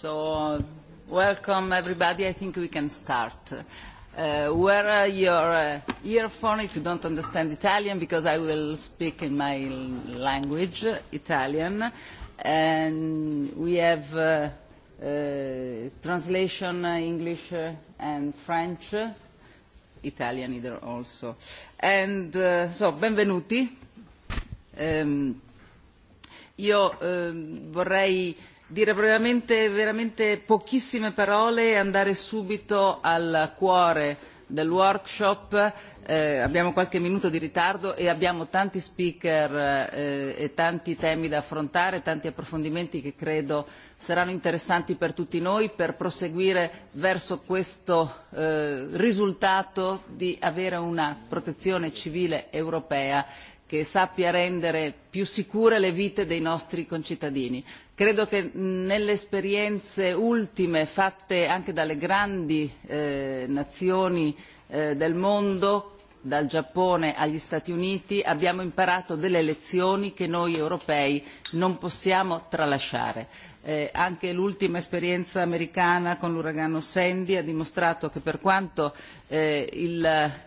So, welcome everybody. I think we can start. Wear your earphone if you don't understand Italian, because I will speak in my language, Italian, and we have translation English and French, Italian either also. And so, benvenuti. Io vorrei dire brevemente veramente pochissime parole e andare subito al cuore del workshop abbiamo qualche minuto di ritardo e abbiamo tanti speaker e tanti temi da affrontare tanti approfondimenti che credo saranno interessanti per tutti noi per proseguire verso questo risultato di avere una protezione civile europea che sappia rendere più sicure le vite dei nostri concittadini. Credo che nelle esperienze ultime fatte anche dalle grandi nazioni del mondo dal Giappone agli Stati Uniti abbiamo imparato delle lezioni che noi europei non possiamo tralasciare. Anche l'ultima esperienza americana con l'uragano Sandy ha dimostrato che per quanto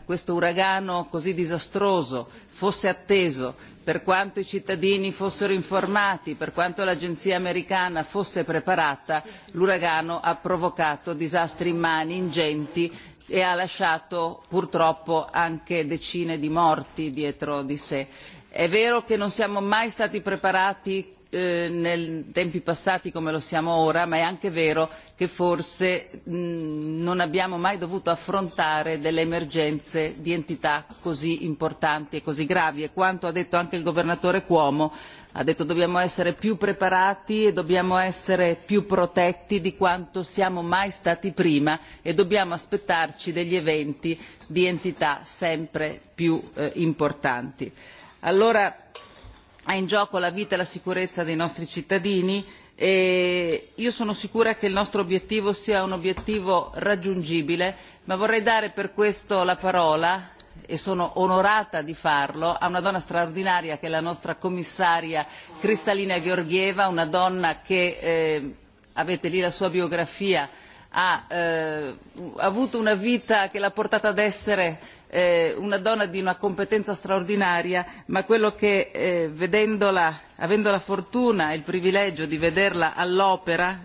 questo uragano così disastroso fosse atteso, per quanto i cittadini fossero informati, per quanto l'agenzia americana fosse preparata, l'uragano ha provocato disastri immani ingenti e ha lasciato purtroppo anche decine di morti dietro di sé. È vero che non siamo mai stati preparati nei tempi passati come lo siamo ora, ma è anche vero che forse non abbiamo mai dovuto affrontare delle emergenze di entità così importanti e così gravi e quanto ha detto anche il governatore Cuomo ha detto dobbiamo essere più preparati e dobbiamo essere più protetti di quanto siamo mai stati prima e dobbiamo aspettarci degli eventi di entità sempre più importanti. allora ha in gioco la vita e la sicurezza dei nostri cittadini e io sono sicura che il nostro obiettivo sia un obiettivo raggiungibile ma vorrei dare per questo la parola e sono onorata di farlo a una donna straordinaria che è la nostra commissaria kristalina georgieva una donna che avete lì la sua biografia ha avuto una vita che l'ha portata ad essere una donna di una competenza straordinaria ma quello che vedendola avendo la fortuna e il privilegio di vederla all'opera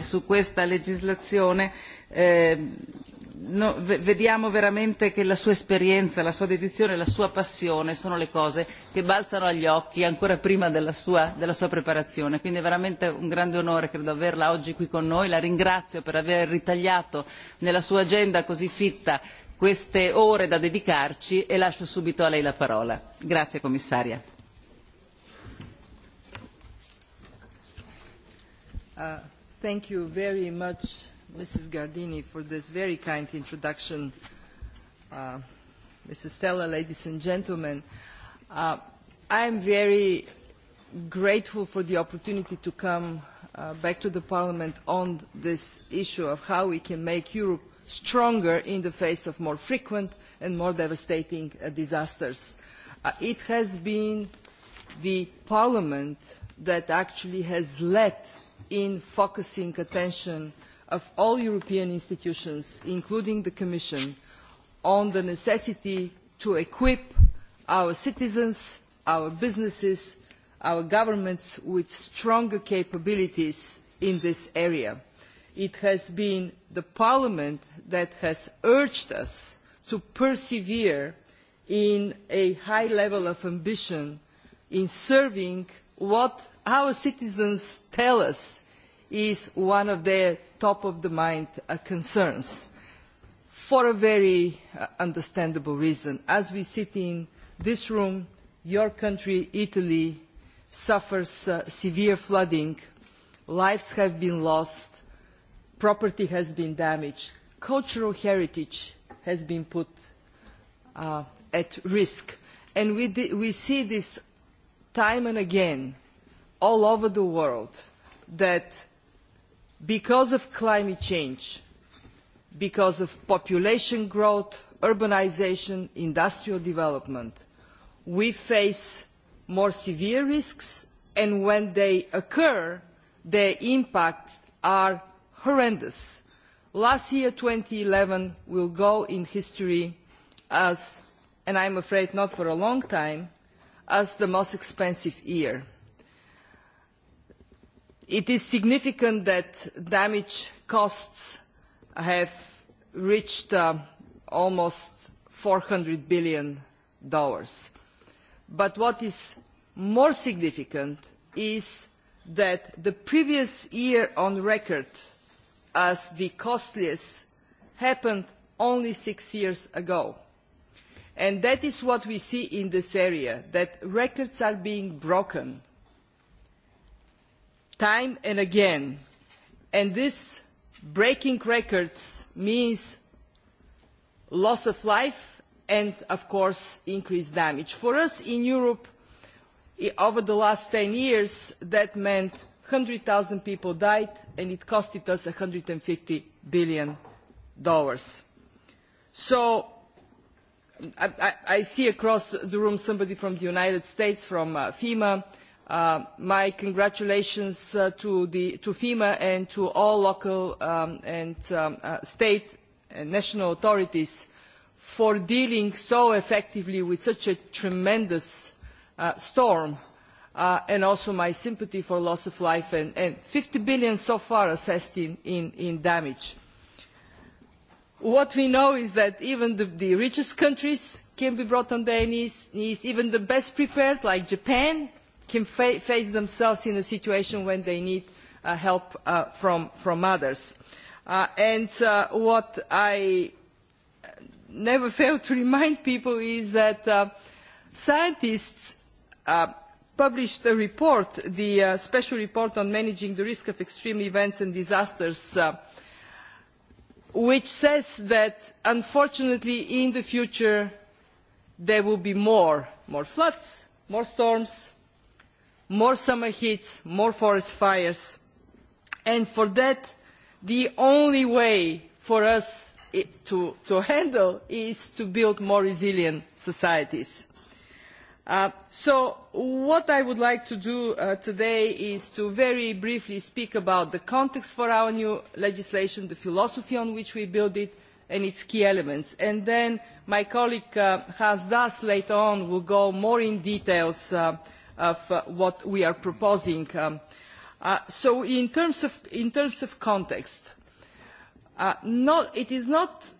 su questa legislazione vediamo veramente che la sua esperienza la sua dedizione e la sua passione sono le cose che balzano agli occhi ancora prima della sua preparazione quindi è veramente un grande onore credo averla oggi qui con noi la ringrazio per aver ritagliato nella sua agenda così fitta queste ore da dedicarci e lascio subito a lei la parola grazie commissaria Mrs. Gardini, for this very kind introduction. Mrs. Stella, ladies and gentlemen, I am very grateful for the opportunity to come back to the Parliament on this issue of how we can make Europe stronger in the face of more frequent and more devastating disasters. It has been the Parliament that actually has led in focusing attention of all European institutions, including the Commission, on the necessity to equip our citizens, our businesses, our governments with stronger capabilities in this area. It has been Parliament that has urged us to persevere in a high level of ambition in serving what our citizens tell us is one of their top of the mind concerns for a very understandable reason. As we sit in this room, your country, Italy, suffers severe flooding, lives have been lost, property has been damaged, cultural heritage has been put at risk. And we see this time and again all over the world that because of climate change because of population growth urbanisation industrial development we face more severe risks and when they occur their impacts are horrendous. last year 2011, eleven will go in history as and i am afraid not for a long time as the most expensive year. It is significant that damage costs have reached almost 400 billion dollars. But what is more significant is that the previous year on record as the costliest happened only six years ago. And that is what we see in this area, that records are being broken time and again. And this breaking records means loss of life and, of course, increased damage. For us in Europe, over the last 10 years, that meant 100,000 people died and it costed us $150 billion. So I see across the room somebody from the United States, from FEMA My congratulations to FEMA and to all local and state and national authorities for dealing so effectively with such a tremendous storm, and also my sympathy for loss of life and 50 billion so far assessed in damage. What we know is that even the richest countries can be brought on their knees, even the best prepared, like Japan can face themselves in a situation when they need help from others. And what I never fail to remind people is that scientists published a report, the special report on managing the risk of extreme events and disasters, which says that unfortunately in the future there will be more floods, more storms more summer heats, more forest fires. And for that, the only way for us to handle is to build more resilient societies. So what I would like to do today is to very briefly speak about the context for our new legislation, the philosophy on which we build it, and its key elements. And then my colleague Hans Das later on will go more in details of what we are proposing. So in terms of context, it is not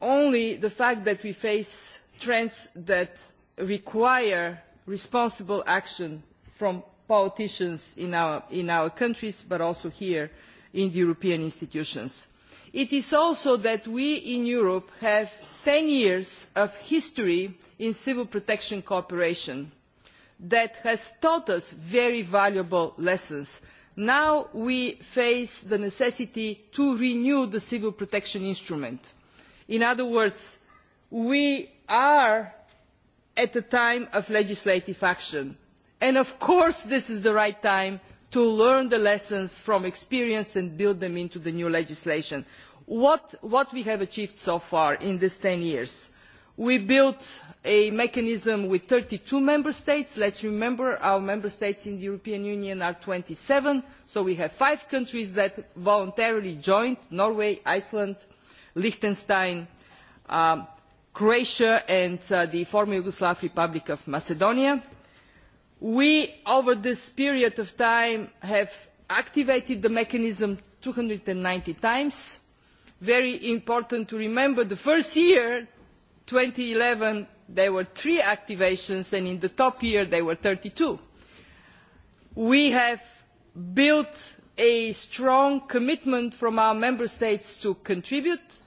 only the fact that we face trends that require responsible action from politicians in our countries, but also here in the European institutions. It is also that we in Europe have 10 years of history in civil protection cooperation that has taught us very valuable lessons. Now we face the necessity to renew the civil protection instrument. In other words, we are at a time of legislative action. And of course this is the right time to learn the lessons from experience and build them into the new legislation. What we have achieved so far in these 10 years? We built a mechanism with thirty two member states. Let's remember our member states in the European Union are twenty seven, so we have five countries that voluntarily joined, Norway, Iceland, Liechtenstein, Croatia and the former Yugoslav Republic of Macedonia. We, over this period of time, have activated the mechanism two hundred and ninety times. Very important to remember, the first year, two thousand and eleven there were three activations and in the top year there were 32. We have built a strong commitment from our member states to contribute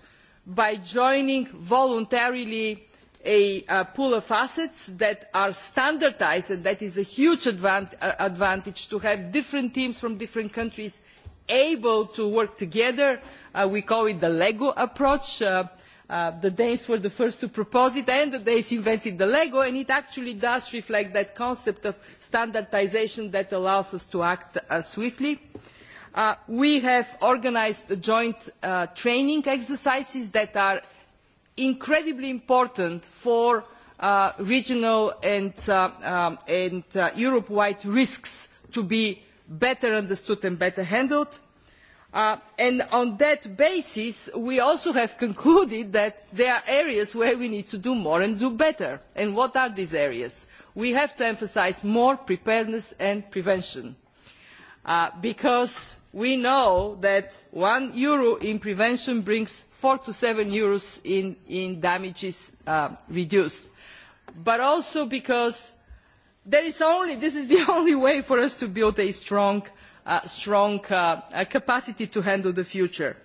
by joining voluntarily a pool of assets that are standardised and that is a huge advantage to have different teams from different countries able to work together. We call it the LEGO approach The Danes were the first to propose it and the Danes invented the Lego and it actually does reflect that concept of standardisation that allows us to act swiftly. We have organised joint training exercises that are incredibly important for regional and Europe-wide risks to be better understood and better handled and on that basis we also have concluded that there are areas where we need to do more and do better and what are these areas? we have to emphasise more preparedness and prevention because we know that one euro in prevention brings four to seven euros in damages reduced but also because this is the only way for us to build a strong strong capacity to handle the future.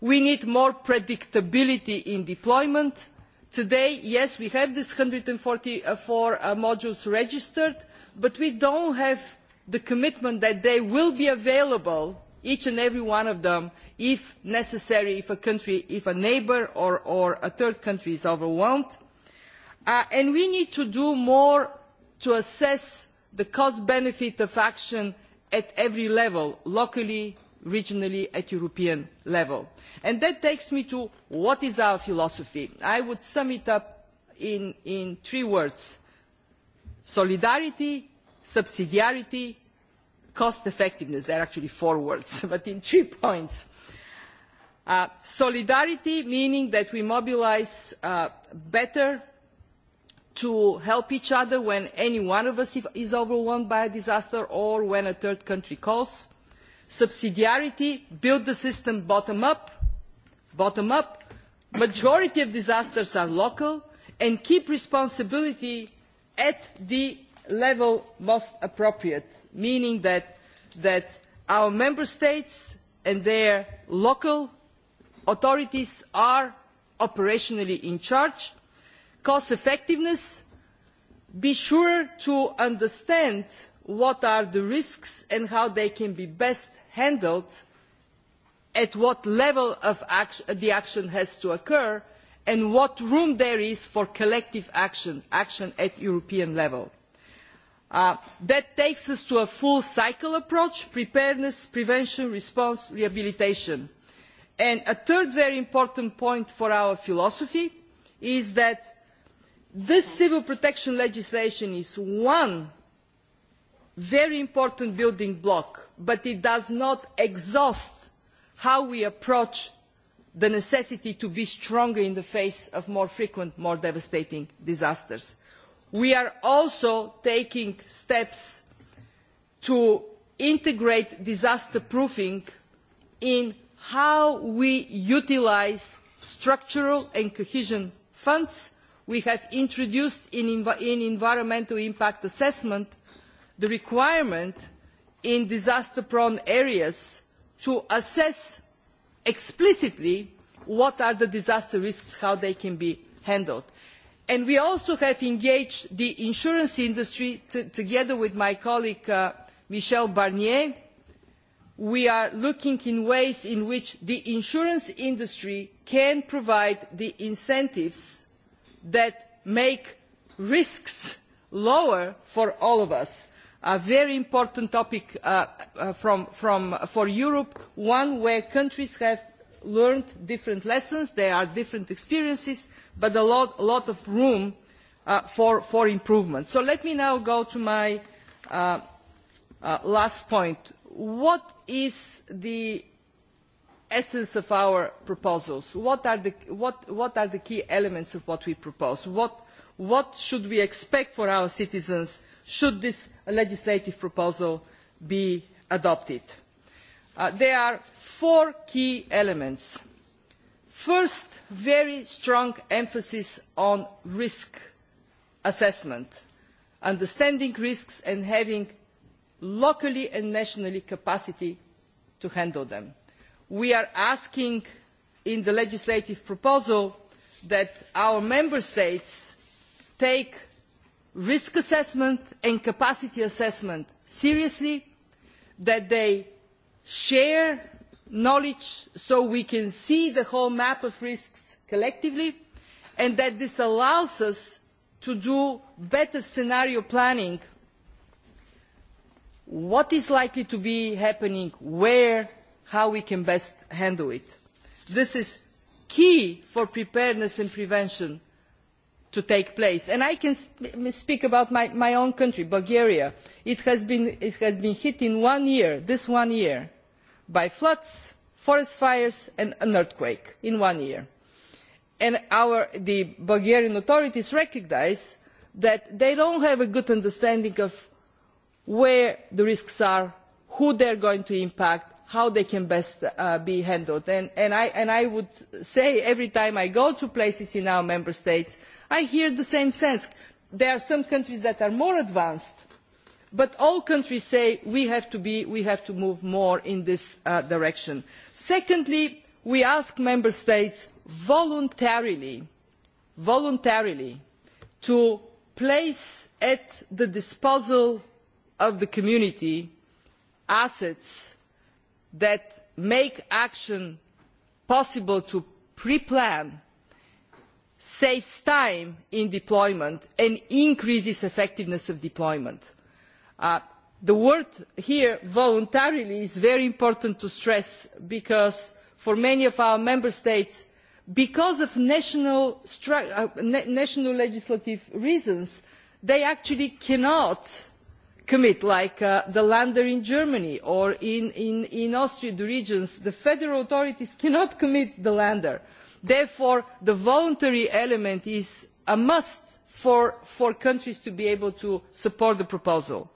We need more predictability in deployment. Today, yes, we have these 144 modules registered, but we don't have the commitment that they will be available, each and every one of them, if necessary, if a country, if a neighbour or a third country is overwhelmed. And we need to do more to assess the cost benefit of action at every level, locally, regionally, at European level. And that takes me to what is our philosophy. I would sum it up in three words. Solidarity, subsidiarity, cost effectiveness. There are actually four words, but in three points. Solidarity, meaning that we mobilise better to help each other when any one of us is overwhelmed by a disaster or when a third country calls. Subsidiarity, build the system bottom up, bottom up. Majority of disasters are local and keep responsibility at the level most appropriate, meaning that our member states and their local authorities are operationally in charge cost effectiveness be sure to understand what are the risks and how they can be best handled at what level the action has to occur and what room there is for collective action action at european level. that takes us to a full cycle approach preparedness prevention response rehabilitation. a third very important point for our philosophy is that This civil protection legislation is one very important building block, but it does not exhaust how we approach the necessity to be stronger in the face of more frequent, more devastating disasters. We are also taking steps to integrate disaster proofing in how we utilise structural and cohesion funds we have introduced in environmental impact assessment the requirement in disaster prone areas to assess explicitly what are the disaster risks how they can be handled. we also have engaged the insurance industry together with my colleague michel barnier we are looking at ways in which the insurance industry can provide the incentives that make risks lower for all of us. A very important topic for Europe, one where countries have learned different lessons, there are different experiences, but a lot of room for improvement. So let me now go to my last point. What is the essence of our proposals. What are the key elements of what we propose? What should we expect for our citizens should this legislative proposal be adopted? There are four key elements. First, very strong emphasis on risk assessment, understanding risks and having locally and nationally capacity to handle them we are asking in the legislative proposal that our member states take risk assessment and capacity assessment seriously that they share knowledge so we can see the whole map of risks collectively and that this allows us to do better scenario planning what is likely to be happening where how we can best handle it. This is key for preparedness and prevention to take place. And I can speak about my own country, Bulgaria. It has been hit in one year, this one year, by floods, forest fires and an earthquake in one year. And the Bulgarian authorities recognise that they don't have a good understanding of where the risks are, who they are going to impact how they can best be handled. And I would say every time I go to places in our member states, I hear the same sense. There are some countries that are more advanced, but all countries say we have to we have to move more in this direction. Secondly, we ask member states voluntarily, voluntarily, to place at the disposal of the community assets that make action possible to pre plan saves time in deployment and increases effectiveness of deployment. the word here voluntarily' is very important to stress because for many of our member states because of national legislative reasons they actually cannot commit, like the lander in Germany or in Austria, the regions, the federal authorities cannot commit the lander. Therefore, the voluntary element is a must for countries to be able to support the proposal.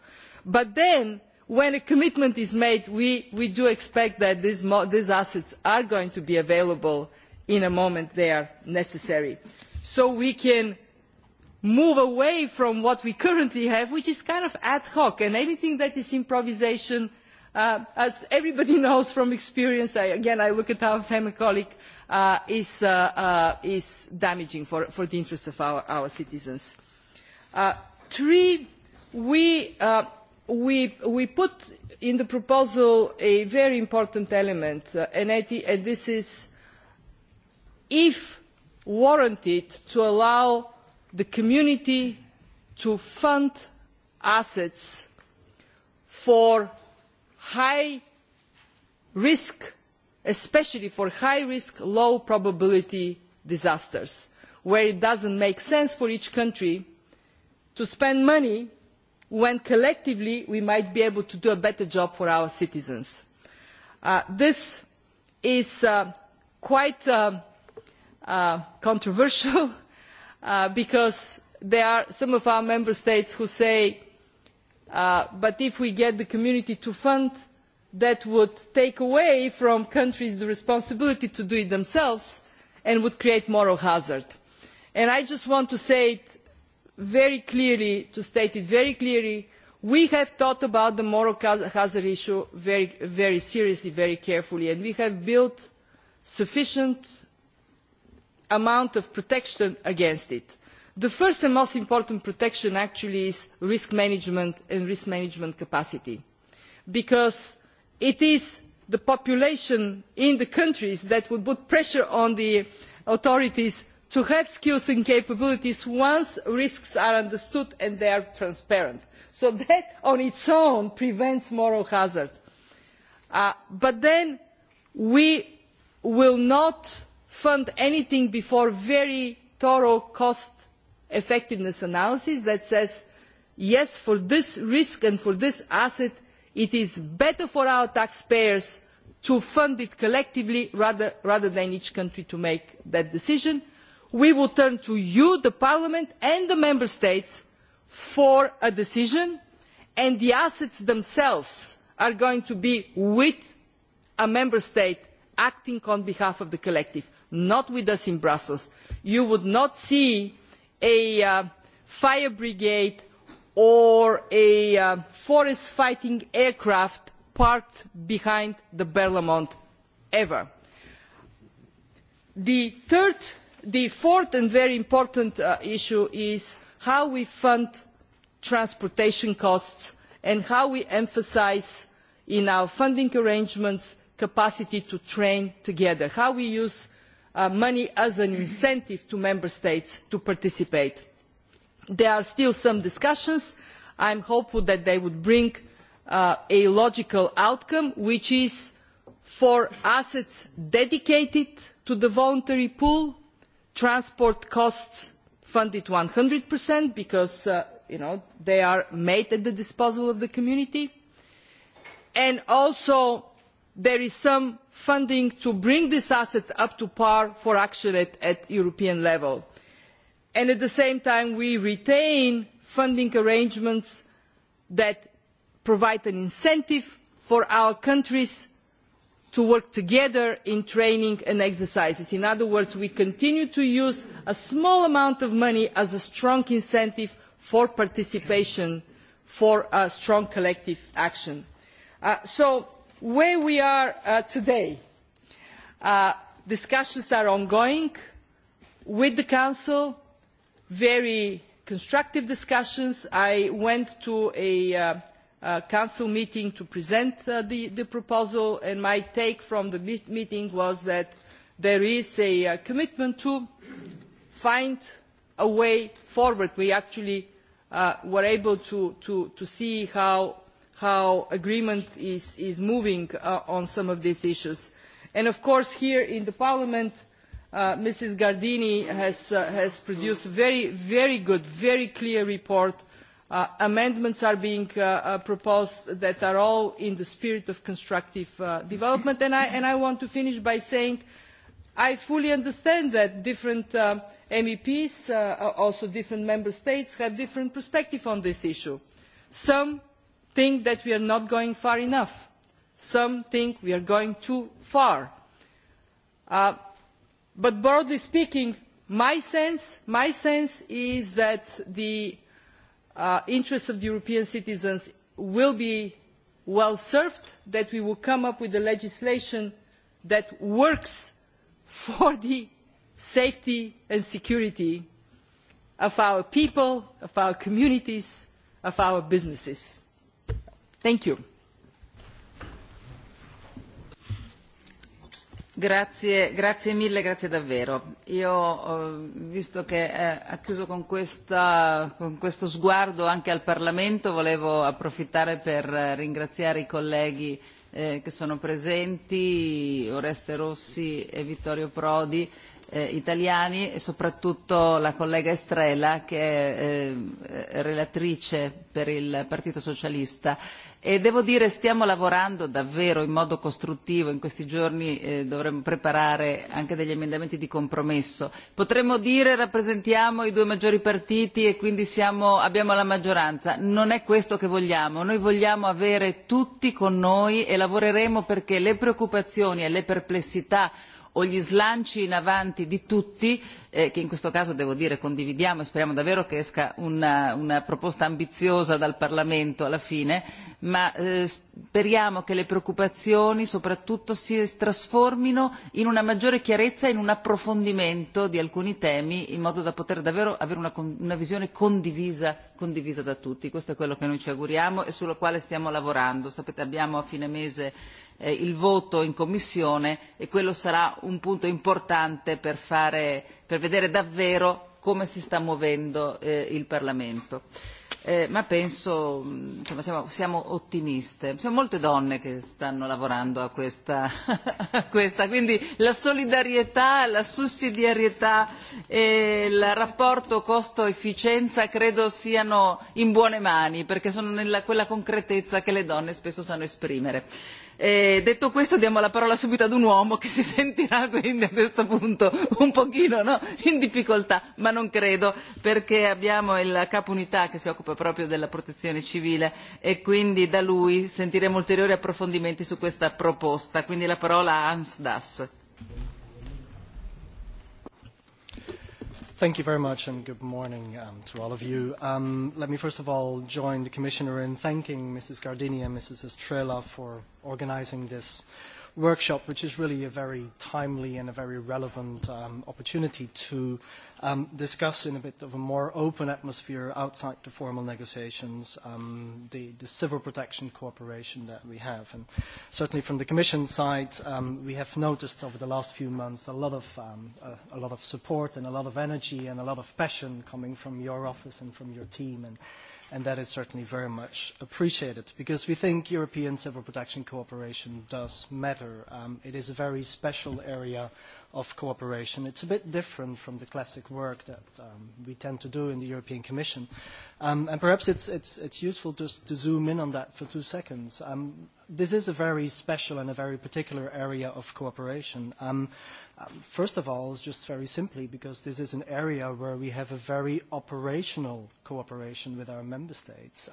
But then, when a commitment is made, we do expect that these assets are going to be available in a moment they are necessary. So we can move away from what we currently have, which is kind of ad hoc, and anything that is improvisation, as everybody knows from experience, again I look at our family colleague, is damaging for the interests of our citizens. Three, we put in the proposal a very important element, and this is if warranted to allow the community to fund assets for high risk, especially for high risk, low probability disasters, where it doesn't make sense for each country to spend money when collectively we might be able to do a better job for our citizens. This is quite controversial because there are some of our member states who say but if we get the community to fund that would take away from countries the responsibility to do it themselves and would create moral hazard. i just want to say it very clearly to state it very clearly we have thought about the moral hazard issue very seriously very carefully and we have built sufficient amount of protection against it. The first and most important protection actually is risk management and risk management capacity, because it is the population in the countries that would put pressure on the authorities to have skills and capabilities once risks are understood and they are transparent. So that on its own prevents moral hazard. But then we will not fund anything before very thorough cost effectiveness analysis that says yes for this risk and for this asset it is better for our taxpayers to fund it collectively rather than each country to make that decision. we will turn to you the parliament and the member states for a decision and the assets themselves are going to be with a member state acting on behalf of the collective not with us in brussels you would not see a fire brigade or a forest fighting aircraft parked behind the berlaymont ever. the fourth and very important issue is how we fund transportation costs and how we emphasise in our funding arrangements capacity to train together how we use money as an incentive to member states to participate. there are still some discussions. i am hopeful that they will bring a logical outcome which is for assets dedicated to the voluntary pool transport costs funded one hundred because they are made at the disposal of the community and also there is some funding to bring this asset up to par for action at European level. And at the same time, we retain funding arrangements that provide an incentive for our countries to work together in training and exercises. In other words, we continue to use a small amount of money as a strong incentive for participation, for a strong collective action where we are today discussions are ongoing with the council very constructive discussions. i went to a council meeting to present the proposal and my take from the meeting was that there is a commitment to find a way forward. we actually were able to see how how agreement is moving on some of these issues. And of course here in the Parliament Mrs. Gardini has produced a very, very good, very clear report. Amendments are being proposed that are all in the spirit of constructive development. And I want to finish by saying I fully understand that different MEPs, also different member states, have different perspectives on this issue. Some think that we are not going far enough. Some think we are going too far. But broadly speaking, my sense is that the interests of European citizens will be well served, that we will come up with the legislation that works for the safety and security of our people, of our communities, of our businesses. Thank you. Grazie mille, grazie davvero. Io, visto che ha chiuso con questo sguardo anche al Parlamento, volevo approfittare per ringraziare i colleghi che sono presenti, Oreste Rossi e Vittorio Prodi, italiani, e soprattutto la collega Estrella, che è relatrice per il Partito Socialista E devo dire stiamo lavorando davvero in modo costruttivo, in questi giorni dovremmo preparare anche degli emendamenti di compromesso. Potremmo dire rappresentiamo i due maggiori partiti e quindi abbiamo la maggioranza. Non è questo che vogliamo, noi vogliamo avere tutti con noi e lavoreremo perché le preoccupazioni e le perplessità o gli slanci in avanti di tutti che in questo caso devo dire condividiamo e speriamo davvero che esca una proposta ambiziosa dal Parlamento alla fine, ma speriamo che le preoccupazioni soprattutto si trasformino in una maggiore chiarezza e in un approfondimento di alcuni temi in modo da poter davvero avere una visione condivisa condivisa da tutti. Questo è quello che noi ci auguriamo e sulla quale stiamo lavorando. Sapete abbiamo a fine mese il voto in commissione e quello sarà un punto importante per vedere davvero come si sta muovendo il Parlamento. Ma penso, insomma, siamo ottimiste. Sono molte donne che stanno lavorando a questa, quindi la solidarietà, la sussidiarietà e il rapporto costo-efficienza credo siano in buone mani perché sono nella quella concretezza che le donne spesso sanno esprimere detto questo diamo la parola subito ad un uomo che si sentirà quindi a questo punto un pochino in difficoltà ma non credo perché abbiamo il capo unità che si occupa proprio della protezione civile e quindi da lui sentiremo ulteriori approfondimenti su questa proposta quindi la parola a hans dass. Thank you very much and good morning to all of you. Let me first of all join the Commissioner in thanking Mrs. Gardini and Mrs. Estrela for organizing this workshop, which is really a very timely and a very relevant opportunity to discuss in a bit of a more open atmosphere outside the formal negotiations the civil protection cooperation that we have. And certainly from the Commission side, we have noticed over the last few months a lot of support and a lot of energy and a lot of passion coming from your office and from your team and that is certainly very much appreciated because we think European civil protection cooperation does matter. It is a very special area of cooperation. It's a bit different from the classic work that we tend to do in the European Commission. And perhaps it's useful just to zoom in on that for two seconds. This is a very special and a very particular area of cooperation. First of all, just very simply, because this is an area where we have a very operational cooperation with our member states.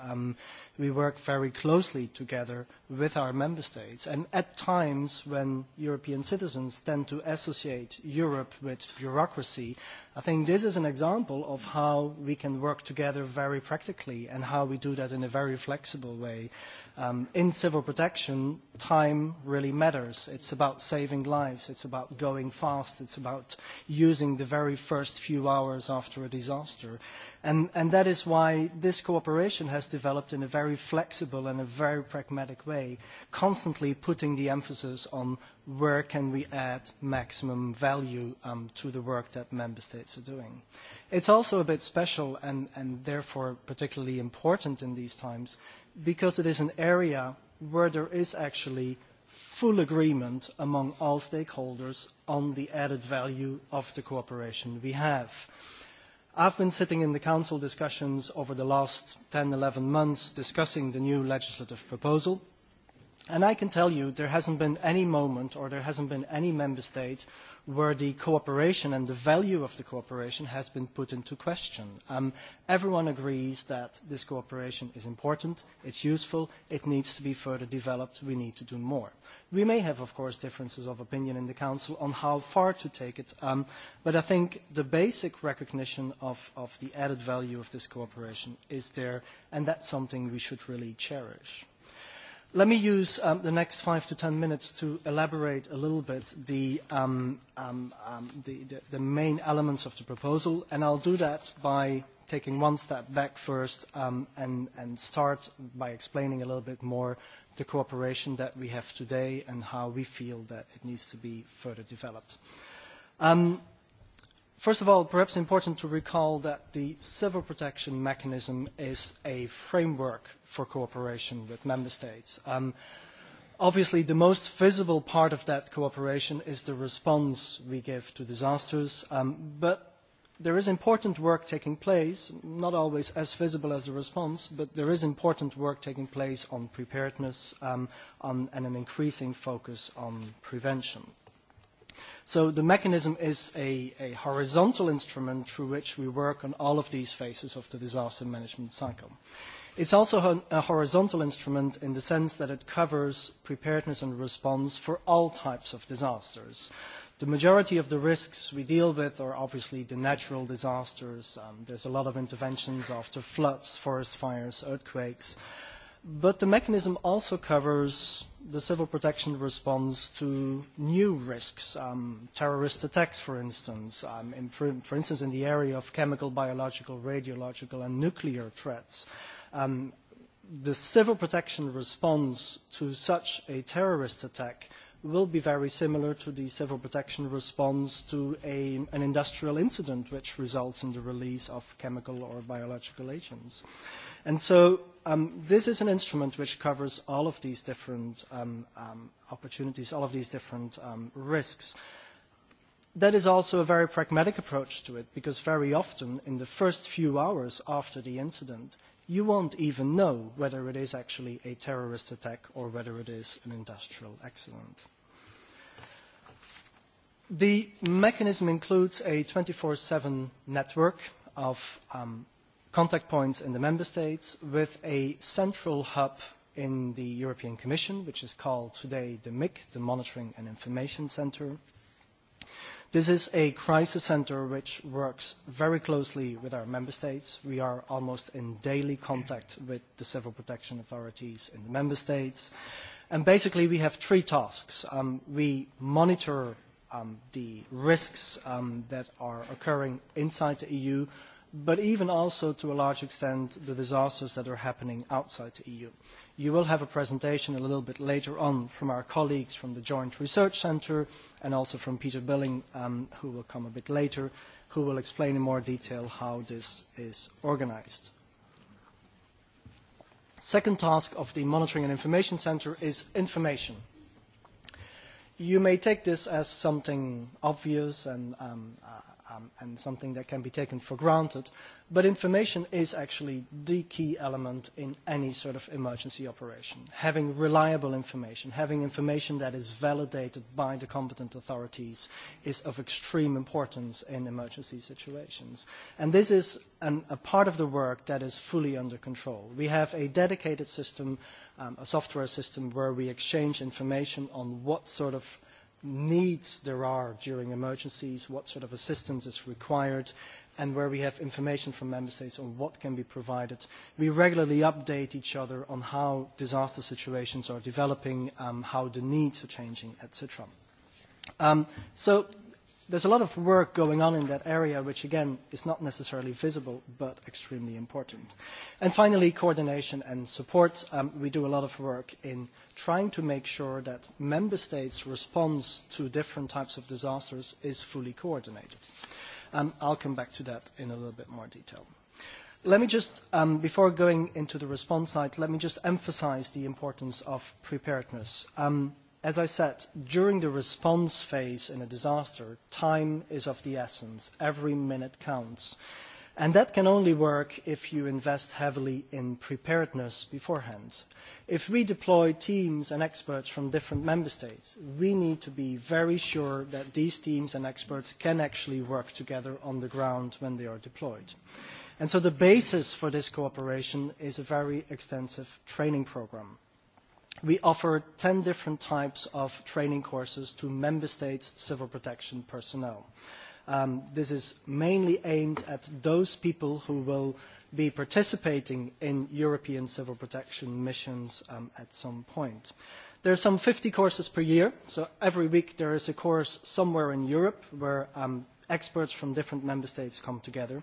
We work very closely together with our member states. And at times when European citizens tend to associate Europe with bureaucracy, I think this is an example of how we can work together very practically and how we do that in a very flexible way. In civil protection, time really matters. It's about saving lives. It's about going fast. It's about using the very first few hours after a disaster. And that is why this cooperation has developed in a very flexible and a very pragmatic way constantly putting the emphasis on where can we add maximum value to the work that member states are doing. It's also a bit special and therefore particularly important in these times because it is an area where there is actually full agreement among all stakeholders on the added value of the cooperation we have. I've been sitting in the Council discussions over the last 10, 11 months discussing the new legislative proposal And I can tell you there hasn't been any moment or there hasn't been any member state where the cooperation and the value of the cooperation has been put into question. Everyone agrees that this cooperation is important, it's useful, it needs to be further developed, we need to do more. We may have, of course, differences of opinion in the Council on how far to take it, but I think the basic recognition of the added value of this cooperation is there, and that's something we should really cherish. Let me use the next five to ten minutes to elaborate a little bit the main elements of the proposal, and I'll do that by taking one step back first and start by explaining a little bit more the cooperation that we have today and how we feel that it needs to be further developed. First of all, perhaps important to recall that the civil protection mechanism is a framework for cooperation with member states. Obviously, the most visible part of that cooperation is the response we give to disasters, but there is important work taking place, not always as visible as the response, but there is important work taking place on preparedness and an increasing focus on prevention. So the mechanism is a horizontal instrument through which we work on all of these phases of the disaster management cycle. It's also a horizontal instrument in the sense that it covers preparedness and response for all types of disasters. The majority of the risks we deal with are obviously the natural disasters. There's a lot of interventions after floods, forest fires, earthquakes. But the mechanism also covers the civil protection response to new risks, terrorist attacks, for instance, for instance in the area of chemical, biological, radiological and nuclear threats. The civil protection response to such a terrorist attack will be very similar to the civil protection response to an industrial incident which results in the release of chemical or biological agents. And so This is an instrument which covers all of these different opportunities, all of these different risks. That is also a very pragmatic approach to it, because very often in the first few hours after the incident, you won't even know whether it is actually a terrorist attack or whether it is an industrial accident. The mechanism includes a 24/7 network of contact points in the member states with a central hub in the European Commission, which is called today the MIC, the Monitoring and Information Centre. This is a crisis centre which works very closely with our member states. We are almost in daily contact with the civil protection authorities in the member states. And basically we have three tasks. We monitor the risks that are occurring inside the EU, but even also to a large extent the disasters that are happening outside the EU. You will have a presentation a little bit later on from our colleagues from the Joint Research Centre and also from Peter Billing, who will come a bit later, who will explain in more detail how this is organised. Second task of the Monitoring and Information Centre is information. You may take this as something obvious and and something that can be taken for granted. But information is actually the key element in any sort of emergency operation. Having reliable information, having information that is validated by the competent authorities is of extreme importance in emergency situations. And this is a part of the work that is fully under control. We have a dedicated system, a software system, where we exchange information on what sort of needs there are during emergencies, what sort of assistance is required, and where we have information from member states on what can be provided. We regularly update each other on how disaster situations are developing, how the needs are changing, etc. So there's a lot of work going on in that area, which again is not necessarily visible, but extremely important. And finally, coordination and support. We do a lot of work in trying to make sure that member states' response to different types of disasters is fully coordinated. I'll come back to that in a little bit more detail. Let me just, before going into the response side, let me just emphasize the importance of preparedness. As I said, during the response phase in a disaster, time is of the essence. Every minute counts. And that can only work if you invest heavily in preparedness beforehand. If we deploy teams and experts from different member states, we need to be very sure that these teams and experts can actually work together on the ground when they are deployed. And so the basis for this cooperation is a very extensive training program. We offer 10 different types of training courses to member states' civil protection personnel. This is mainly aimed at those people who will be participating in European civil protection missions at some point. There are some 50 courses per year, so every week there is a course somewhere in Europe where experts from different member states come together.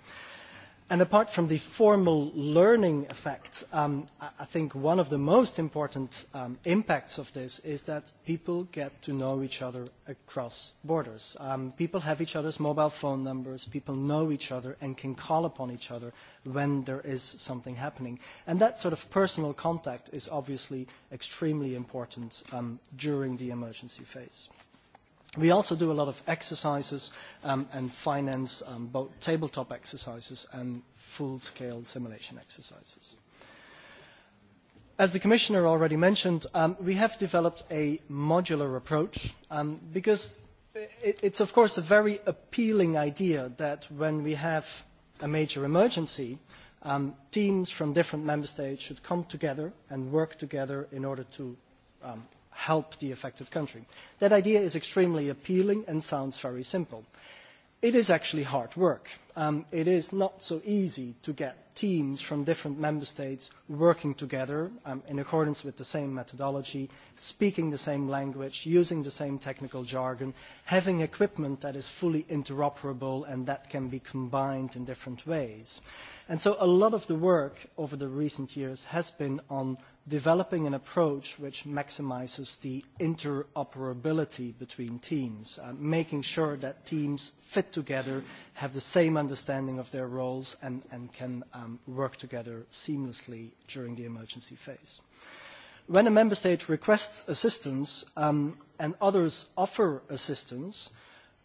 And apart from the formal learning effect, I think one of the most important impacts of this is that people get to know each other across borders. People have each other's mobile phone numbers, people know each other and can call upon each other when there is something happening. And that sort of personal contact is obviously extremely important during the emergency phase. We also do a lot of exercises and finance both tabletop exercises and full-scale simulation exercises. As the Commissioner already mentioned, we have developed a modular approach because it's, of course, a very appealing idea that when we have a major emergency, teams from different member states should come together and work together in order to help the affected country. That idea is extremely appealing and sounds very simple. It is actually hard work. It is not so easy to get teams from different member states working together in accordance with the same methodology, speaking the same language, using the same technical jargon, having equipment that is fully interoperable and that can be combined in different ways. And so a lot of the work over the recent years has been on developing an approach which maximizes the interoperability between teams, making sure that teams fit together, have the same understanding of their roles, and can work together seamlessly during the emergency phase. When a member state requests assistance and others offer assistance,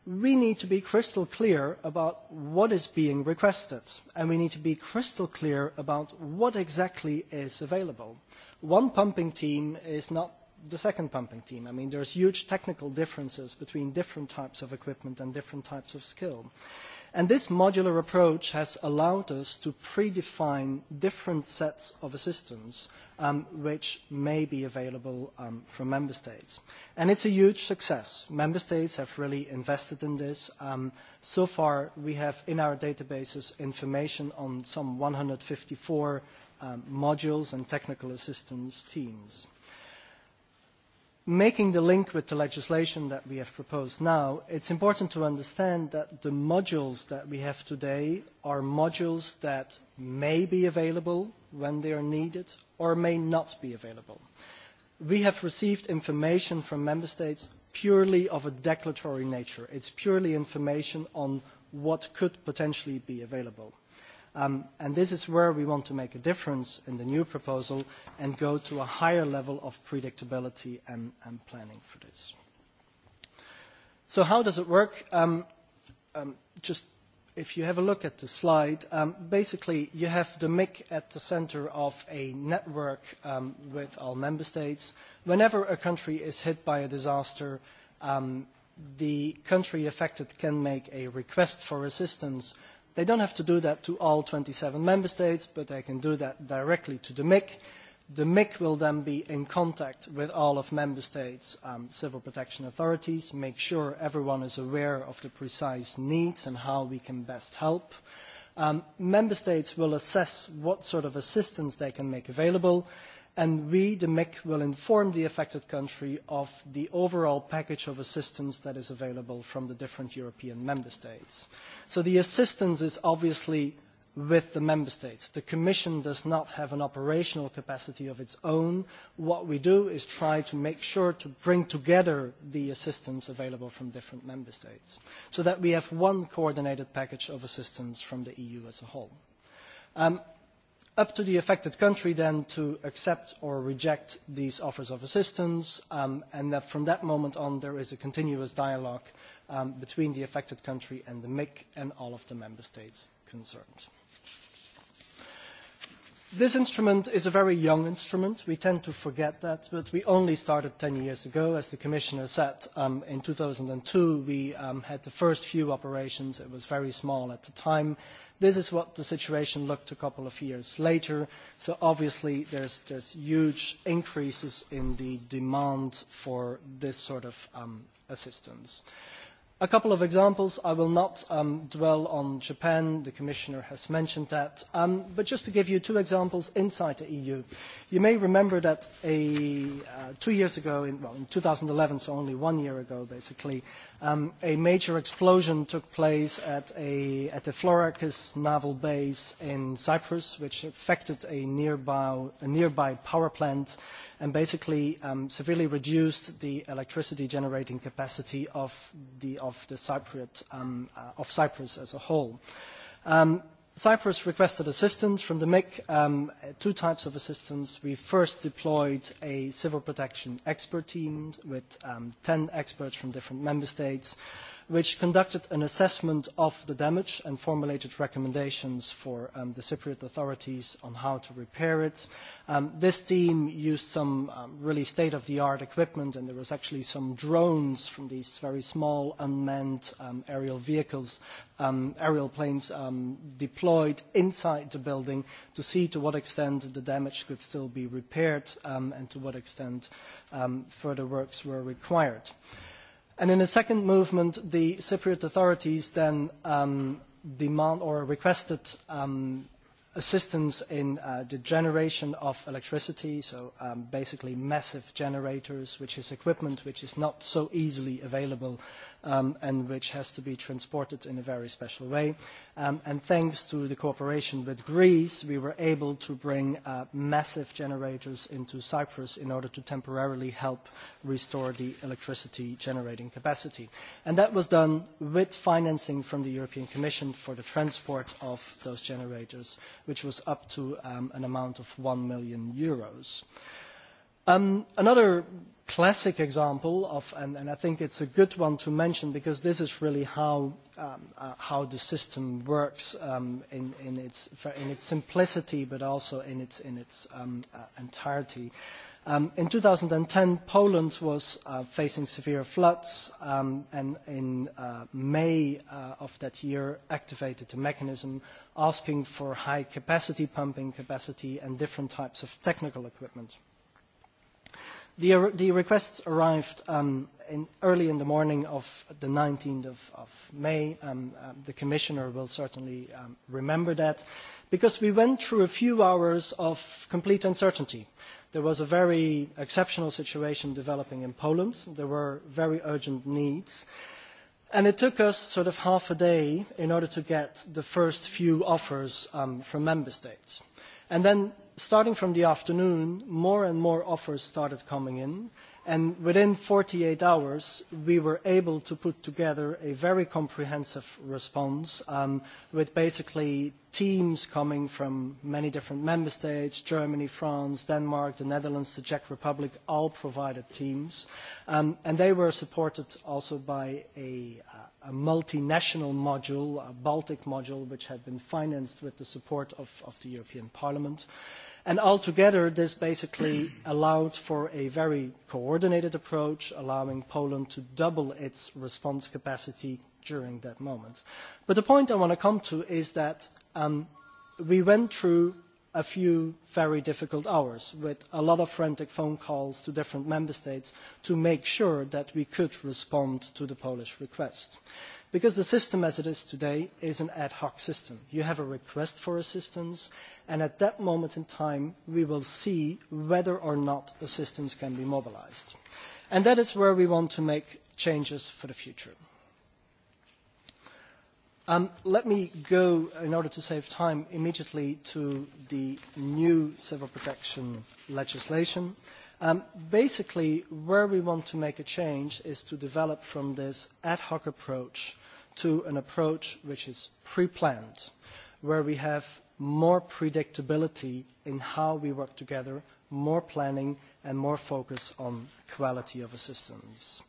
we need to be crystal clear about what is being requested, and we need to be crystal clear about what exactly is available one pumping team is not the second pumping team. I mean, there's huge technical differences between different types of equipment and different types of skill. And this modular approach has allowed us to predefine different sets of assistance which may be available from member states. And it's a huge success. Member states have really invested in this. So far, we have in our databases information on some 154 modules and technical assistance teams. Making the link with the legislation that we have proposed now, it's important to understand that the modules that we have today are modules that may be available when they are needed or may not be available. We have received information from Member States purely of a declaratory nature. It's purely information on what could potentially be available. And this is where we want to make a difference in the new proposal and go to a higher level of predictability and planning for this. So how does it work? Just if you have a look at the slide, basically you have the MIC at the center of a network with all member states. Whenever a country is hit by a disaster, the country affected can make a request for assistance They don't have to do that to all twenty seven member states, but they can do that directly to the MIC. The MIC will then be in contact with all of member states' civil protection authorities, make sure everyone is aware of the precise needs and how we can best help. Member states will assess what sort of assistance they can make available and we, the MIC, will inform the affected country of the overall package of assistance that is available from the different European member states. So the assistance is obviously with the member states. The Commission does not have an operational capacity of its own. What we do is try to make sure to bring together the assistance available from different member states so that we have one coordinated package of assistance from the EU as a whole up to the affected country then to accept or reject these offers of assistance and that from that moment on there is a continuous dialogue between the affected country and the MIC and all of the member states concerned. This instrument is a very young instrument. We tend to forget that, but we only started 10 years ago. As the Commissioner said, in 2002 we had the first few operations. It was very small at the time. This is what the situation looked a couple of years later. So obviously there's huge increases in the demand for this sort of assistance. A couple of examples. I will not dwell on Japan. The Commissioner has mentioned that. But just to give you two examples inside the EU. You may remember that two years ago, well, in 2011, so only one year ago, basically, a major explosion took place at at the Florakis naval base in Cyprus, which affected a nearby power plant and basically severely reduced the electricity generating capacity of the of Cyprus as a whole. Cyprus requested assistance from the MIC, two types of assistance. We first deployed a civil protection expert team with 10 experts from different member states which conducted an assessment of the damage and formulated recommendations for the Cypriot authorities on how to repair it. This team used some really state-of-the-art equipment, and there was actually some drones from these very small unmanned aerial vehicles, aerial planes deployed inside the building to see to what extent the damage could still be repaired and to what extent further works were required. And in the second movement, the Cypriot authorities then demand or requested assistance in the generation of electricity, so basically massive generators, which is equipment which is not so easily available and which has to be transported in a very special way. And thanks to the cooperation with Greece, we were able to bring massive generators into Cyprus in order to temporarily help restore the electricity generating capacity. And that was done with financing from the European Commission for the transport of those generators which was up to an amount of 1 million euros. Another classic example of, and I think it's a good one to mention because this is really how the system works in its simplicity but also in its entirety. In 2010, Poland was facing severe floods and in May of that year activated a mechanism asking for high capacity pumping capacity and different types of technical equipment. The requests arrived early in the morning of the 19th of May. The Commissioner will certainly remember that, because we went through a few hours of complete uncertainty. There was a very exceptional situation developing in Poland. There were very urgent needs. And it took us sort of half a day in order to get the first few offers from member states. And then starting from the afternoon, more and more offers started coming in and within 48 hours we were able to put together a very comprehensive response with basically teams coming from many different member states Germany, France, Denmark, the Netherlands, the Czech Republic all provided teams and they were supported also by a a multinational module, a Baltic module, which had been financed with the support of the European Parliament. And altogether, this basically allowed for a very coordinated approach, allowing Poland to double its response capacity during that moment. But the point I want to come to is that we went through a few very difficult hours with a lot of frantic phone calls to different member states to make sure that we could respond to the Polish request. Because the system as it is today is an ad hoc system. You have a request for assistance and at that moment in time we will see whether or not assistance can be mobilised. And that is where we want to make changes for the future. Let me go, in order to save time, immediately to the new civil protection legislation. Basically, where we want to make a change is to develop from this ad hoc approach to an approach which is pre-planned, where we have more predictability in how we work together, more planning, and more focus on quality of assistance.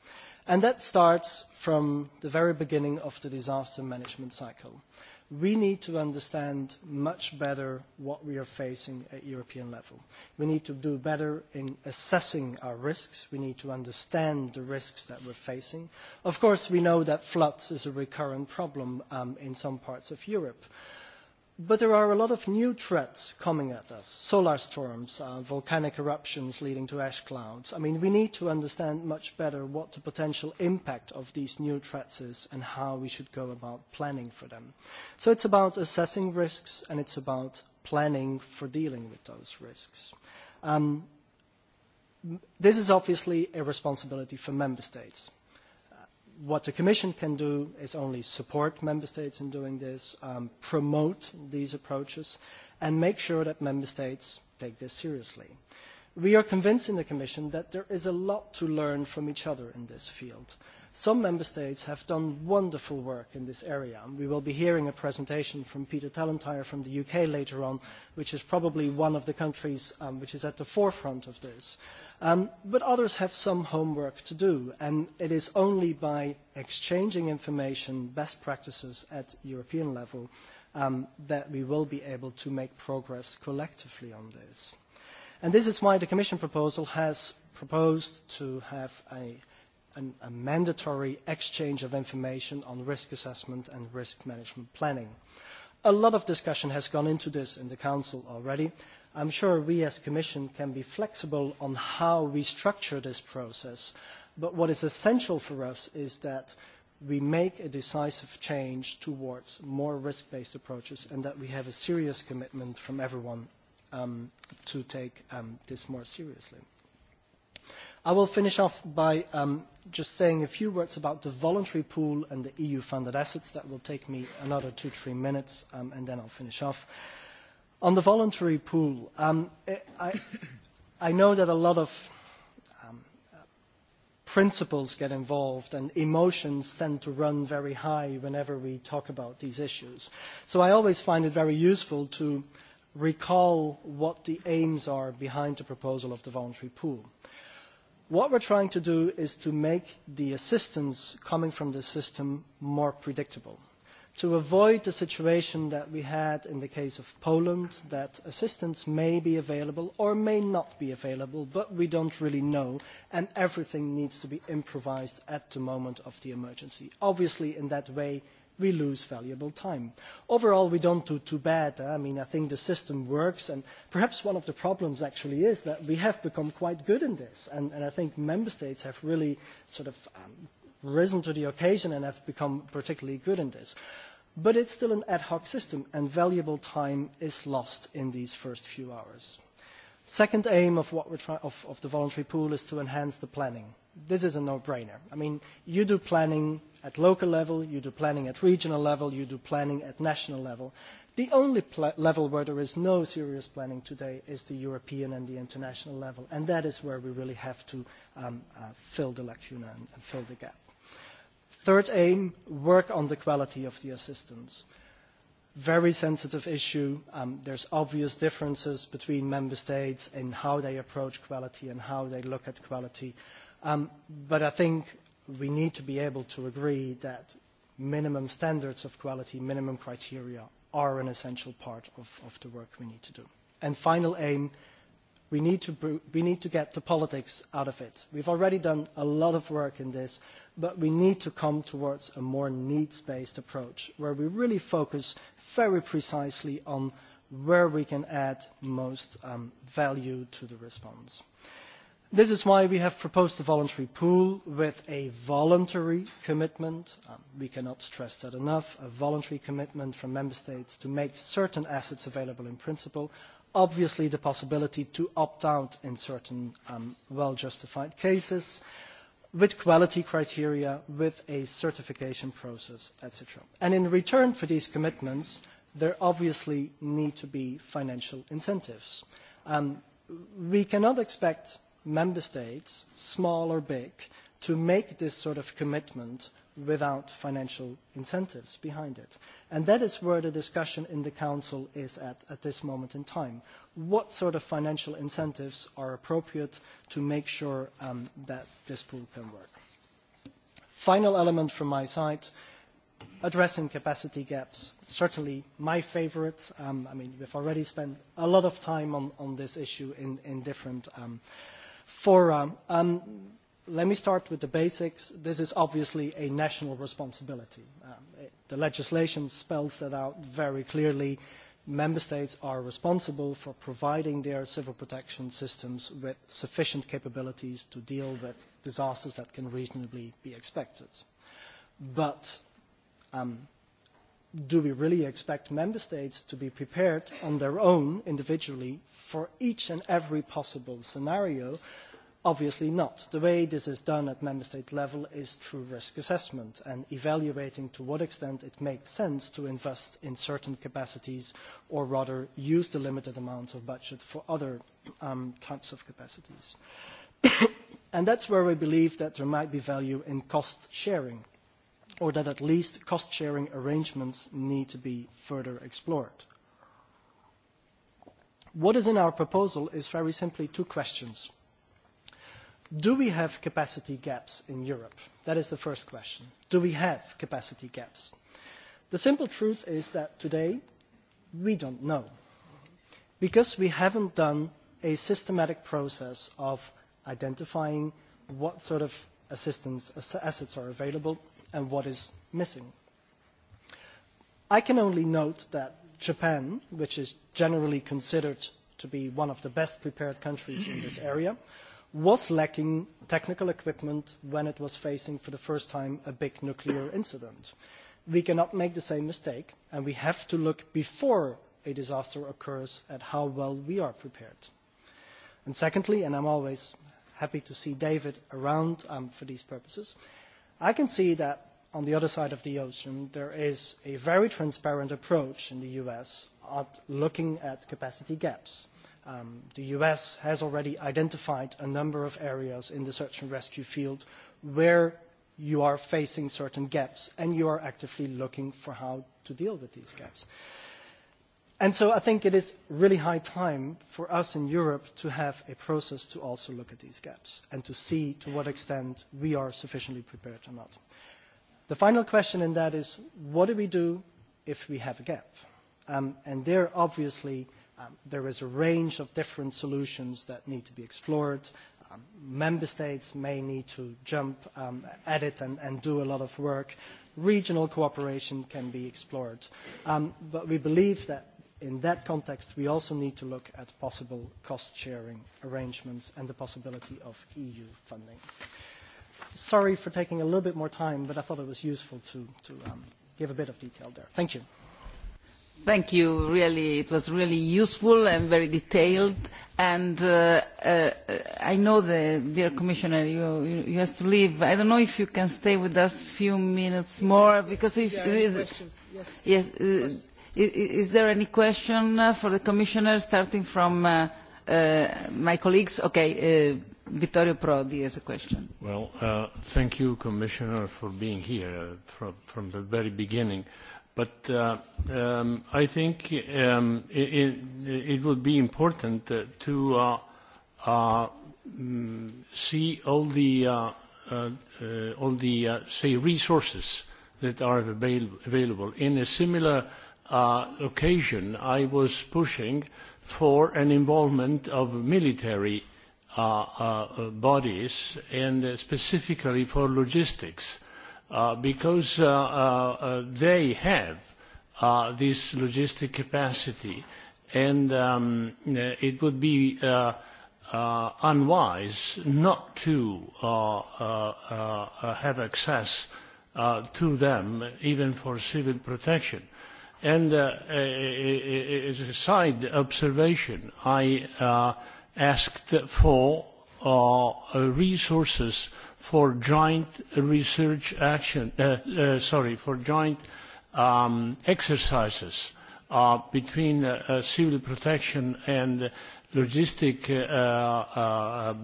And that starts from the very beginning of the disaster management cycle. We need to understand much better what we are facing at European level. We need to do better in assessing our risks. We need to understand the risks that we are facing. Of course, we know that floods is a recurrent problem in some parts of Europe But there are a lot of new threats coming at us solar storms, volcanic eruptions leading to ash clouds. I mean, we need to understand much better what the potential impact of these new threats is and how we should go about planning for them. So it's about assessing risks and it's about planning for dealing with those risks. This is obviously a responsibility for member states What the Commission can do is only support Member States in doing this, promote these approaches, and make sure that Member States take this seriously. We are convinced in the Commission that there is a lot to learn from each other in this field. Some Member States have done wonderful work in this area. We will be hearing a presentation from Peter Tallentire from the UK later on, which is probably one of the countries which is at the forefront of this. But others have some homework to do, and it is only by exchanging information, best practices at European level, that we will be able to make progress collectively on this. And this is why the Commission proposal has proposed to have a mandatory exchange of information on risk assessment and risk management planning. A lot of discussion has gone into this in the Council already. I'm sure we as Commission can be flexible on how we structure this process, but what is essential for us is that we make a decisive change towards more risk-based approaches and that we have a serious commitment from everyone to take this more seriously. I will finish off by just saying a few words about the voluntary pool and the EU-funded assets. That will take me another two, three minutes, and then I'll finish off. On the voluntary pool, I know that a lot of principles get involved and emotions tend to run very high whenever we talk about these issues. So I always find it very useful to recall what the aims are behind the proposal of the voluntary pool. What we're trying to do is to make the assistance coming from the system more predictable, to avoid the situation that we had in the case of Poland, that assistance may be available or may not be available, but we don't really know, and everything needs to be improvised at the moment of the emergency. Obviously, in that way, we lose valuable time. Overall, we don't do too bad. I mean, I think the system works, and perhaps one of the problems actually is that we have become quite good in this, and I think member states have really sort of risen to the occasion and have become particularly good in this. But it's still an ad hoc system, and valuable time is lost in these first few hours. Second aim of what we're of the voluntary pool is to enhance the planning. This is a no-brainer. I mean, you do planning at local level, you do planning at regional level, you do planning at national level. The only level where there is no serious planning today is the European and the international level, and that is where we really have to fill the lacuna and fill the gap. Third aim, work on the quality of the assistance very sensitive issue. There's obvious differences between member states in how they approach quality and how they look at quality. But I think we need to be able to agree that minimum standards of quality, minimum criteria, are an essential part of the work we need to do. And final aim we need to get the politics out of it. We've already done a lot of work in this, but we need to come towards a more needs-based approach where we really focus very precisely on where we can add most value to the response. This is why we have proposed a voluntary pool with a voluntary commitment. We cannot stress that enough, a voluntary commitment from member states to make certain assets available in principle obviously the possibility to opt out in certain well-justified cases, with quality criteria, with a certification process, etc. And in return for these commitments, there obviously need to be financial incentives. We cannot expect member states, small or big, to make this sort of commitment without financial incentives behind it. And that is where the discussion in the Council is at at this moment in time. What sort of financial incentives are appropriate to make sure that this pool can work? Final element from my side, addressing capacity gaps. Certainly my favorite. I mean, we've already spent a lot of time on on this issue in different fora. Let me start with the basics. This is obviously a national responsibility. The legislation spells that out very clearly. Member states are responsible for providing their civil protection systems with sufficient capabilities to deal with disasters that can reasonably be expected. But do we really expect member states to be prepared on their own individually for each and every possible scenario Obviously not. The way this is done at member state level is through risk assessment and evaluating to what extent it makes sense to invest in certain capacities or rather use the limited amounts of budget for other types of capacities. And that's where we believe that there might be value in cost sharing or that at least cost sharing arrangements need to be further explored. What is in our proposal is very simply two questions. Do we have capacity gaps in Europe? That is the first question. Do we have capacity gaps? The simple truth is that today we don't know because we haven't done a systematic process of identifying what sort of assistance assets are available and what is missing. I can only note that Japan, which is generally considered to be one of the best prepared countries in this area, was lacking technical equipment when it was facing for the first time a big nuclear incident. We cannot make the same mistake, and we have to look before a disaster occurs at how well we are prepared. And secondly, and I'm always happy to see David around for these purposes, I can see that on the other side of the ocean there is a very transparent approach in the US at looking at capacity gaps. The US has already identified a number of areas in the search and rescue field where you are facing certain gaps and you are actively looking for how to deal with these gaps. And so I think it is really high time for us in Europe to have a process to also look at these gaps and to see to what extent we are sufficiently prepared or not. The final question in that is, what do we do if we have a gap? And there, obviously, There is a range of different solutions that need to be explored. Member states may need to jump at it and do a lot of work. Regional cooperation can be explored. But we believe that in that context, we also need to look at possible cost-sharing arrangements and the possibility of EU funding. Sorry for taking a little bit more time, but I thought it was useful to give a bit of detail there. Thank you. Thank you. Really, it was really useful and very detailed. And I know the dear Commissioner, you have to leave. I don't know if you can stay with us a few minutes more, because if yes, is there any question for the Commissioner, starting from my colleagues? Okay, Vittorio Prodi has a question. Well, thank you, Commissioner, for being here from the very beginning. But I think it would be important to see all the all the say resources that are available. In a similar occasion, I was pushing for an involvement of military bodies and specifically for logistics because they have this logistic capacity and it would be unwise not to have access to them even for civil protection. And as a side observation, I asked for resources for joint research action, sorry, for joint exercises between civil protection and logistic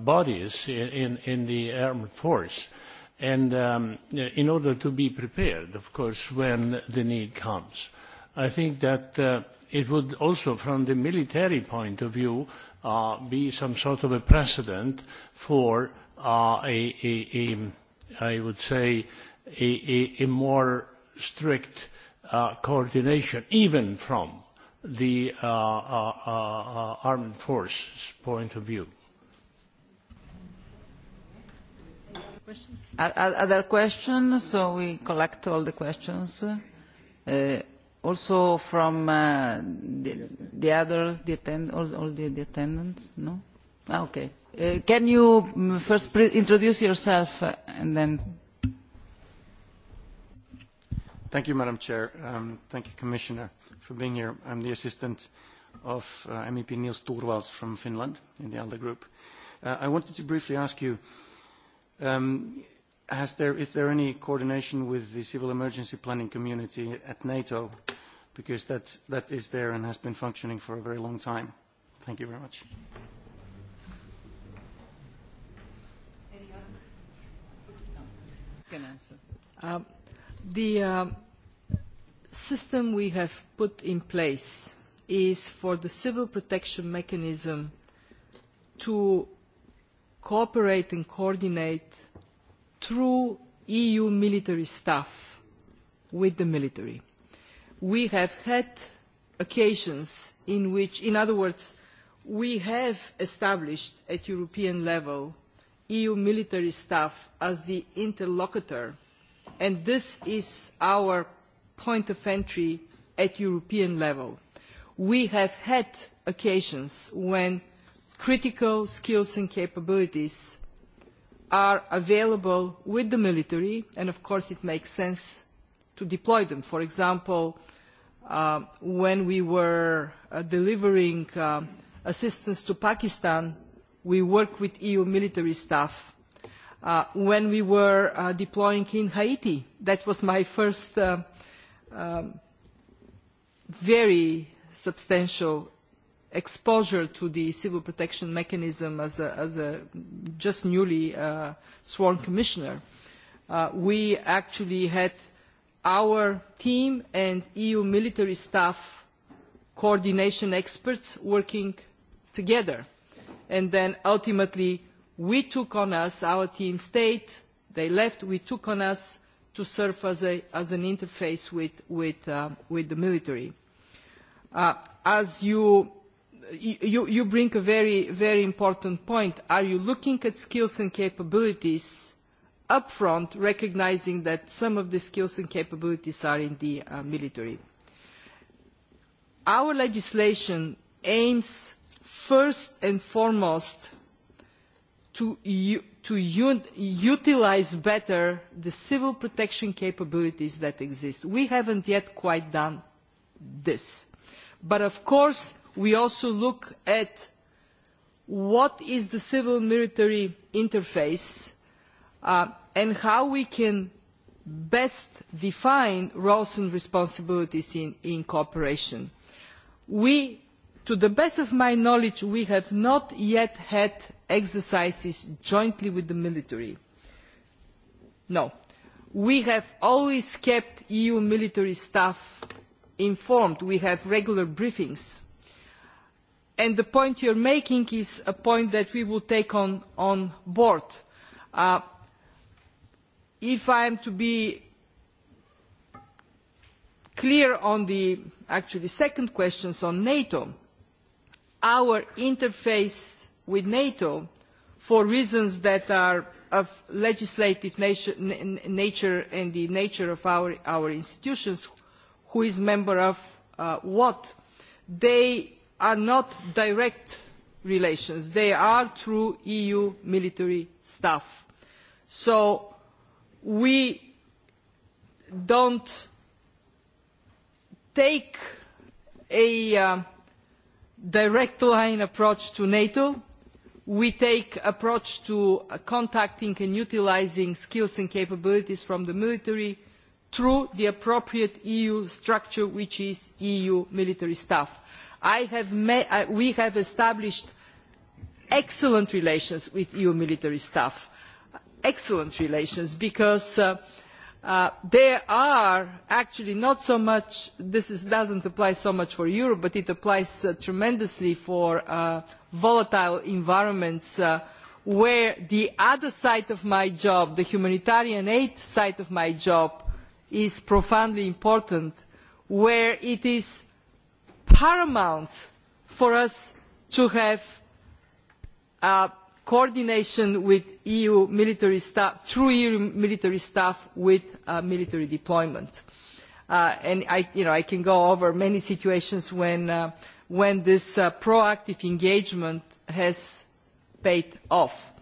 bodies in the armed force, and in order to be prepared, of course, when the need comes. I think that it would also, from the military point of view, be some sort of a precedent for I would say, a more strict coordination, even from the armed forces point of view. Other questions? So we collect all the questions. Also from the other, all the attendants, no? Okay. Can you first introduce yourself and then? Thank you, Madam Chair. Thank you, Commissioner, for being here. I'm the assistant of MEP Niels Torvalds from Finland in the ALDE Group. I wanted to briefly ask you, is there any coordination with the civil emergency planning community at NATO? Because that is there and has been functioning for a very long time. Thank you very much. The system we have put in place is for the civil protection mechanism to cooperate and coordinate through EU military staff with the military. We have had occasions in which, in other words, we have established at European level EU military staff as the interlocutor, and this is our point of entry at European level. We have had occasions when critical skills and capabilities are available with the military, and of course it makes sense to deploy them. For example, when we were delivering assistance to Pakistan we work with eu military staff when we were deploying in haiti that was my first very substantial exposure to the civil protection mechanism as a just newly sworn commissioner we actually had our team and eu military staff coordination experts working together and then ultimately we took on us, our team stayed, they left, we took on us to serve as an interface with the military. As you bring a very, very important point, are you looking at skills and capabilities up front, recognising that some of the skills and capabilities are in the military? Our legislation aims first and foremost to utilise better the civil protection capabilities that exist. We haven't yet quite done this. But of course we also look at what is the civil military interface and how we can best define roles and responsibilities in cooperation. We to the best of my knowledge we have not yet had exercises jointly with the military. no we have always kept eu military staff informed we have regular briefings and the point you are making is a point that we will take on board. if i am to be clear on the actually second questions on nato our interface with NATO for reasons that are of legislative nature and the nature of our institutions, who is member of what, they are not direct relations. They are through EU military staff. So we don't take a direct line approach to nato we take approach to contacting and utilising skills and capabilities from the military through the appropriate eu structure which is eu military staff. we have established excellent relations with eu military staff excellent relations because There are actually not so much, this doesn't apply so much for Europe, but it applies tremendously for volatile environments where the other side of my job, the humanitarian aid side of my job, is profoundly important, where it is paramount for us to have coordination with EU military staff, through EU military staff with military deployment. And I can go over many situations when this proactive engagement has paid off.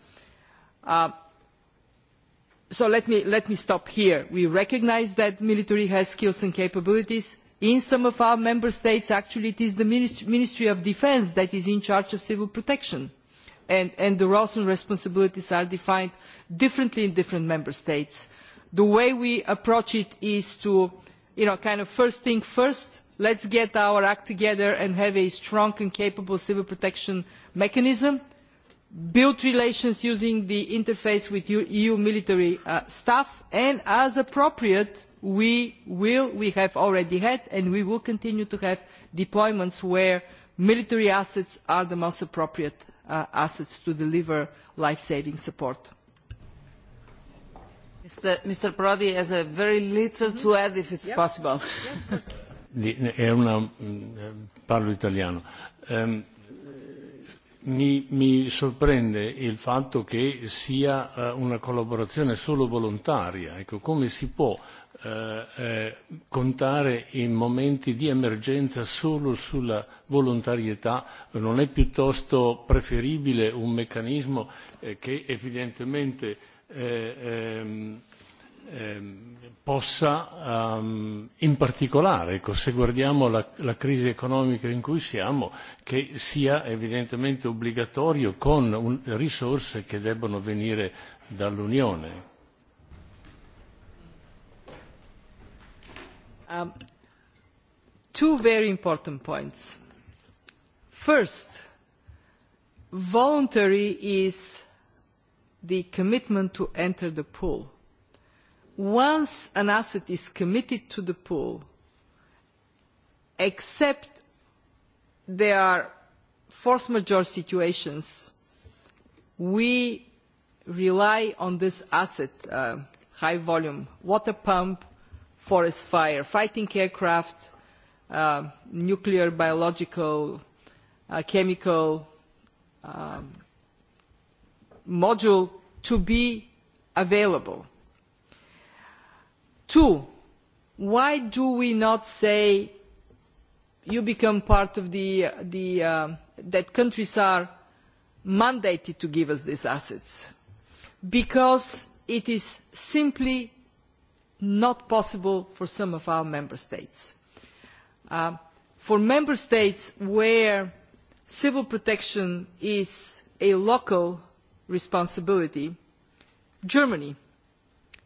So let me stop here. We recognise that military has skills and capabilities. In some of our member states, actually, it is the Ministry of Defence that is in charge of civil protection and the roles and responsibilities are defined differently in different member states. The way we approach it is to, you know, kind of first thing first. Let's get our act together and have a strong and capable civil protection mechanism. Build relations using the interface with EU military staff and, as appropriate, we will, we have already had and we will continue to have deployments where military assets are the most appropriate assets to deliver life-saving support. Mr. Prodi has a very little to add if it's possible. Parlo italiano. Mi sorprende il fatto che sia una collaborazione solo volontaria. Ecco, come si può contare in momenti di emergenza solo sulla volontarietà non è piuttosto preferibile un meccanismo che evidentemente possa in particolare se guardiamo la crisi economica in cui siamo che sia evidentemente obbligatorio con risorse che debbono venire dall'unione two very important points. First, voluntary is the commitment to enter the pool. Once an asset is committed to the pool, except there are force majeure situations, we rely on this asset, high volume water pump, forest fire, fighting aircraft, nuclear, biological, chemical module to be available. Two, why do we not say you become part of the, that countries are mandated to give us these assets? Because it is simply not possible for some of our member states. For member states where civil protection is a local responsibility, Germany,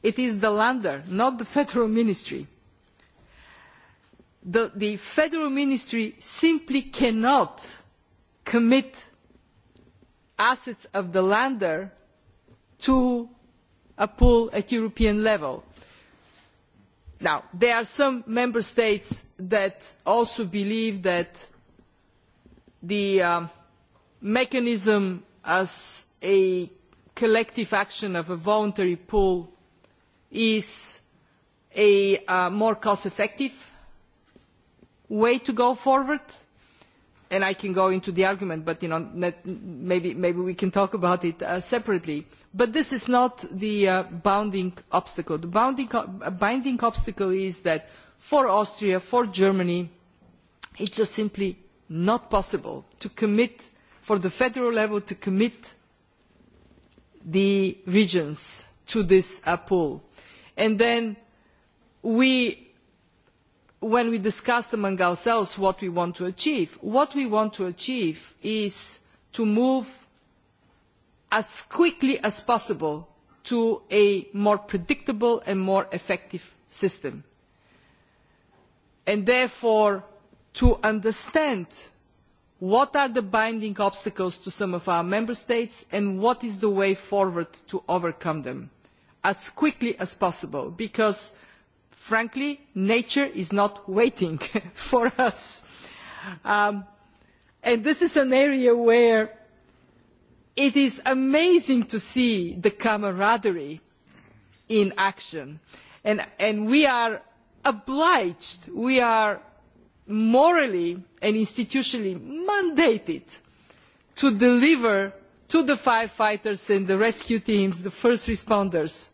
it is the Lander, not the federal ministry. The federal ministry simply cannot commit assets of the Lander to a pool at European level. Now, there are some member states that also believe that the mechanism as a collective action of a voluntary pool is a more cost effective way to go forward and I can go into the argument, but maybe we can talk about it separately. But this is not the bounding obstacle. The binding obstacle is that for Austria, for Germany, it's just simply not possible to commit, for the federal level, to commit the regions to this pool. And then we when we discussed among ourselves what we want to achieve, what we want to achieve is to move as quickly as possible to a more predictable and more effective system. And therefore, to understand what are the binding obstacles to some of our member states and what is the way forward to overcome them as quickly as possible, because Frankly, nature is not waiting for us. And this is an area where it is amazing to see the camaraderie in action. And we are obliged, we are morally and institutionally mandated to deliver to the firefighters and the rescue teams, the first responders,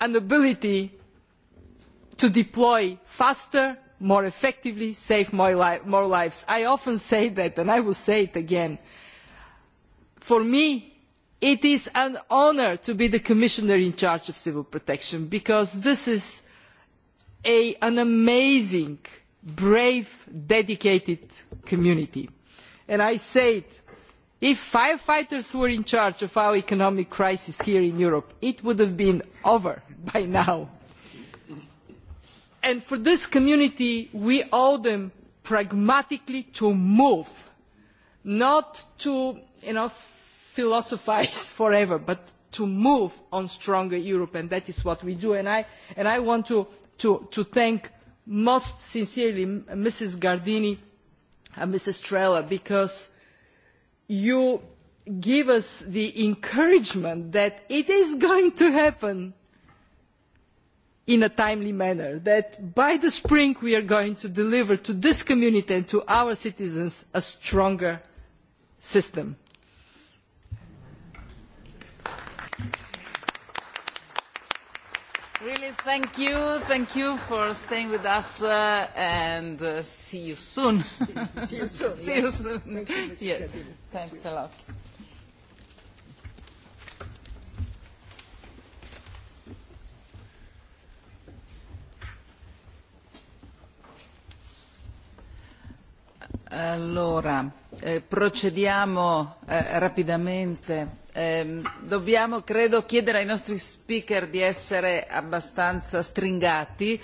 an ability to deploy faster, more effectively, save more lives. I often say that, and I will say it again. For me, it is an honour to be the Commissioner in charge of civil protection, because this is an amazing, brave, dedicated community. And I say it, if firefighters were in charge of our economic crisis here in Europe, it would have been over by now and for this community we owe them pragmatically to move not to philosophise forever but to move on stronger europe and that is what we do and i want to thank most sincerely mrs gardini and mrs Trella, because you give us the encouragement that it is going to happen in a timely manner that by the spring we are going to deliver to this community and to our citizens a stronger system. Really, thank you. Thank you for staying with us and see you soon. See you soon. Thanks a lot. Allora, procediamo rapidamente. Dobbiamo, credo, chiedere ai nostri speaker di essere abbastanza stringati,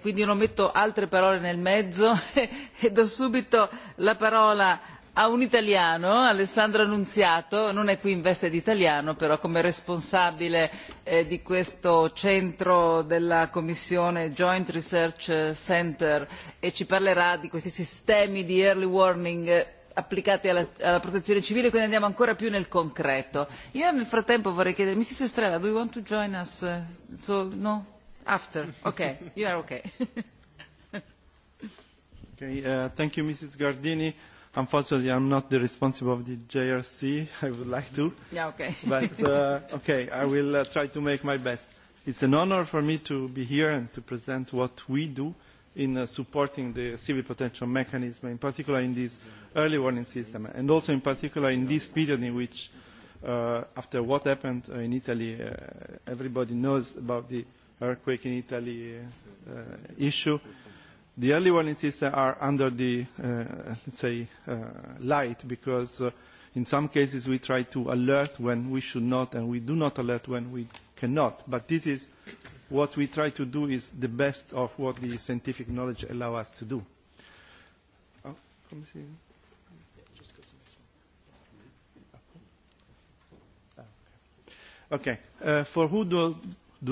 quindi non metto altre parole nel mezzo e do subito la parola a un italiano alessandro annunziato non è qui in veste di italiano però come responsabile di questo centro della commissione joint research Center e ci parlerà di questi sistemi di early warning applicati alla protezione civile quindi andiamo ancora più nel concreto. io nel frattempo vorrei chiedere mrs Estrella do you want to join us? no? after? ok you are ok. Unfortunately, I'm not the responsible of the JRC. I would like to. Yeah, okay. But, okay, I will try to make my best. It's an honor for me to be here and to present what we do in supporting the civil protection mechanism, in particular in this early warning system, and also in particular in this period in which, after what happened in Italy, everybody knows about the earthquake in Italy issue The early warning systems are under the, let's say, light because in some cases we try to alert when we should not and we do not alert when we cannot. But this is what we try to do is the best of what the scientific knowledge allows us to do. Okay. For who do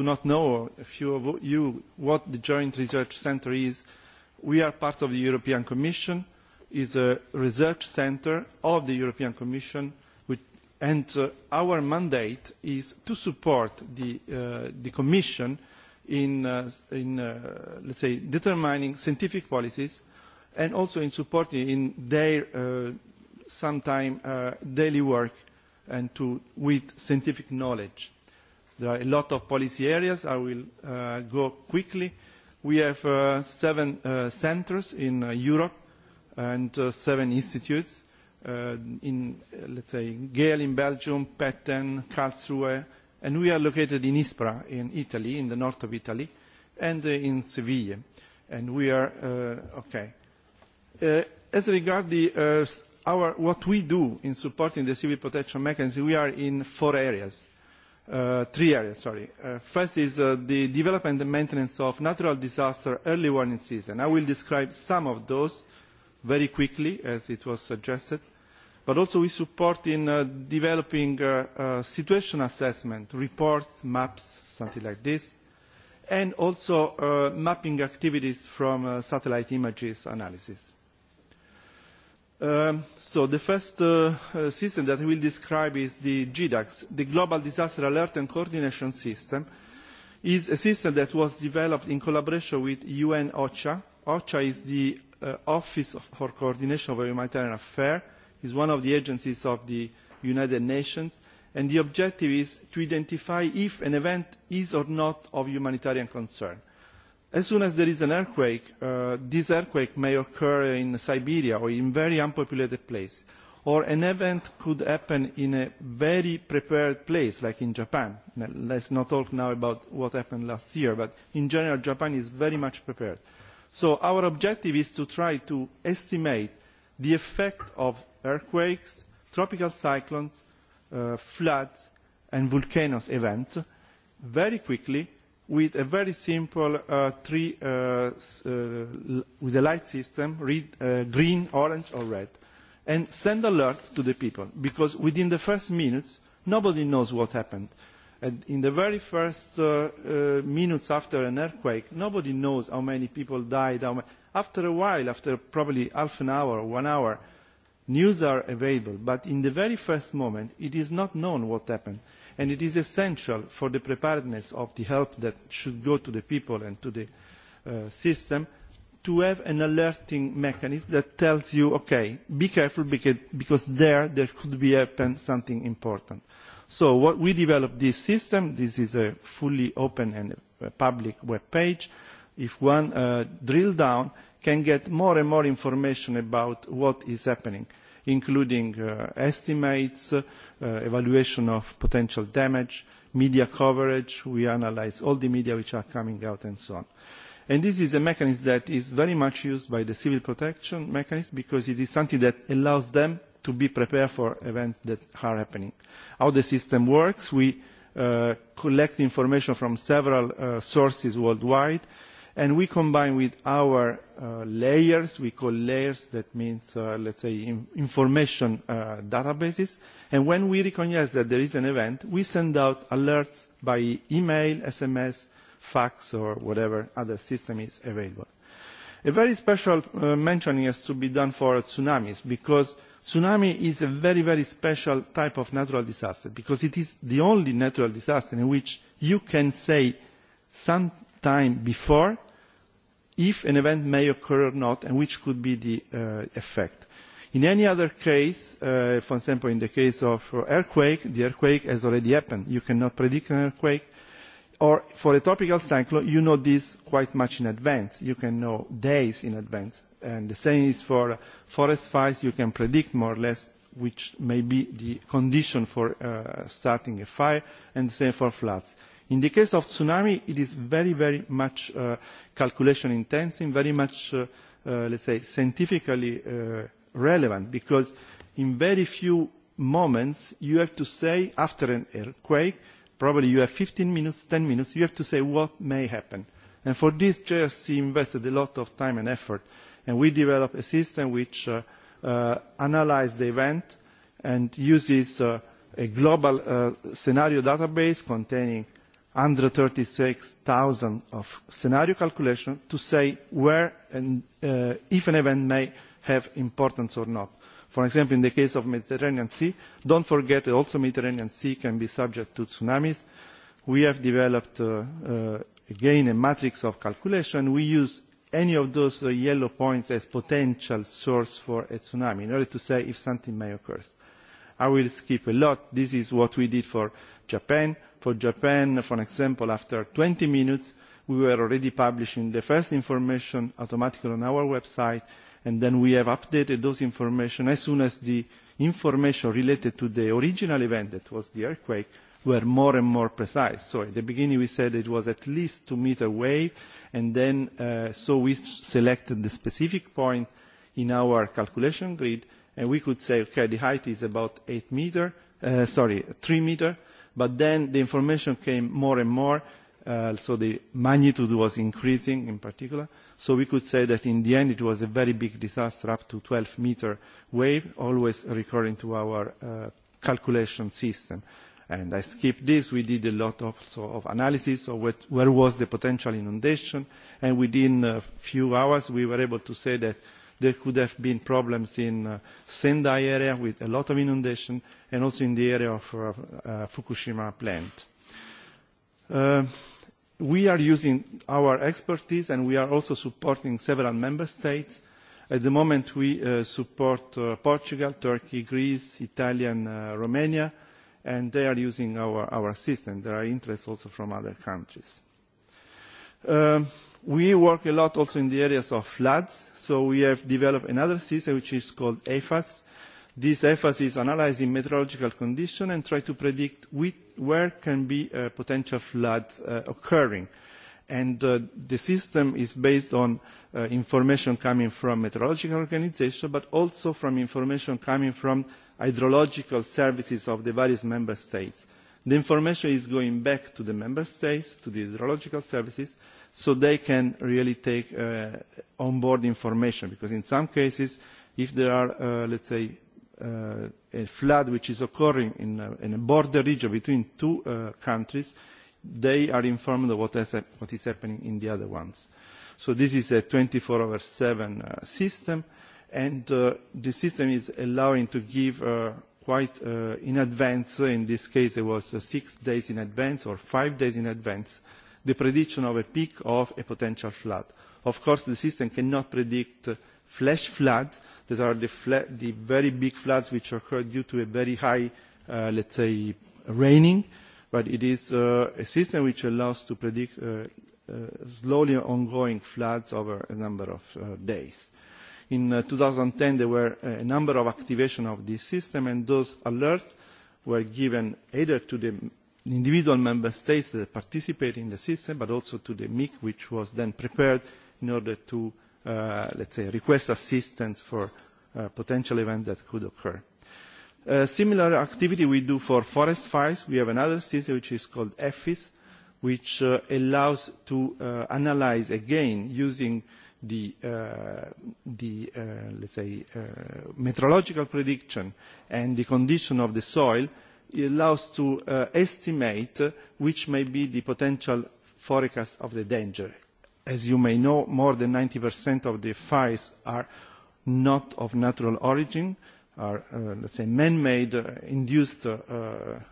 not know, a few of you, what the Joint Research Center is, We are part of the European Commission, is a research centre of the European Commission, and our mandate is to support the Commission in, let's say, determining scientific policies and also in supporting in their sometime daily work and to with scientific knowledge. There are a lot of policy areas. I will go quickly We have seven centres in Europe and seven institutes in, let's say, Gael in Belgium, Petten, Karlsruhe, and we are located in Ispra in Italy, in the north of Italy, and in Seville. And we are, okay. As regards the, our, what we do in supporting the civil protection mechanism, we are in four areas three areas, sorry. First is the development and maintenance of natural disaster early warning season. I will describe some of those very quickly, as it was suggested. But also we support in developing situation assessment, reports, maps, something like this, and also mapping activities from satellite images analysis. So the first system that I will describe is the GDAX, the Global Disaster Alert and Coordination System. is a system that was developed in collaboration with UN OCHA. OCHA is the Office for Coordination of Humanitarian Affairs. is one of the agencies of the United Nations. And the objective is to identify if an event is or not of humanitarian concern. As soon as there is an earthquake, this earthquake may occur in Siberia or in very unpopulated place, or an event could happen in a very prepared place, like in Japan. Let's not talk now about what happened last year, but in general, Japan is very much prepared. So our objective is to try to estimate the effect of earthquakes, tropical cyclones, floods and volcanoes events very quickly with a very simple three with a light system, read green, orange or red, and send alert to the people because within the first minutes nobody knows what happened. And in the very first minutes after an earthquake, nobody knows how many people died. After a while, after probably half an hour, one hour, news are available. But in the very first moment, it is not known what happened and it is essential for the preparedness of the help that should go to the people and to the system to have an alerting mechanism that tells you, OK, be careful because there, there could be happen something important. So what we developed this system, this is a fully open and public web page. If one drill down, can get more and more information about what is happening including estimates, evaluation of potential damage, media coverage. We analyze all the media which are coming out and so on. And this is a mechanism that is very much used by the civil protection mechanism because it is something that allows them to be prepared for events that are happening. How the system works, we collect information from several sources worldwide and we combine with our layers, we call layers, that means, let's say, information databases, and when we recognize that there is an event, we send out alerts by email, SMS, fax, or whatever other system is available. A very special mentioning has to be done for tsunamis, because tsunami is a very, very special type of natural disaster, because it is the only natural disaster in which you can say some time before if an event may occur or not and which could be the effect. In any other case, for example, in the case of earthquake, the earthquake has already happened. You cannot predict an earthquake. Or for a tropical cyclone, you know this quite much in advance. You can know days in advance. And the same is for forest fires. You can predict more or less which may be the condition for starting a fire, and the same for floods. In the case of tsunami, it is very, very much calculation intensive, very much, let's say, scientifically relevant, because in very few moments you have to say after an earthquake, probably you have 15 minutes, 10 minutes, you have to say what may happen. And for this, JSC invested a lot of time and effort, and we developed a system which analyzes the event and uses a global scenario database containing 136,000 of scenario calculation to say where and if an event may have importance or not. For example, in the case of Mediterranean Sea, don't forget that also Mediterranean Sea can be subject to tsunamis. We have developed, again, a matrix of calculation. We use any of those yellow points as potential source for a tsunami in order to say if something may occur. I will skip a lot. This is what we did for Japan. For Japan, for example, after 20 minutes, we were already publishing the first information automatically on our website, and then we have updated those information as soon as the information related to the original event, that was the earthquake, were more and more precise. So at the beginning we said it was at least two meters away and then so we selected the specific point in our calculation grid, and we could say, okay, the height is about eight meter, sorry, three meters, But then the information came more and more, so the magnitude was increasing in particular. So we could say that in the end it was a very big disaster, up to 12 meter wave, always recurring to our calculation system. And I skipped this. We did a lot so of analysis of where was the potential inundation, and within a few hours we were able to say that there could have been problems in Sendai area with a lot of inundation, and also in the area of Fukushima plant. We are using our expertise and we are also supporting several member states. At the moment we support Portugal, Turkey, Greece, Italy and Romania and they are using our system. There are interests also from other countries. We work a lot also in the areas of floods, so we have developed another system which is called EFAS. This emphasis is analysing meteorological conditions and try to predict where can be potential floods occurring. And the system is based on information coming from meteorological organizations but also from information coming from hydrological services of the various member states. The information is going back to the member states, to the hydrological services, so they can really take on board information, because in some cases, if there are, let's say, a flood which is occurring in a border region between two countries, they are informed of what is happening in the other ones. So this is a 24 over 7 system, and the system is allowing to give quite in advance, in this case it was six days in advance or five days in advance, the prediction of a peak of a potential flood. Of course, the system cannot predict flash floods that are the very big floods which occur due to a very high, let's say, raining. But it is a system which allows to predict slowly ongoing floods over a number of days. In 2010, there were a number of activation of this system, and those alerts were given either to the individual member states that participate in the system, but also to the MIC, which was then prepared in order to let's say, request assistance for potential event that could occur. Similar activity we do for forest fires. We have another system which is called EFIS, which allows to analyze again using the, let's say, meteorological prediction and the condition of the soil. It allows to estimate which may be the potential forecast of the danger as you may know, more than 90% of the fires are not of natural origin, are, let's say, man-made induced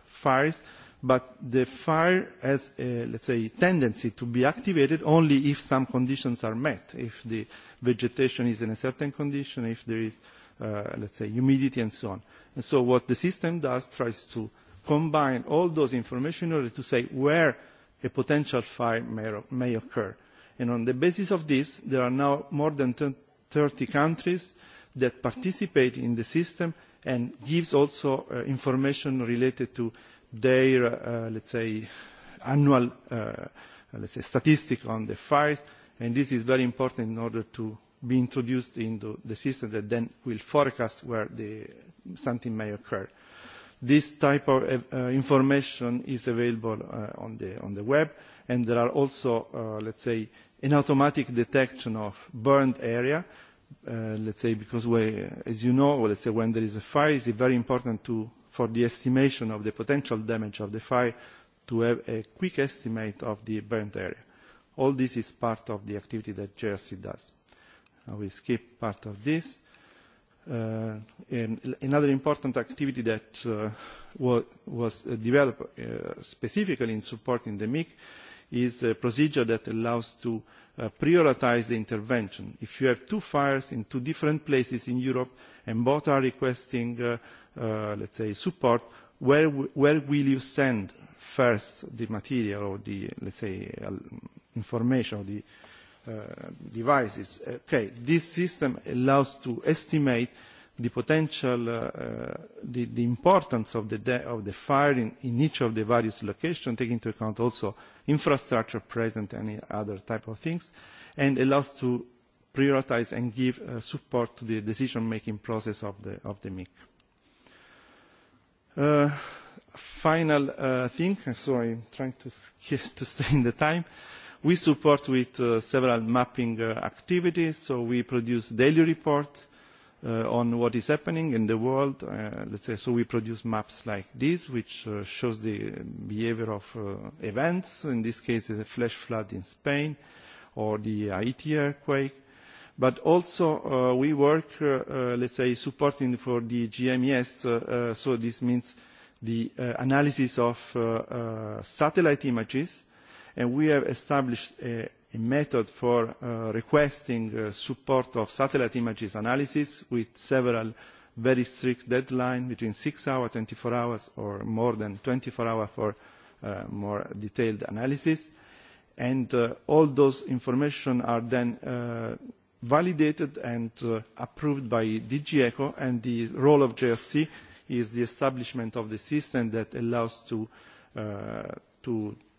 fires, but the fire has, a, let's say, tendency to be activated only if some conditions are met, if the vegetation is in a certain condition, if there is, let's say, humidity and so on. And so what the system does tries to combine all those information in order to say where a potential fire may occur and on the basis of this there are now more than 30 countries that participate in the system and gives also information related to their let's say annual let's say statistic on the fires and this is very important in order to be introduced into the system that then will forecast where something may occur this type of information is available on the on the web and there are also let's say an automatic detection of burned area. Let's say because, we as you know, let's say when there is a fire, it's very important to for the estimation of the potential damage of the fire to have a quick estimate of the burned area. All this is part of the activity that JRC does. I will skip part of this. Another important activity that was developed specifically in supporting the MIC is a procedure that allows to prioritize the intervention. If you have two fires in two different places in Europe and both are requesting, let's say, support, where will you send first the material or the, let's say, information or the devices? Okay, this system allows to estimate the potential, the importance of the fire in each of the various locations, taking into account also infrastructure present and other type of things, and allows to prioritize and give support to the decision-making process of the MIC. Final thing, so I'm trying to stay in the time. We support with several mapping activities, so we produce daily reports on what is happening in the world. Let's say so we produce maps like this, which shows the behavior of events. In this case, the flash flood in Spain, or the Haiti earthquake. But also we work, let's say, supporting for the GMES. So this means the analysis of satellite images, and we have established a method for requesting support of satellite images analysis with several very strict deadlines between 6 hours, 24 hours, or more than 24 hours for more detailed analysis. And all those information are then validated and approved by DG ECHO, and the role of JRC is the establishment of the system that allows to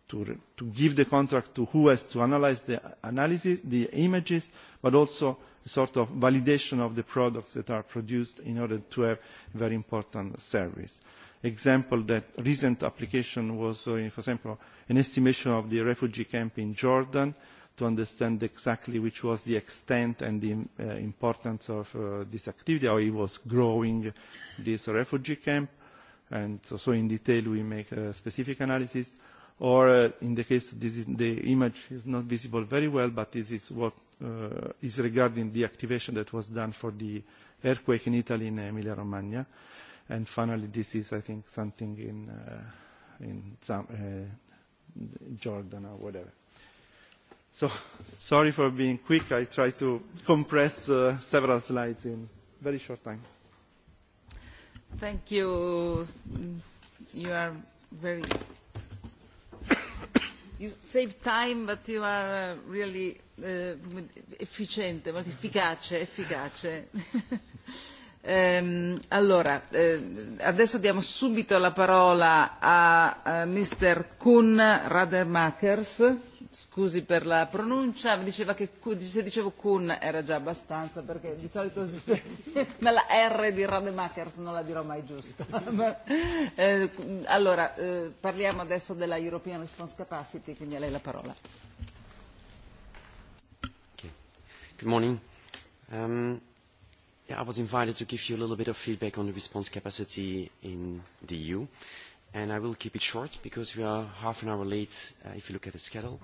to give the contract to who has to analyze the analysis, the images, but also a sort of validation of the products that are produced in order to have very important service. Example that recent application was, for example, an estimation of the refugee camp in Jordan to understand exactly which was the extent and the importance of this activity, how it was growing this refugee camp. And so in detail we make a specific analysis or in the case the image is not visible very well, but this is what is regarding the activation that was done for the earthquake in Italy in Emilia-Romagna. And finally, this is, I think, something in in some Jordan or whatever. So, sorry for being quick. I try to compress several slides in very short time. Thank you. You are very You save time, but you are really efficiente, molto efficace, efficace. Allora, adesso diamo subito la parola a Mr. Kuhn Radermakers scusi per la pronuncia, diceva che se dicevo Kun era già abbastanza perché di solito ma la R di Rademakers non la dirò mai giusta. Allora, parliamo adesso della European Response Capacity, quindi a lei la parola. Good morning. Um, yeah, I was invited to give you a little bit of feedback on the response capacity in the EU and I will keep it short because we are half an hour late if you look at the schedule.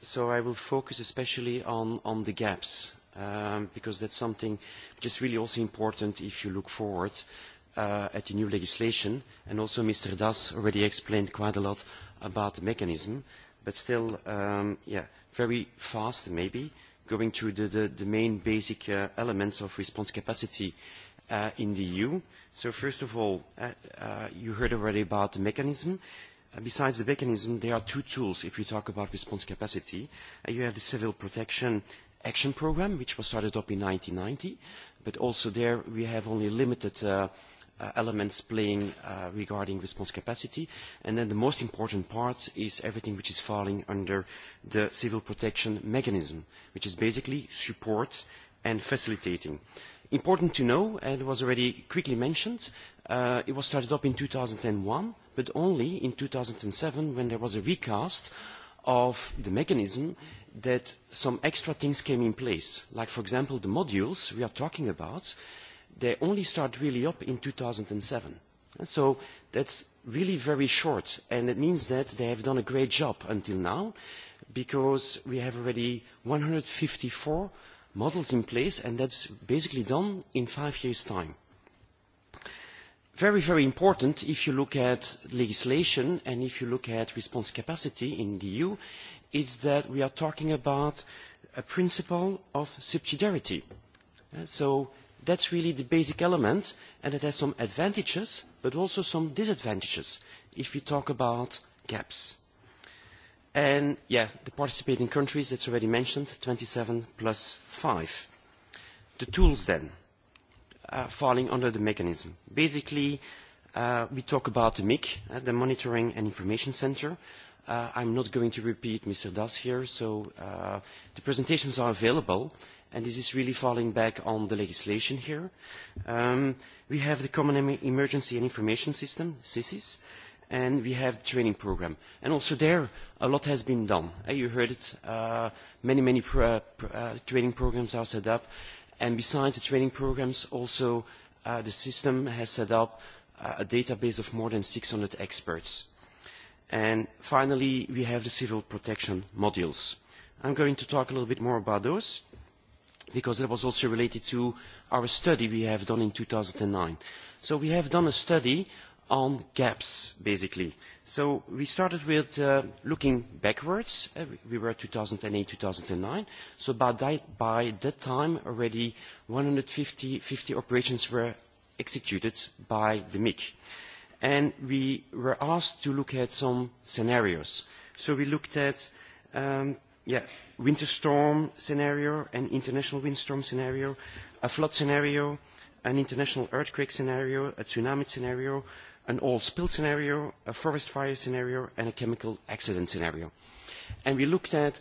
So I will focus especially on the gaps because that's something which is really also important if you look forward at the new legislation. And also Mr. Das already explained quite a lot about the mechanism, but still, yeah, very fast maybe, going through the main basic elements of response capacity in the EU. So first of all, you heard already about the mechanism. Besides the mechanism, there are two tools if we talk about response capacity. You have the Civil Protection Action Program, which was started up in 1990, but also there we have only limited elements playing regarding response capacity. And then the most important part is everything which is falling under the Civil Protection Mechanism, which is basically support and facilitating. Important to know, and it was already quickly mentioned, it was started up in two thousand one, but only in two thousand seven when there was a recast of the mechanism that some extra things came in place. Like, for example, the modules we are talking about, they only start really up in two thousand seven. So that's really very short, and it means that they have done a great job until now because we have already one hundred fifty four models in place, and that's basically done in five years' time. Very, very important if you look at legislation and if you look at response capacity in the EU, is that we are talking about a principle of subsidiarity. So that's really the basic element, and it has some advantages, but also some disadvantages if we talk about gaps. And, yeah, the participating countries, it's already mentioned, 27 plus 5. The tools, then, falling under the mechanism. Basically, we talk about the MIC, the Monitoring and Information Center. I'm not going to repeat Mr. Das here, so the presentations are available, and this is really falling back on the legislation here. We have the Common Emergency and Information System, CISIS and we have training program. And also there, a lot has been done. You heard it. Many, many training programs are set up. And besides the training programs, also the system has set up a database of more than 600 experts. And finally, we have the civil protection modules. I'm going to talk a little bit more about those, because it was also related to our study we have done in 2009. So we have done a study on gaps, basically. So we started with looking backwards. We were 2008, 2009. So by that time, already 150 operations were executed by the MIC. And we were asked to look at some scenarios. So we looked at winter storm scenario, an international windstorm scenario, a flood scenario, an international earthquake scenario, a tsunami scenario, an oil spill scenario, a forest fire scenario, and a chemical accident scenario. And we looked at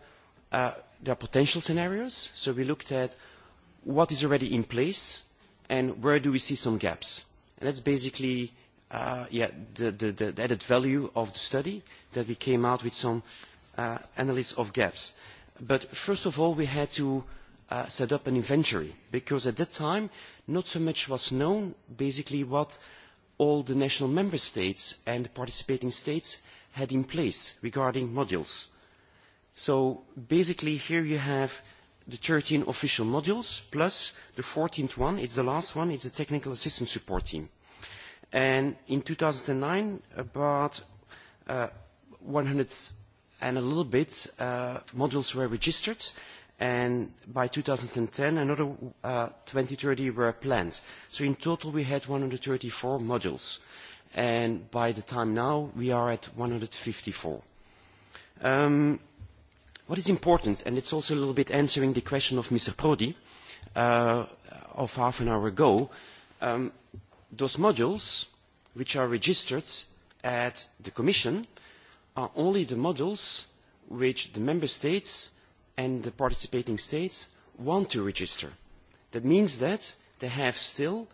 the potential scenarios. So we looked at what is already in place and where do we see some gaps. And that's basically the added value of the study that we came out with some analysis of gaps. But first of all, we had to set up an inventory because at that time, not so much was known basically what all the national member states and the participating states had in place regarding modules. So basically here you have the 13 official modules plus the 14th one, it's the last one, it's the technical assistance support team. And in 2009 about 100 and a little bit modules were registered and by 2010 another 2030 were planned. So in total we had 134 modules and by the time now we are at 154. What is important, and it's also a little bit answering the question of Mr. Prodi of half an hour ago, those modules which are registered at the Commission are only the modules which the Member States and the participating states want to register. That means that they have still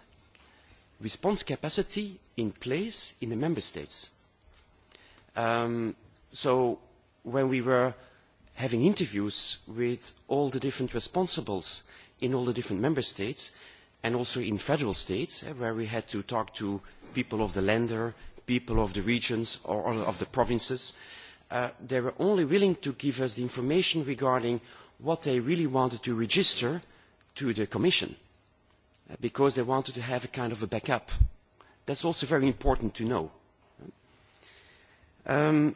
response capacity in place in the member states. So when we were having interviews with all the different responsibles in all the different member states and also in federal states where we had to talk to people of the lender, people of the regions or of the provinces, they were only willing to give us the information regarding what they really wanted to register to the Commission, because they wanted to have a kind of a backup. That's also very important to know. And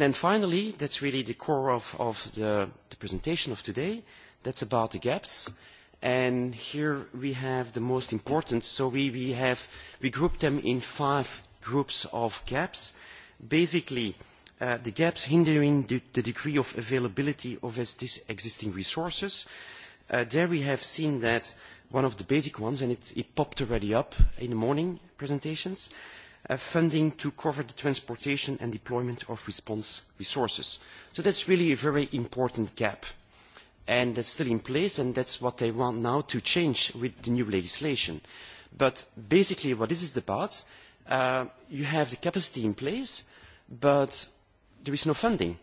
then finally, that's really the core of the presentation of today. That's about the gaps. And here we have the most important. So we have we grouped them in five groups of gaps. Basically the gaps hindering the degree of availability of existing resources. There we have seen that one of the basic ones, and it popped already up in the morning presentations, funding to cover the transportation and deployment of response resources. So that's really a very important gap. And that's still in place, and that's what they want now to change with the new legislation. But basically what this is about, you have the capacity in place, but there is no funding,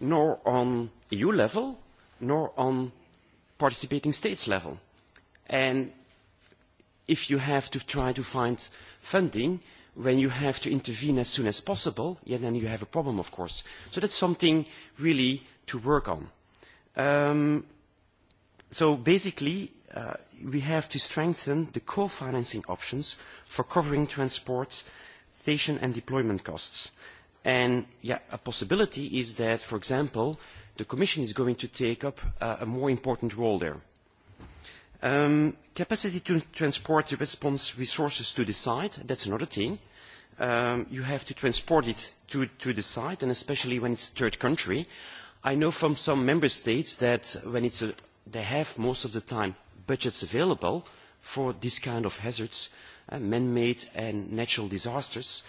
nor on EU level, nor on participating states level. And if you have to try to find funding when you have to intervene as soon as possible, then you have a problem, of course. So that's something really to work on. So basically, we have to strengthen the co-financing options for covering transport, station and deployment costs. And a possibility is that, for example, the Commission is going to take up a more important role there. Capacity to transport the response resources to the site, that's another thing. You have to transport it to the site, and especially when it's a third country. I know from some member states that when it's they have most of the time budgets available for this kind of hazards, man-made and natural disasters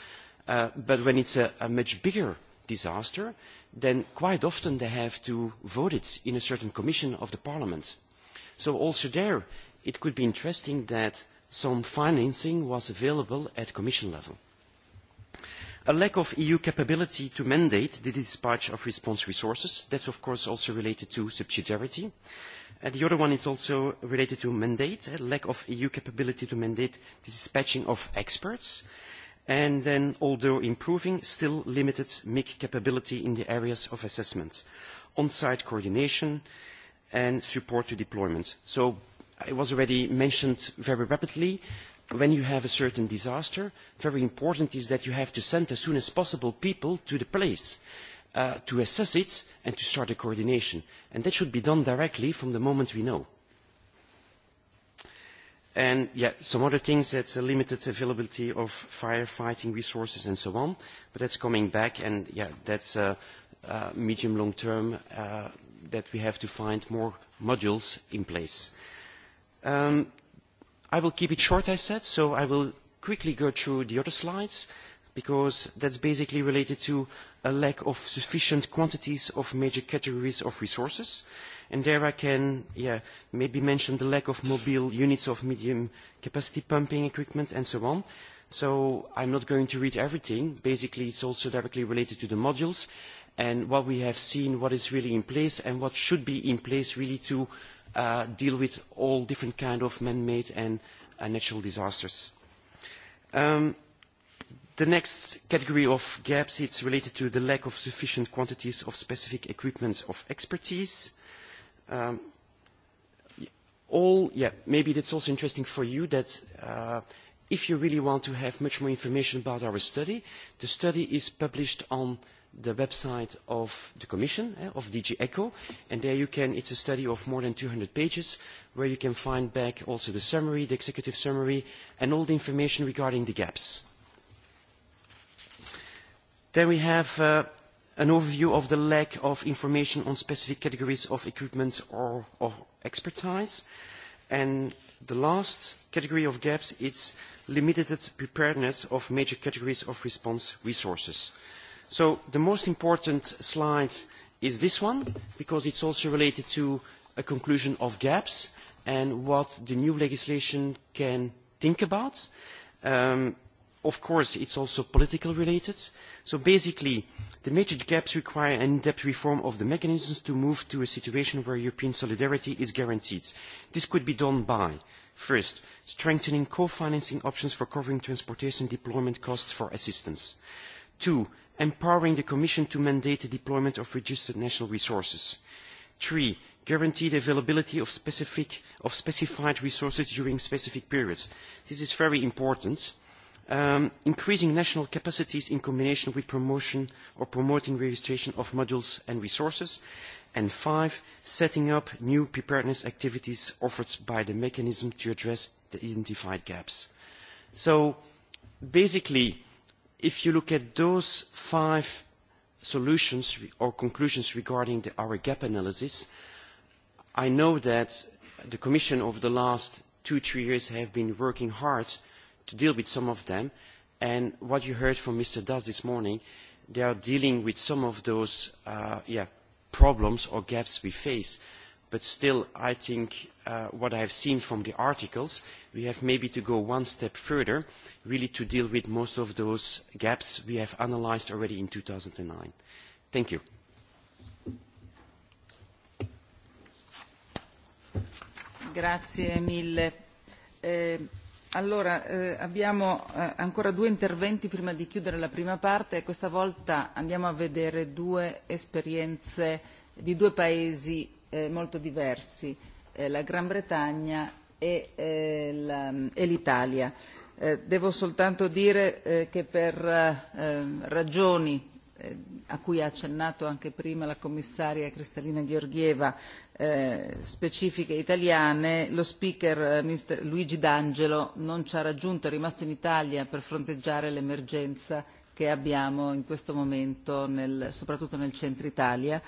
But when it's a much bigger disaster, then quite often they have to vote it in a certain commission of the Parliament. So also there, it could be interesting that some financing was available at Commission level. A lack of EU capability to mandate the dispatch of response resources. That's of course also related to subsidiarity. The other one is also related to mandate, a lack of EU capability to mandate the dispatching of experts and then although improving, still limited MIC capability in the areas of assessment, on-site coordination and support to deployment. So it was already mentioned very rapidly. When you have a certain disaster, very important is that you have to send as soon as possible people to the place to assess it and to start the coordination. And that should be done directly from the moment we know. And yeah, some other things, that's a limited availability of firefighting resources and so on, but that's coming back and yeah, that's a, medium long term that we have to find more modules in place. I will keep it short, I said, so I will quickly go through the other slides because that's basically related to a lack of sufficient quantities of major categories of resources. And there I can maybe mention the lack of mobile units of medium capacity pumping equipment and so on. So I'm not going to read everything. Basically, it's also directly related to the modules and what we have seen, what is really in place and what should be in place really to deal with all different kind of man-made and natural disasters. Um, The next category of gaps is related to the lack of sufficient quantities of specific equipment of expertise. All, yeah, maybe that's also interesting for you that if you really want to have much more information about our study, the study is published on the website of the Commission, of DG ECHO, and there you can, it's a study of more than 200 pages, where you can find back also the summary, the executive summary, and all the information regarding the gaps. Then we have an overview of the lack of information on specific categories of equipment or expertise. And the last category of gaps is limited preparedness of major categories of response resources. So the most important slide is this one, because it's also related to a conclusion of gaps and what the new legislation can think about. Of course, it's also political related. So basically, the major gaps require an in-depth reform of the mechanisms to move to a situation where European solidarity is guaranteed. This could be done by, first, strengthening co-financing options for covering transportation deployment costs for assistance. Two, empowering the Commission to mandate the deployment of registered national resources. Three, guarantee the availability of specified resources during specific periods. This is very important increasing national capacities in combination with promotion or promoting registration of modules and resources, and five, setting up new preparedness activities offered by the mechanism to address the identified gaps. So basically, if you look at those five solutions or conclusions regarding the our gap analysis, I know that the Commission over the last two, three years have been working hard to deal with some of them. And what you heard from Mr. Das this morning, they are dealing with some of those problems or gaps we face. But still, I think what I have seen from the articles, we have maybe to go one step further, really to deal with most of those gaps we have analysed already in 2009. Thank you. Allora, abbiamo ancora due interventi prima di chiudere la prima parte e questa volta andiamo a vedere due esperienze di due paesi molto diversi, la Gran Bretagna e l'Italia. Devo soltanto dire che per ragioni a cui ha accennato anche prima la commissaria Cristalina Georgieva specifiche italiane, lo speaker Luigi D'Angelo non ci ha raggiunto, è rimasto in Italia per fronteggiare l'emergenza che abbiamo in questo momento, soprattutto nel centro Italia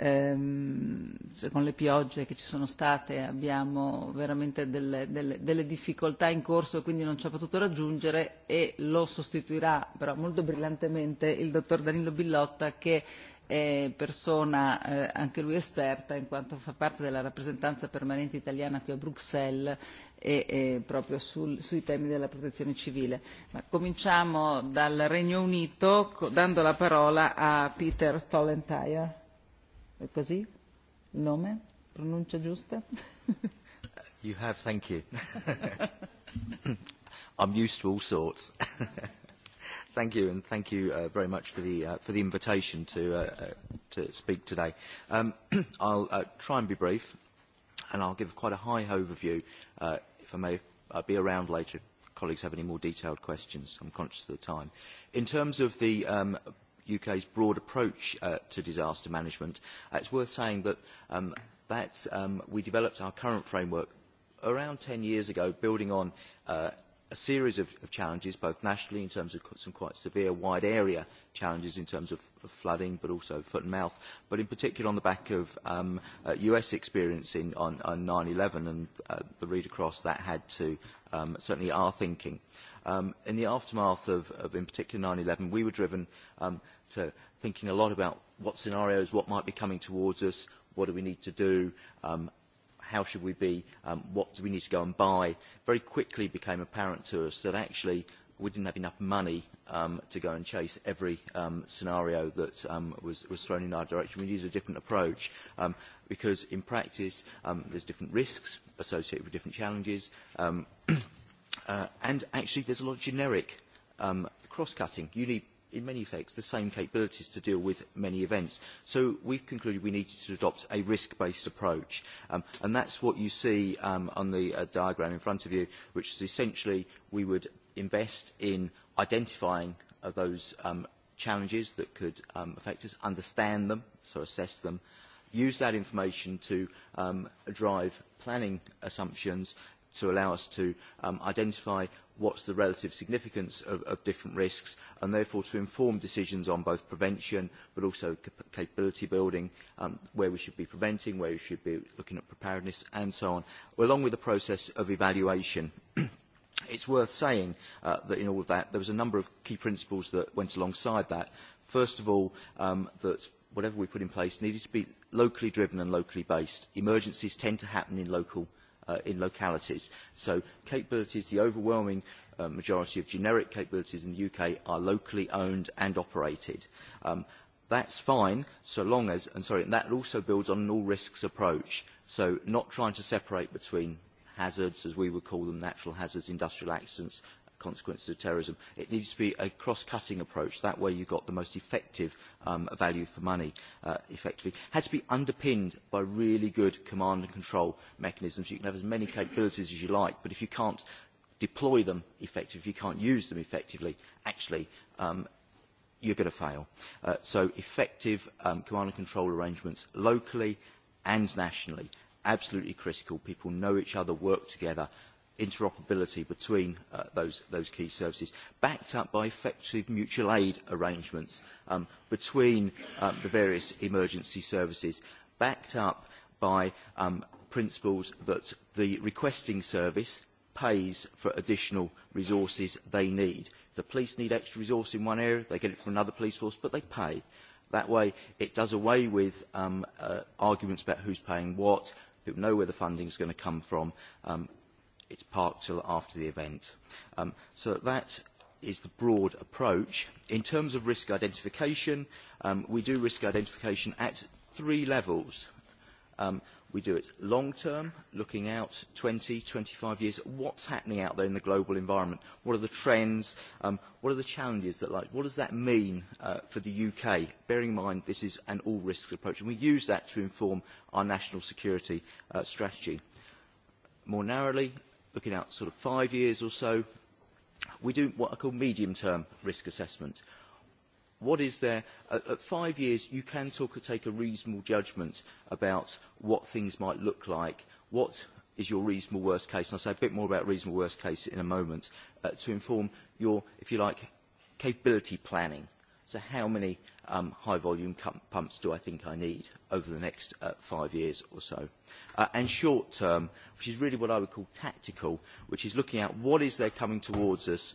con le piogge che ci sono state abbiamo veramente delle difficoltà in corso e quindi non ci ha potuto raggiungere e lo sostituirà però molto brillantemente il dottor Danilo Billotta che è persona anche lui esperta in quanto fa parte della rappresentanza permanente italiana qui a Bruxelles e proprio sui temi della protezione civile. Ma cominciamo dal Regno Unito dando la parola a Peter Tolentire. È così? Il nome? Pronuncia giusta? You have, thank you. I'm used to all sorts. Thank you, and thank you very much for the for the invitation to to speak today. I'll try and be brief, and I'll give quite a high overview. If I may, I'll be around later if colleagues have any more detailed questions. I'm conscious of the time. In terms of the UK's broad approach to disaster management. It's worth saying that we developed our current framework around 10 years ago, building on a series of challenges, both nationally in terms of some quite severe wide area challenges in terms of flooding, but also foot and mouth, but in particular on the back of US experience on 9/11 and the read across that had to certainly our thinking. In the aftermath of, in particular, 9/11, we were driven So thinking a lot about what scenarios, what might be coming towards us, what do we need to do, how should we be, what do we need to go and buy, very quickly became apparent to us that actually we didn't have enough money to go and chase every scenario that was thrown in our direction. We needed a different approach because in practice there's different risks associated with different challenges and actually there's a lot of generic cross-cutting. You need in many effects, the same capabilities to deal with many events. So we concluded we needed to adopt a risk-based approach. And that's what you see on the diagram in front of you, which is essentially we would invest in identifying those challenges that could affect us, understand them, so assess them, use that information to drive planning assumptions to allow us to identify what's the relative significance of different risks and therefore to inform decisions on both prevention but also capability building, where we should be preventing, where we should be looking at preparedness and so on, along with the process of evaluation. It's worth saying that in all of that there was a number of key principles that went alongside that. First of all, that whatever we put in place needed to be locally driven and locally based. Emergencies tend to happen in local in localities. So capabilities, the overwhelming majority of generic capabilities in the UK are locally owned and operated. That's fine, so long as, and sorry, that also builds on an all risks approach. So not trying to separate between hazards, as we would call them, natural hazards, industrial accidents, consequences of terrorism. It needs to be a cross-cutting approach. That way you've got the most effective value for money, effectively. It had to be underpinned by really good command and control mechanisms. You can have as many capabilities as you like, but if you can't deploy them effectively, if you can't use them effectively, actually you're going to fail. So effective command and control arrangements locally and nationally, absolutely critical. People know each other, work together interoperability between those key services, backed up by effective mutual aid arrangements between the various emergency services, backed up by principles that the requesting service pays for additional resources they need. If the police need extra resource in one area, they get it from another police force, but they pay. That way, it does away with arguments about who's paying what. People know where the funding is going to come from it's parked till after the event. So that is the broad approach. In terms of risk identification, we do risk identification at three levels. We do it long-term, looking out 20, 25 years, what's happening out there in the global environment, what are the trends, what are the challenges that like, what does that mean for the UK? Bearing in mind this is an all-risks approach, and we use that to inform our national security strategy. More narrowly, looking out sort of five years or so, we do what I call medium-term risk assessment. What is there? At five years, you can take a reasonable judgment about what things might look like, what is your reasonable worst case, and I'll say a bit more about reasonable worst case in a moment, to inform your, if you like, capability planning So how many high-volume pumps do I think I need over the next five years or so? And short-term, which is really what I would call tactical, which is looking at what is there coming towards us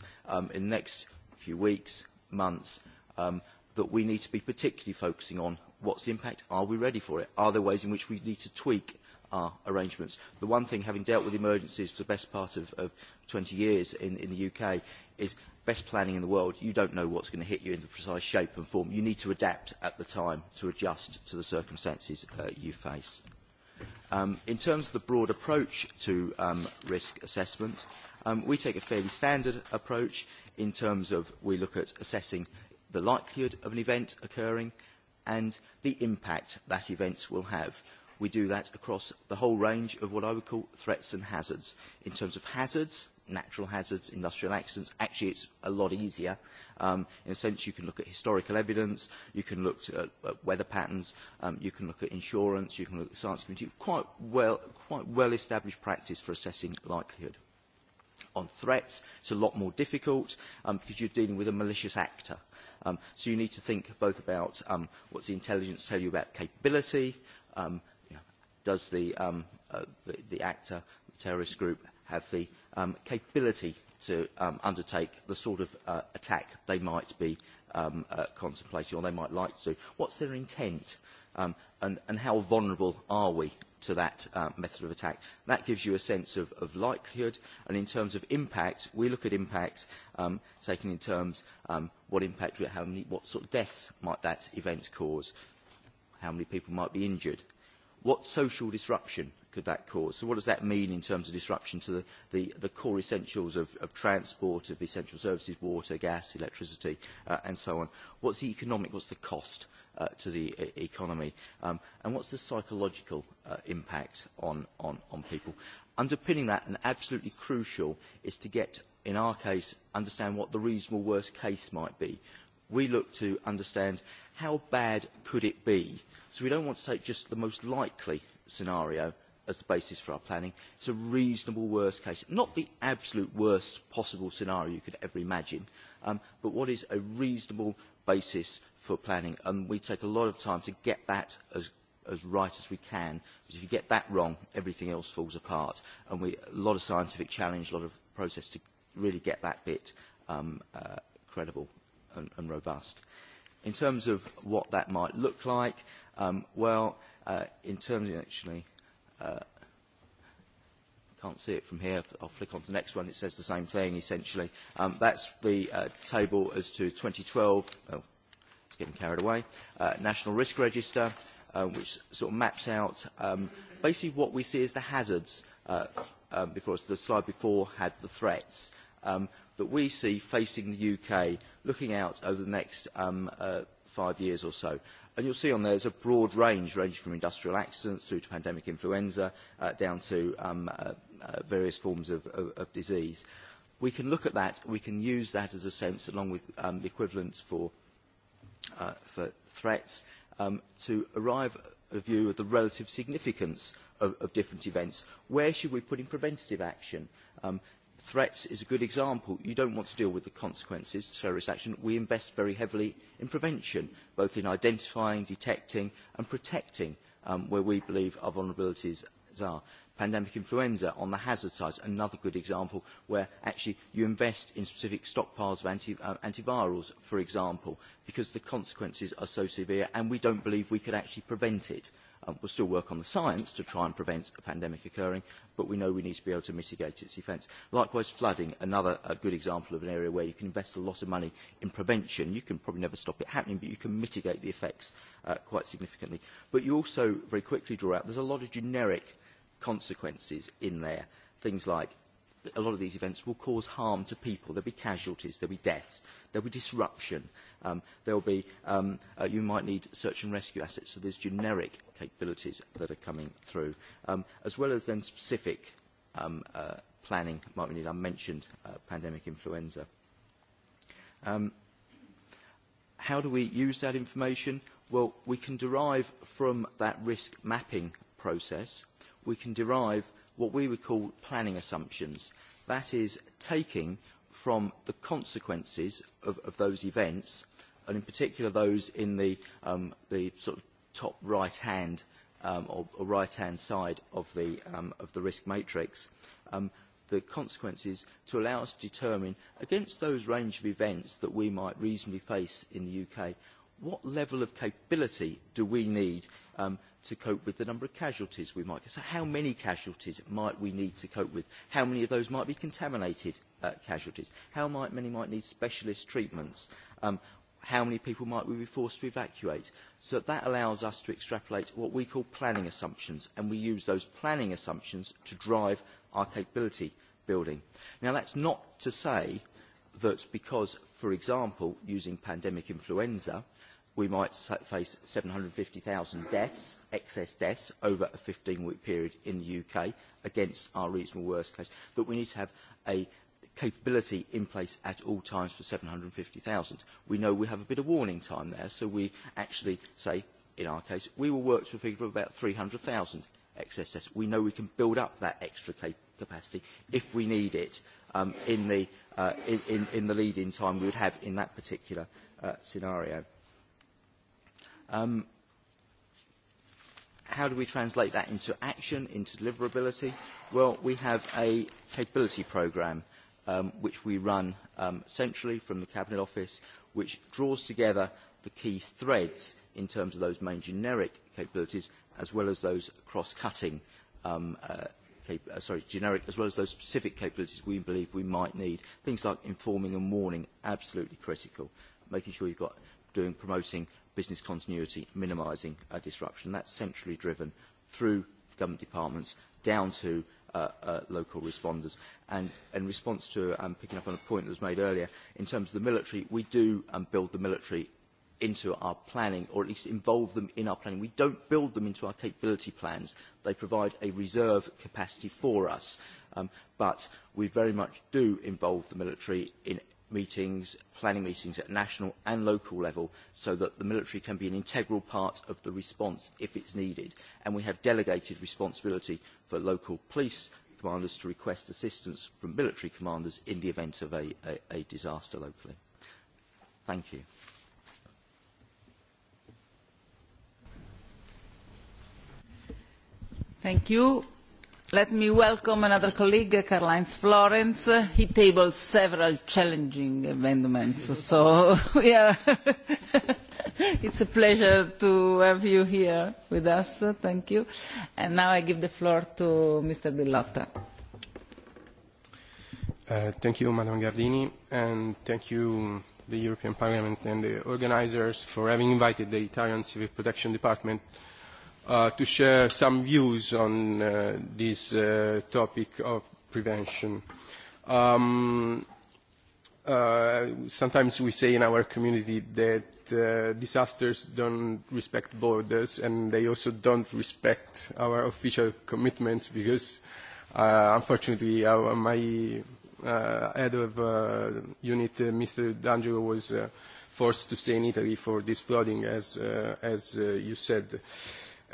in the next few weeks, months, that we need to be particularly focusing on. What's the impact? Are we ready for it? Are there ways in which we need to tweak our arrangements? The one thing, having dealt with emergencies for the best part of 20 years in the UK, is best planning in the world, you don't know what's going to hit you in the precise shape and form. You need to adapt at the time to adjust to the circumstances you face. In terms of the broad approach to risk assessments, we take a fairly standard approach in terms of we look at assessing the likelihood of an event occurring and the impact that event will have. We do that across the whole range of what I would call threats and hazards. In terms of hazards, natural hazards, industrial accidents. Actually, it's a lot easier. In a sense, you can look at historical evidence, you can look at weather patterns, you can look at insurance, you can look at science community. Quite well-established practice for assessing likelihood. On threats, it's a lot more difficult because you're dealing with a malicious actor. So you need to think both about what's the intelligence tell you about capability, does the actor, the terrorist group, have the capability to undertake the sort of attack they might be contemplating or they might like to. What's their intent and how vulnerable are we to that method of attack? That gives you a sense of likelihood and in terms of impact, we look at impact taken in terms what impact, how many, what sort of deaths might that event cause, how many people might be injured. What social disruption could that cause? So what does that mean in terms of disruption to the core essentials of transport, of essential services, water, gas, electricity, and so on? What's the economic, what's the cost to the economy? And what's the psychological impact on people? Underpinning that, and absolutely crucial, is to get, in our case, understand what the reasonable worst case might be. We look to understand how bad could it be. So we don't want to take just the most likely scenario as the basis for our planning. It's a reasonable worst case, not the absolute worst possible scenario you could ever imagine, but what is a reasonable basis for planning. And we take a lot of time to get that as as right as we can, because if you get that wrong, everything else falls apart. And we a lot of scientific challenge, a lot of process to really get that bit credible and robust. In terms of what that might look like, well, in terms of actually can't see it from here. I'll flick on to the next one. It says the same thing, essentially. That's the table as to 2012. Oh, it's getting carried away. National Risk Register, which sort of maps out basically what we see as the hazards before us. The slide before had the threats that we see facing the UK looking out over the next five years or so. And you'll see on there there's a broad range, ranging from industrial accidents through to pandemic influenza, down to various forms of disease. We can look at that. We can use that as a sense, along with the equivalents for threats, to arrive at a view of the relative significance of different events. Where should we put in preventative action? threats is a good example. You don't want to deal with the consequences of terrorist action. We invest very heavily in prevention, both in identifying, detecting and protecting where we believe our vulnerabilities are. Pandemic influenza on the hazard side, another good example where actually you invest in specific stockpiles of antivirals, for example, because the consequences are so severe and we don't believe we could actually prevent it. We'll still work on the science to try and prevent a pandemic occurring, but we know we need to be able to mitigate its effects. Likewise, flooding, another good example of an area where you can invest a lot of money in prevention. You can probably never stop it happening, but you can mitigate the effects quite significantly. But you also very quickly draw out, there's a lot of generic consequences in there. Things like a lot of these events will cause harm to people. There'll be casualties, there'll be deaths, there'll be disruption. There'll be, you might need search and rescue assets, so there's generic capabilities that are coming through, as well as then specific planning might be need I mentioned pandemic influenza. How do we use that information? Well, we can derive from that risk mapping process, we can derive what we would call planning assumptions. That is taking from the consequences of those events, and in particular those in the sort of top right-hand or right-hand side of the risk matrix, the consequences to allow us to determine against those range of events that we might reasonably face in the UK, what level of capability do we need to cope with the number of casualties we might get. So how many casualties might we need to cope with? How many of those might be contaminated casualties? How many might need specialist treatments? How many people might we be forced to evacuate? So that allows us to extrapolate what we call planning assumptions, and we use those planning assumptions to drive our capability building. Now, that's not to say that because, for example, using pandemic influenza, we might face 750,000 deaths, excess deaths, over a 15-week period in the UK against our reasonable worst case, but we need to have a capability in place at all times for 750,000. We know we have a bit of warning time there, so we actually say, in our case, we will work to a figure of about 300,000 excess deaths. We know we can build up that extra capacity if we need it in the lead-in time we would have in that particular scenario. How do we translate that into action, into deliverability? Well, we have a capability programme which we run centrally from the Cabinet Office, which draws together the key threads in terms of those main generic capabilities as well as those cross-cutting, sorry, generic as well as those specific capabilities we believe we might need. Things like informing and warning, absolutely critical. Making sure you've got doing promoting business continuity, minimising disruption. That's centrally driven through government departments down to local responders. And in response to picking up on a point that was made earlier, in terms of the military, we do build the military into our planning, or at least involve them in our planning. We don't build them into our capability plans. They provide a reserve capacity for us. But we very much do involve the military in meetings, planning meetings at national and local level so that the military can be an integral part of the response if it's needed. And we have delegated responsibility for local police commanders to request assistance from military commanders in the event of a disaster locally. Thank you. Thank you. Let me welcome another colleague, Karl-Heinz Florenz. He tabled several challenging amendments, so it's a pleasure to have you here with us. Thank you. And now I give the floor to Mr. Villotta. Thank you, Madam Gardini, and thank you, the European Parliament and the organisers, for having invited the Italian Civil Protection Department to share some views on this topic of prevention. Sometimes we say in our community that disasters don't respect borders and they also don't respect our official commitments because unfortunately my head of unit, Mr. D'Angelo, was forced to stay in Italy for this flooding as you said.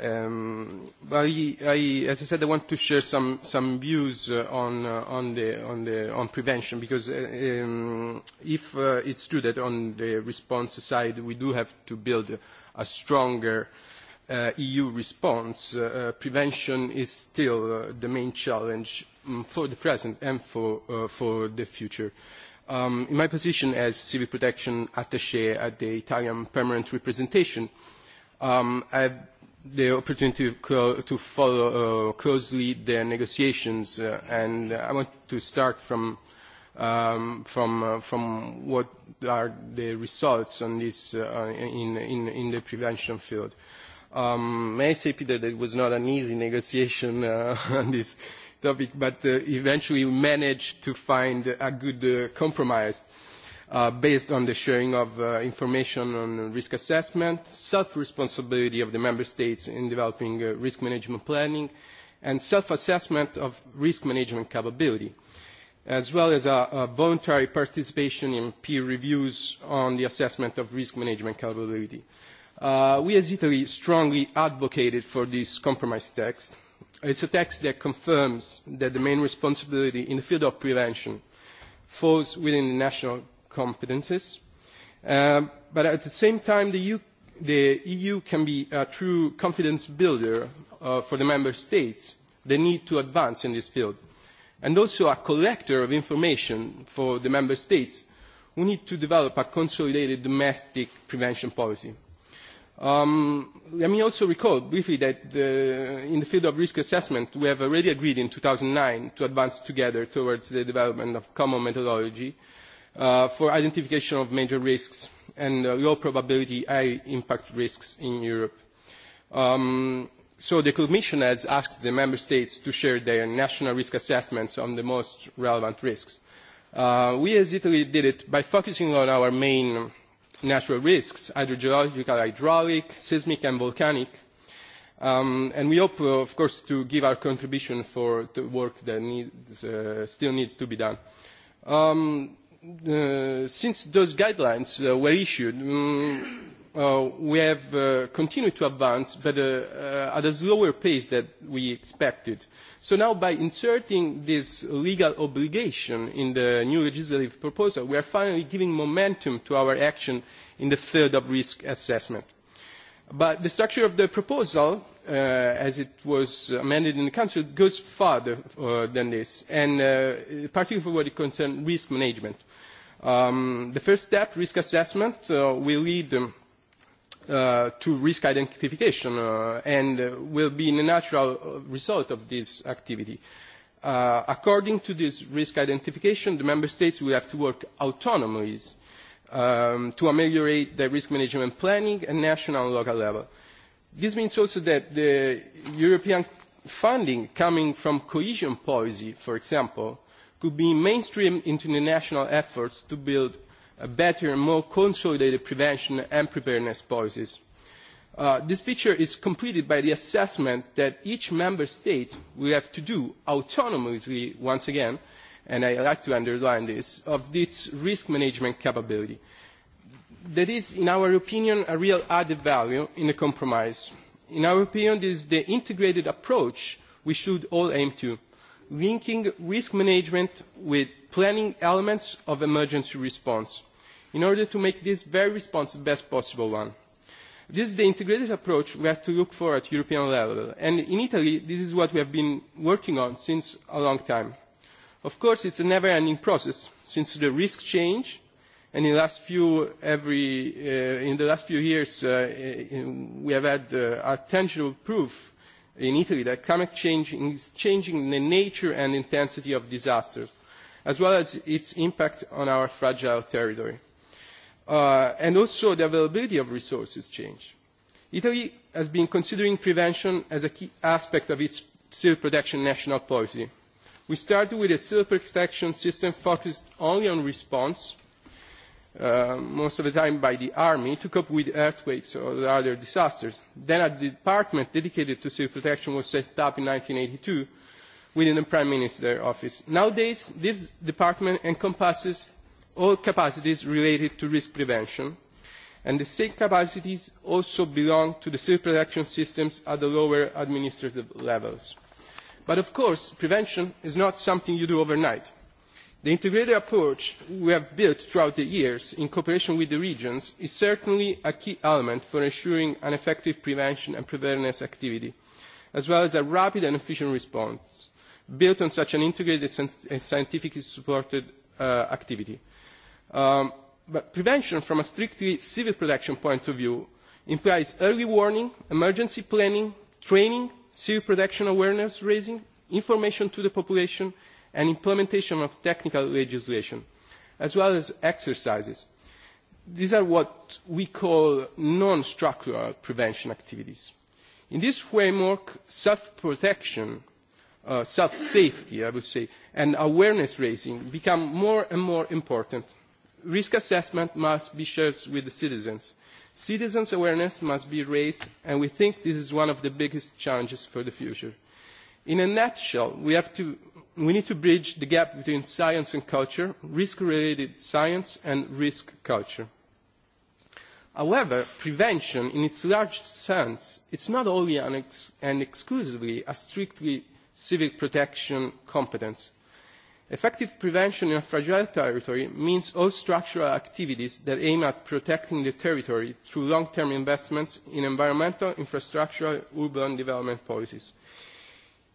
I, as I said, I want to share some some views on on the on the on prevention because if it's true that on the response side we do have to build a stronger EU response, prevention is still the main challenge for the present and for for the future. In my position as civil protection attaché at the Italian Permanent Representation, I've the opportunity to follow closely the negotiations, and I want to start from from what are the results on this in the prevention field. May I say, Peter, that it was not an easy negotiation on this topic, but eventually we managed to find a good compromise based on the sharing of information on risk assessment, self-responsibility of the member states in developing risk management planning, and self-assessment of risk management capability, as well as a voluntary participation in peer reviews on the assessment of risk management capability. We as Italy strongly advocated for this compromise text. It's a text that confirms that the main responsibility in the field of prevention falls within the national competences. But at the same time, the EU can be a true confidence builder for the member states. They need to advance in this field. And also a collector of information for the member states who need to develop a consolidated domestic prevention policy. Let me also recall briefly that in the field of risk assessment, we have already agreed in 2009 to advance together towards the development of common methodology for identification of major risks and low probability high impact risks in Europe. So the Commission has asked the Member States to share their national risk assessments on the most relevant risks. We as Italy did it by focusing on our main natural risks, hydrogeological, hydraulic, seismic and volcanic, and we hope, of course, to give our contribution for the work that still needs to be done since those guidelines were issued, we have continued to advance, but at a slower pace than we expected. So now by inserting this legal obligation in the new legislative proposal, we are finally giving momentum to our action in the field of risk assessment. But the structure of the proposal, as it was amended in the Council, goes farther than this, and particularly for what concerns risk management. The first step, risk assessment, will lead to risk identification and will be a natural result of this activity. According to this risk identification, the Member States will have to work autonomously to ameliorate their risk management planning at national and local level. This means also that the European funding coming from cohesion policy, for example, could be mainstreamed into the national efforts to build a better and more consolidated prevention and preparedness policies. This picture is completed by the assessment that each member state will have to do autonomously, once again, and I like to underline this, of its risk management capability. That is, in our opinion, a real added value in the compromise. In our opinion, this is the integrated approach we should all aim to linking risk management with planning elements of emergency response in order to make this very response the best possible one. This is the integrated approach we have to look for at European level, and in Italy this is what we have been working on since a long time. Of course it's a never-ending process, since the risks change, and in the last few every in the last few years we have had tangible proof in Italy that climate change is changing the nature and intensity of disasters, as well as its impact on our fragile territory. And also the availability of resources change. Italy has been considering prevention as a key aspect of its civil protection national policy. We started with a civil protection system focused only on response most of the time by the army, to cope with earthquakes or other disasters. Then a department dedicated to civil protection was set up in 1982 within the Prime Minister's office. Nowadays, this department encompasses all capacities related to risk prevention, and the same capacities also belong to the civil protection systems at the lower administrative levels. But of course, prevention is not something you do overnight The integrated approach we have built throughout the years in cooperation with the regions is certainly a key element for ensuring an effective prevention and preparedness activity, as well as a rapid and efficient response, built on such an integrated and scientifically supported activity. But prevention from a strictly civil protection point of view implies early warning, emergency planning, training, civil protection awareness raising, information to the population and implementation of technical legislation, as well as exercises. These are what we call non-structural prevention activities. In this framework, self-protection, self-safety, I would say, and awareness raising become more and more important. Risk assessment must be shared with the citizens. Citizens' awareness must be raised, and we think this is one of the biggest challenges for the future. In a nutshell, we have to we need to bridge the gap between science and culture, risk-related science and risk culture. However, prevention, in its large sense, is not only and exclusively a strictly civic protection competence. Effective prevention in a fragile territory means all structural activities that aim at protecting the territory through long-term investments in environmental, infrastructural, urban development policies.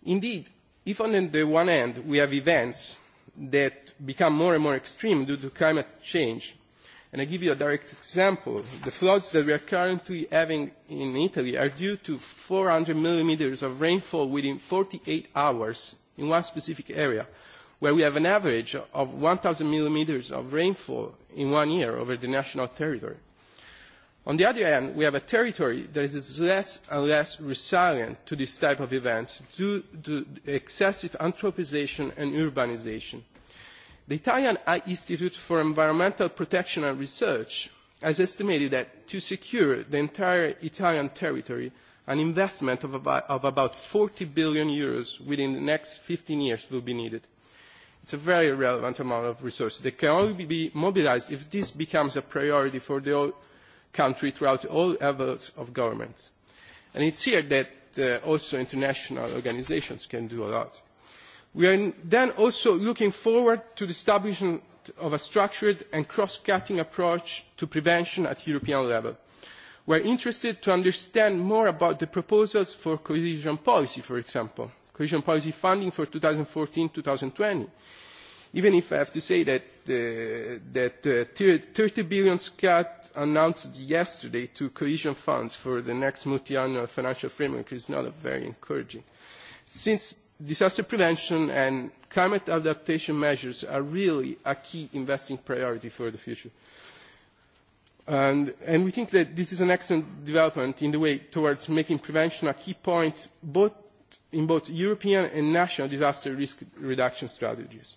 Indeed, If on the one hand we have events that become more and more extreme due to climate change, and I give you a direct example, the floods that we are currently having in Italy are due to 400 millimetres of rainfall within 48 hours in one specific area, where we have an average of 1,000 millimetres of rainfall in one year over the national territory. On the other hand, we have a territory that is less and less resilient to this type of events due to excessive anthropisation and urbanisation. The Italian Institute for Environmental Protection and Research has estimated that to secure the entire Italian territory, an investment of about 40 billion euros within the next 15 years will be needed. It's a very relevant amount of resources that can only be mobilised if this becomes a priority for the country throughout all levels of government. And it's here that also international organizations can do a lot. We are then also looking forward to the establishment of a structured and cross-cutting approach to prevention at European level. We are interested to understand more about the proposals for cohesion policy, for example, cohesion policy funding for 2014-2020, even if I have to say that that 30 billion cut announced yesterday to cohesion funds for the next multi-annual financial framework is not very encouraging. Since disaster prevention and climate adaptation measures are really a key investing priority for the future. And we think that this is an excellent development in the way towards making prevention a key point both in both European and national disaster risk reduction strategies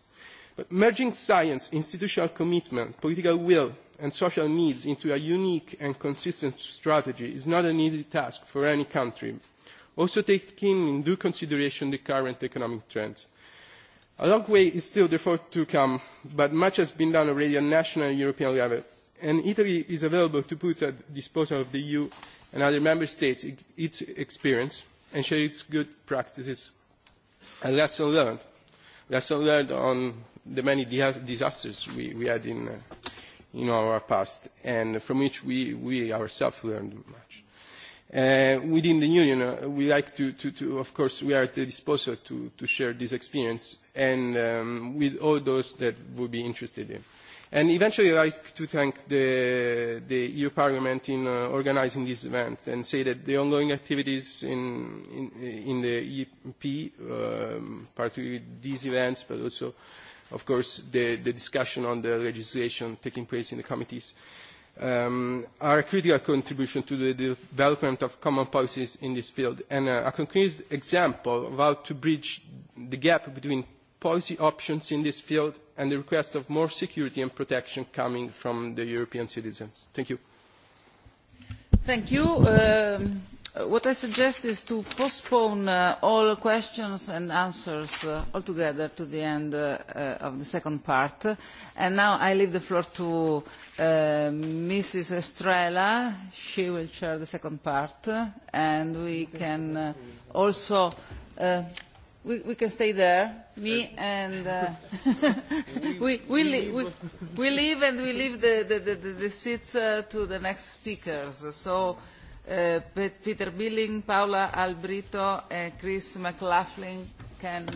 merging science, institutional commitment, political will and social needs into a unique and consistent strategy is not an easy task for any country, also taking into consideration the current economic trends. A long way is still therefore to come, but much has been done already on national and European level, and Italy is available to put at the disposal of the EU and other Member States its experience and share its good practices and lessons learned. Lessons learned on the many disasters we we had in in our past and from which we ourselves learned much. Within the Union, we like to, to of course, we are at the disposal to to share this experience and with all those that would be interested in. And eventually, I like to thank the the EU Parliament in organizing this event and say that the ongoing activities in in the EP, particularly these events, but also of course, the discussion on the legislation taking place in the committees, are a critical contribution to the development of common policies in this field. And a concrete example of how to bridge the gap between policy options in this field and the request of more security and protection coming from the European citizens. Thank you. Thank you. What I suggest is to postpone all questions and answers altogether to the end of the second part. And now I leave the floor to Mrs. Estrela. She will chair the second part. And we can also we can stay there, me and we leave and we leave the seats to the next speakers. So Peter Billing, Paola Albrito and Chris McLaughlin can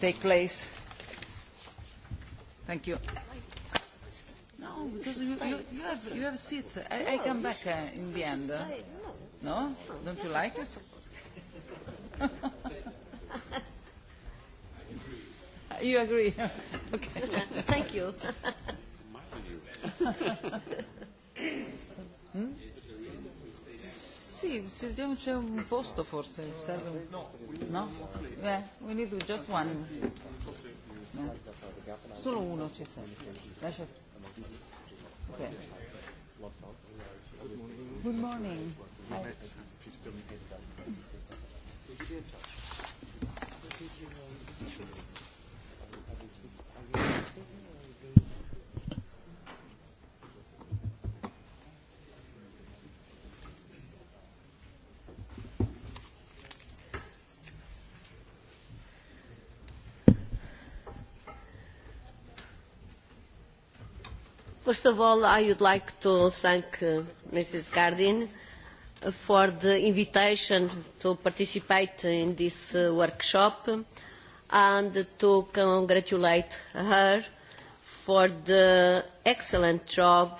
take place. Thank you. No, because you have you have I come back in the end. No? Don't you like it? You agree? Okay. Thank you. Sì, vediamo c'è un posto forse. Serve un... No? Beh, we need just one. Eh. Solo uno ci serve. Lascia... Ok. Good morning. Hi. First of all, I would like to thank Mrs. Gardin for the invitation to participate in this workshop and to congratulate her for the excellent job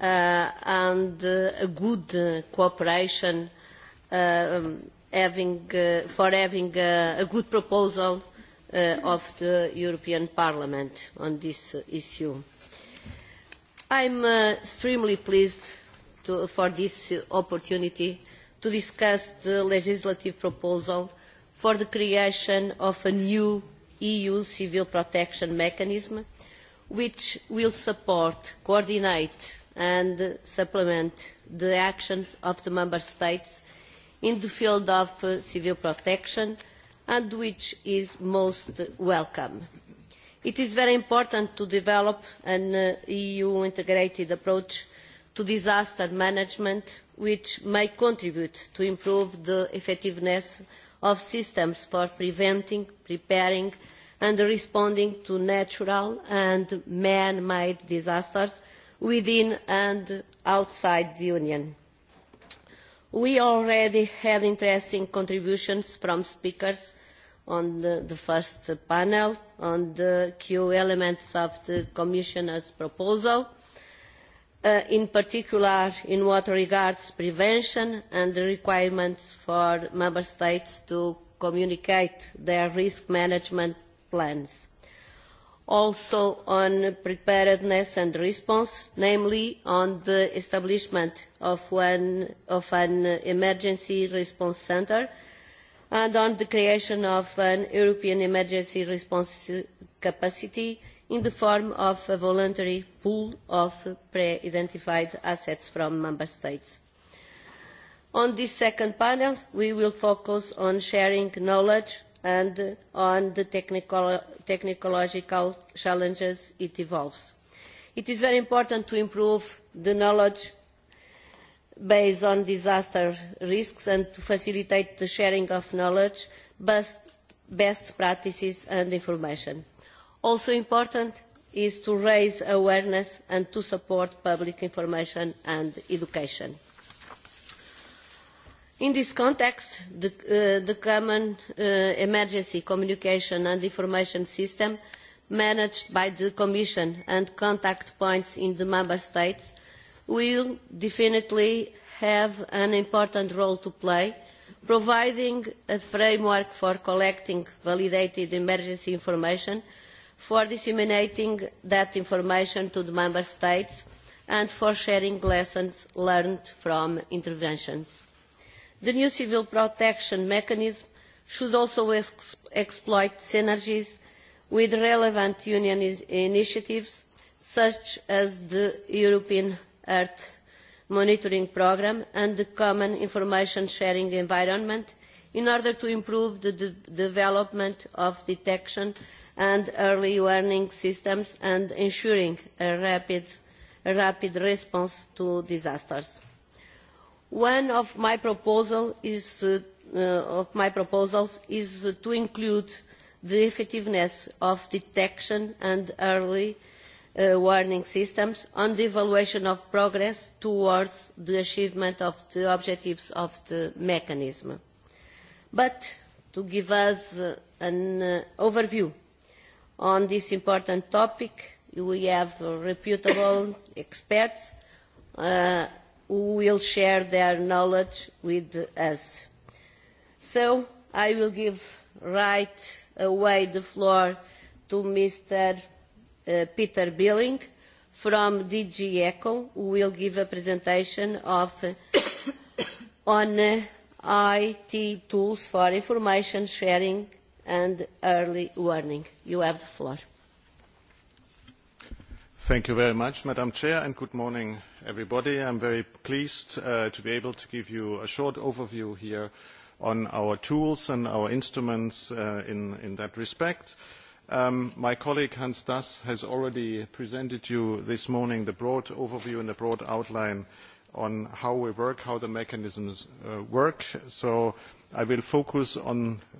and good cooperation for having a good proposal of the European Parliament on this issue. I am extremely pleased for this opportunity to discuss the legislative proposal for the creation of a new EU civil protection mechanism which will support, coordinate and supplement the actions of the Member States in the field of civil protection and which is most welcome. It is very important to develop an EU integrated approach to disaster management, which may contribute to improve the effectiveness of systems for preventing, preparing and responding to natural and man-made disasters within and outside the Union. We already had interesting contributions from speakers on the first panel on the key elements of the Commissioner's proposal, in particular in what regards prevention and the requirements for Member States to communicate their risk management plans. Also on preparedness and response, namely on the establishment of an emergency response centre and on the creation of an European emergency response capacity in the form of a voluntary pool of pre-identified assets from Member States. On this second panel, we will focus on sharing knowledge and on the technological challenges it involves. It is very important to improve the knowledge based on disaster risks and to facilitate the sharing of knowledge, best practices and information. Also important is to raise awareness and to support public information and education. In this context, the Common Emergency Communication and Information System managed by the Commission and contact points in the Member States will definitely have an important role to play, providing a framework for collecting validated emergency information, for disseminating that information to the Member States and for sharing lessons learned from interventions. The new civil protection mechanism should also exploit synergies with relevant Union initiatives such as the European earth monitoring programme and the common information sharing environment in order to improve the development of detection and early warning systems and ensuring a rapid response to disasters. One of my proposals is to include the effectiveness of detection and early warning systems on the evaluation of progress towards the achievement of the objectives of the mechanism. But to give us an overview on this important topic, we have reputable experts who will share their knowledge with us. So I will give right away the floor to Mr. Peter Billing from DG ECHO, who will give a presentation on IT tools for information sharing and early warning. You have the floor. Thank you very much, Madam Chair, and good morning, everybody. I'm very pleased to be able to give you a short overview here on our tools and our instruments in that respect. My colleague Hans Dass has already presented you this morning the broad overview and the broad outline on how we work, how the mechanisms work. So I will focus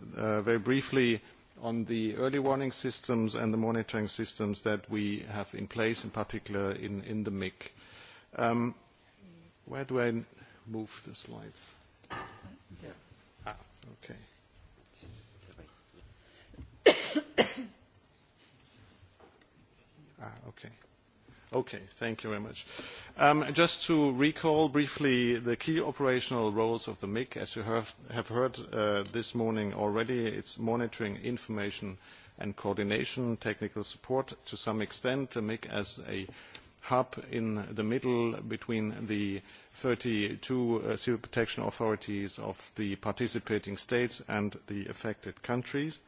very briefly on the early warning systems and the monitoring systems that we have in place, in particular in the MIC. Where do I move the slides? Okay. Okay, thank you very much. Just to recall briefly the key operational roles of the MIC, as you have heard this morning already, it's monitoring information and coordination, technical support to some extent, the MIC as a hub in the middle between the 32 civil protection authorities of the participating states and the affected countries.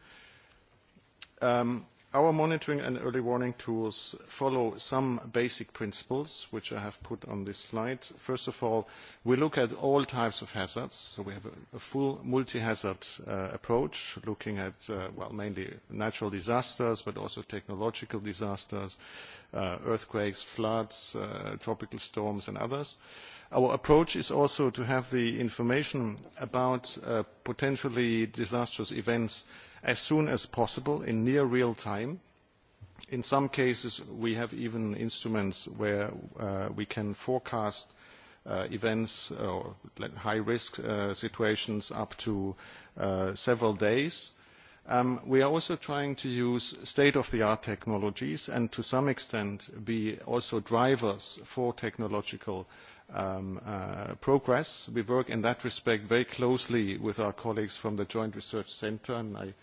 Our monitoring and early warning tools follow some basic principles, which I have put on this slide. First of all, we look at all types of hazards. So we have a full multi-hazard approach, looking at, well, mainly natural disasters, but also technological disasters, earthquakes, floods, tropical storms, and others. Our approach is also to have the information about potentially disastrous events as soon as possible in near real time. In some cases, we have even instruments where we can forecast events or high-risk situations up to several days. We are also trying to use state-of-the-art technologies and to some extent be also drivers for technological progress. We work in that respect very closely with our colleagues from the Joint Research Center, and I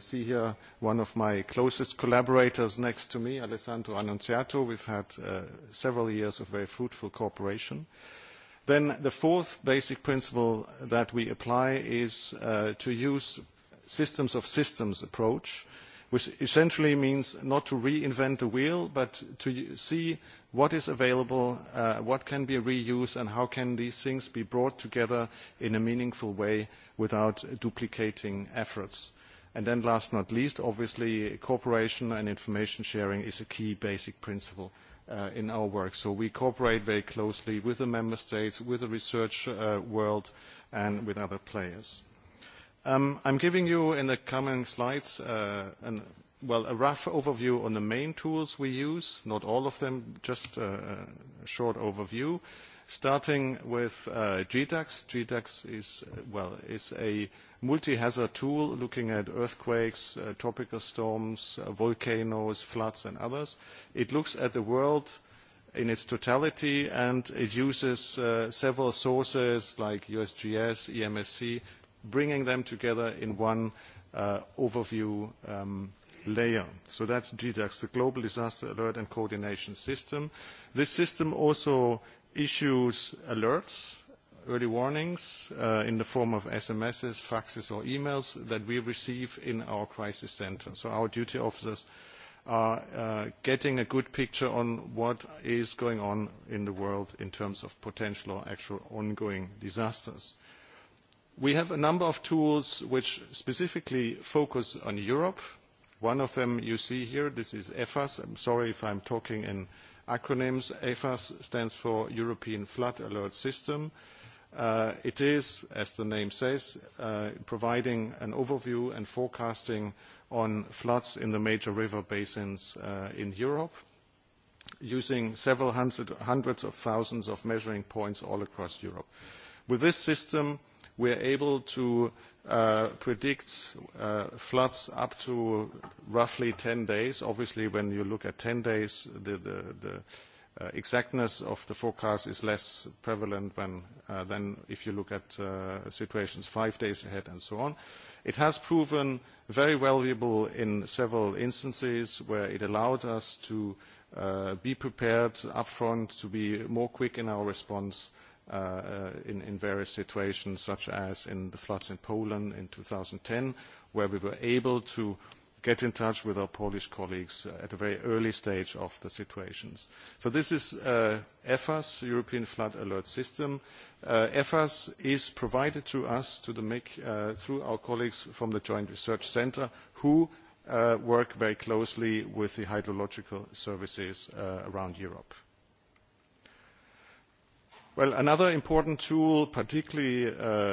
see here one of my closest collaborators next to me, Alessandro Annunziato. We've had several years of very fruitful cooperation. Then the fourth basic principle that we apply is to use systems of systems approach, which essentially means not to reinvent the wheel, but to see what is available, what can be reused, and how can these things be brought together in a meaningful way without duplicating efforts. And then last but not least, obviously, cooperation and information sharing is a key basic principle in our work. So we cooperate very closely with the member states, with the research world, and with other players. I'm giving you in the coming slides a rough overview on the main tools we use, not all of them, just a short overview, starting with GDAX. GDAX is, well, is a multi-hazard tool looking at earthquakes, tropical storms, volcanoes, floods, and others. It looks at the world in its totality, and it uses several sources like USGS, EMSC, bringing them together in one overview layer. So that's GDAX, the Global Disaster Alert and Coordination System. This system also issues alerts early warnings in the form of SMSs, faxes, or emails that we receive in our crisis center. So our duty officers are getting a good picture on what is going on in the world in terms of potential or actual ongoing disasters. We have a number of tools which specifically focus on Europe. One of them you see here. This is EFAS. I'm sorry if I'm talking in acronyms. EFAS stands for European Flood Alert System. It is, as the name says, providing an overview and forecasting on floods in the major river basins in Europe, using several hundreds of thousands of measuring points all across Europe. With this system, we are able to predict floods up to roughly 10 days. Obviously, when you look at 10 days, the exactness of the forecast is less prevalent than if you look at situations five days ahead and so on. It has proven very valuable in several instances where it allowed us to be prepared up front to be more quick in our response in various situations, such as in the floods in Poland in 2010, where we were able to get in touch with our Polish colleagues at a very early stage of the situations. So this is EFAS, European Flood Alert System. EFAS is provided to us to the through our colleagues from the Joint Research Centre who work very closely with the hydrological services around Europe. Well, another important tool, particularly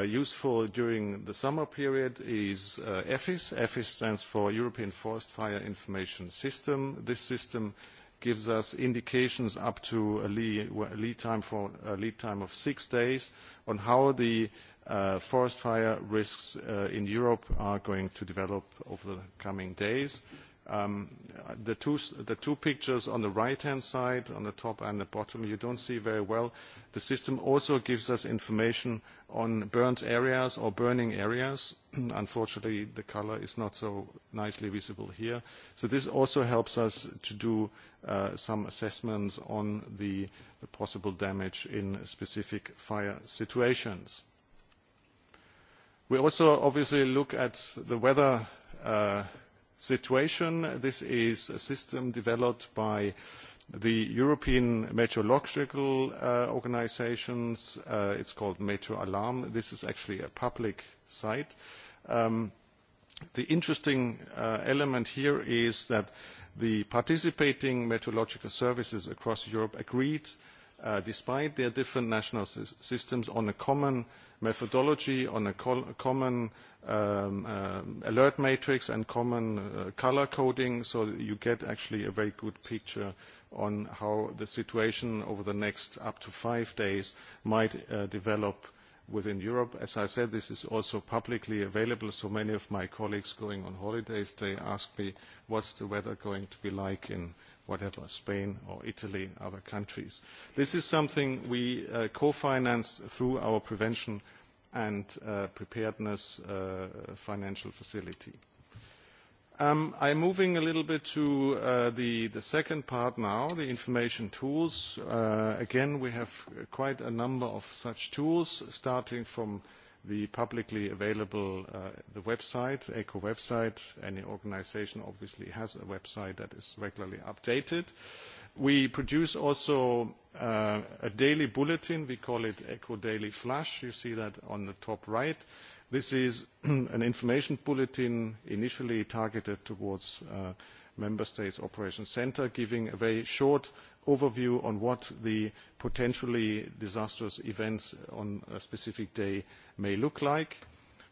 useful during the summer period, is EFIS. EFIS stands for European Forest Fire Information System. This system gives us indications up to a lead time of six days on how the forest fire risks in Europe are going to develop over the coming days. The two pictures on the right-hand side, on the top and the bottom, you don't see very well. The system also gives us information on burnt areas or burning areas. Unfortunately, the color is not so nicely visible here. So this also helps us to do some assessments on the possible damage in specific fire situations. We also obviously look at the weather situation. This is a system developed by the European meteorological organizations. It's called Meteor Alarm. This is actually a public site. The interesting element here is that the participating meteorological services across Europe agreed, despite their different national systems, on a common methodology, on a common alert matrix and common color coding, so that you get actually a very good picture on how the situation over the next up to five days might develop within Europe. As I said, this is also publicly available, so many of my colleagues going on holidays, they ask me, what's the weather going to be like in whatever, Spain or Italy, other countries. This is something we co-finance through our prevention and preparedness financial facility. I am moving a little bit to the second part now, the information tools. Again, we have quite a number of such tools, starting from the publicly available the website, ECHO website. Any organization obviously has a website that is regularly updated. We produce also a daily bulletin. We call it Eco Daily Flash. You see that on the top right. This is an information bulletin initially targeted towards Member States Operations Center, giving a very short overview on what the potentially disastrous events on a specific day may look like.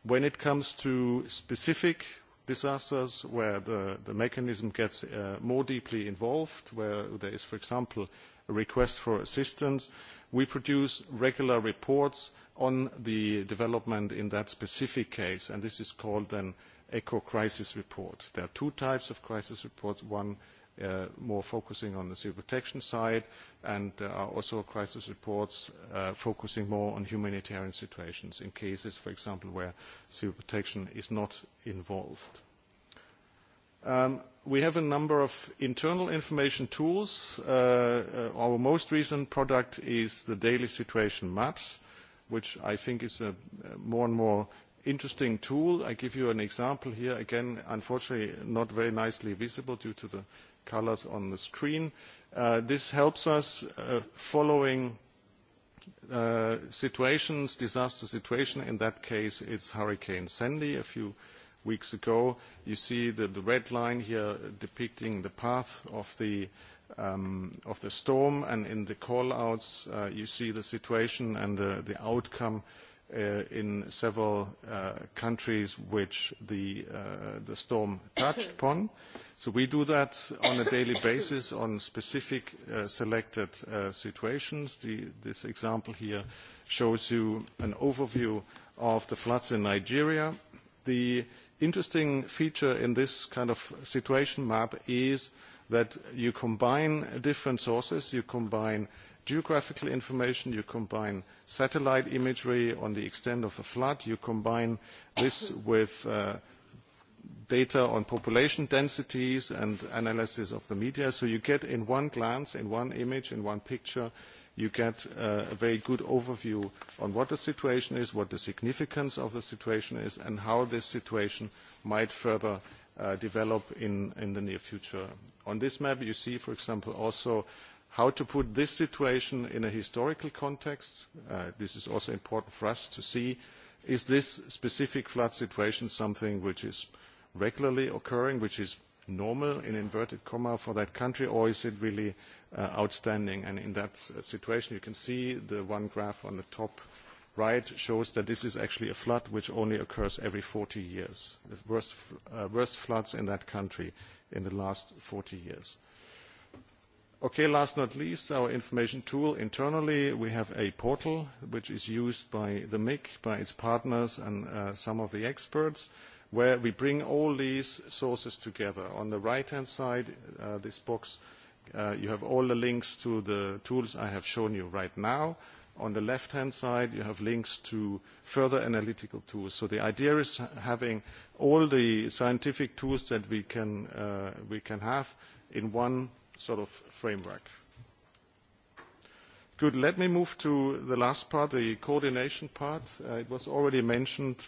When it comes to specific disasters where the mechanism gets more deeply involved, where there is, for example, Request for assistance. We produce regular reports on the development in that specific case, and this is called an eco-crisis report. There are two types of crisis reports, one more focusing on the civil protection side, and there are also crisis reports focusing more on humanitarian situations in cases, for example, where civil protection is not involved. We have a number of internal information tools. Our most recent product is the Daily Situation Maps, which I think is a more and more interesting tool. I give you an example here, again, unfortunately not very nicely visible due to the colors on the screen. This helps us following situations, disaster situation. In that case, it's Hurricane Sandy a few weeks ago. You see the red line here depicting the path of the storm, and in the call-outs, you see the situation and the outcome in several countries which the storm touched upon. So we do that on a daily basis on specific selected situations. This example here shows you an overview of the floods in Nigeria. The interesting feature in this kind of situation map is that you combine different sources, you combine geographical information, you combine satellite imagery on the extent of the flood, you combine this with data on population densities and analysis of the media. So you get in one glance, in one image, in one picture, you get a very good overview on what the situation is, what the significance of the situation is, and how this situation might further develop in the near future. On this map, you see, for example, also how to put this situation in a historical context. This is also important for us to see. Is this specific flood situation something which is regularly occurring, which is normal, in inverted comma, for that country, or is it really outstanding. And in that situation, you can see the one graph on the top right shows that this is actually a flood which only occurs every 40 years, the worst floods in that country in the last 40 years. Okay, last not least, our information tool. Internally, we have a portal which is used by the MIC, by its partners, and some of the experts, where we bring all these sources together. On the right-hand side, this box You have all the links to the tools I have shown you right now. On the left-hand side, you have links to further analytical tools. So the idea is having all the scientific tools that we can we can have in one sort of framework. Good. Let me move to the last part, the coordination part. It was already mentioned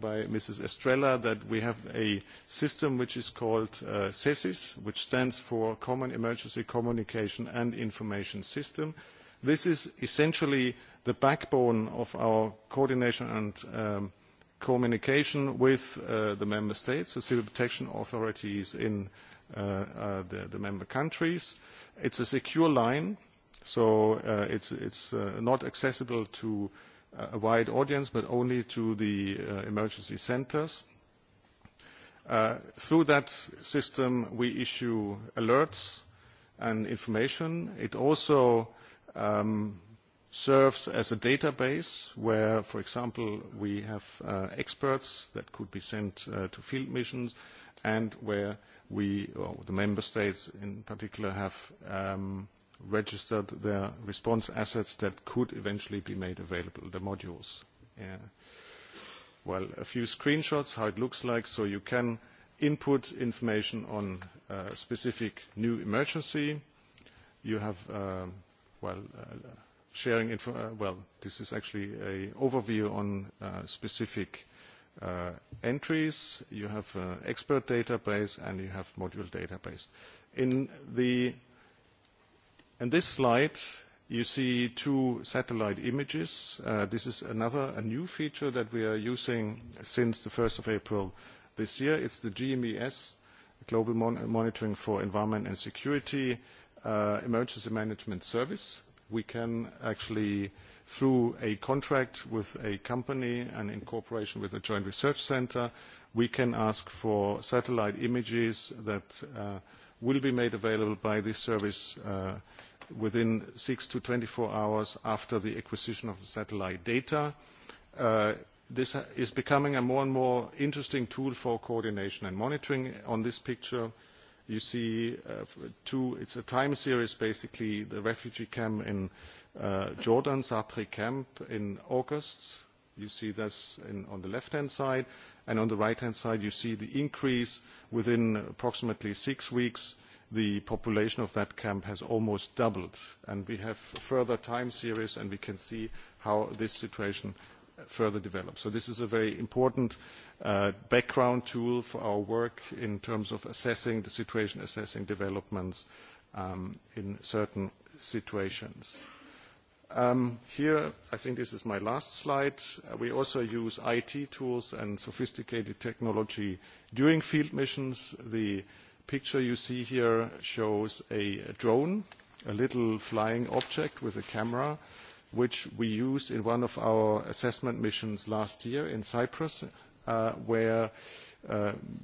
by Mrs. Estrella that we have a system which is called CESIS, which stands for Common Emergency Communication and Information System. This is essentially the backbone of our coordination and communication with the member states, the civil protection authorities in the member countries. It's a secure line, so it's not accessible to a wide audience, but only to the emergency centers. Through that system, we issue alerts and information. It also serves as a database where, for example, we have experts that could be sent to field missions and where we, or the member states in particular, have registered their response assets that could eventually be made available, the modules. Well, a few screenshots, how it looks like. So you can input information on specific new emergency. You have, well, sharing, well, this is actually an overview on specific entries. You have expert database, and you have module database. In the In this slide, you see two satellite images. This is another, a new feature that we are using since the 1st of April this year. It's the GMES, Global Monitoring for Environment and Security Emergency Management Service. We can actually, through a contract with a company and in cooperation with a joint research center, we can ask for satellite images that will be made available by this service within six to 24 hours after the acquisition of the satellite data. This is becoming a more and more interesting tool for coordination and monitoring. On this picture, you see two, it's a time series, basically, the refugee camp in Jordan, Sartre camp in August. You see this on the left-hand side. And on the right-hand side, you see the increase within approximately six weeks the population of that camp has almost doubled. And we have further time series, and we can see how this situation further develops. So this is a very important background tool for our work in terms of assessing the situation, assessing developments in certain situations. Here, I think this is my last slide. We also use IT tools and sophisticated technology during field missions. The The picture you see here shows a drone, a little flying object with a camera, which we used in one of our assessment missions last year in Cyprus, where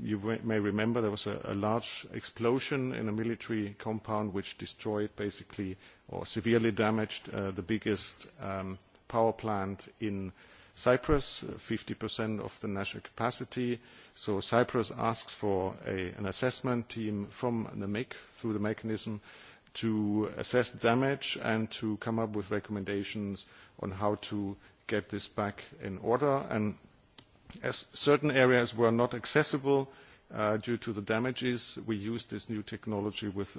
you may remember there was a large explosion in a military compound which destroyed basically or severely damaged the biggest power plant in Cyprus, 50% of the national capacity. So Cyprus asks for an assessment team from the MIC through the mechanism to assess damage and to come up with recommendations on how to get this back in order. as certain areas were not accessible due to the damages, we used this new technology with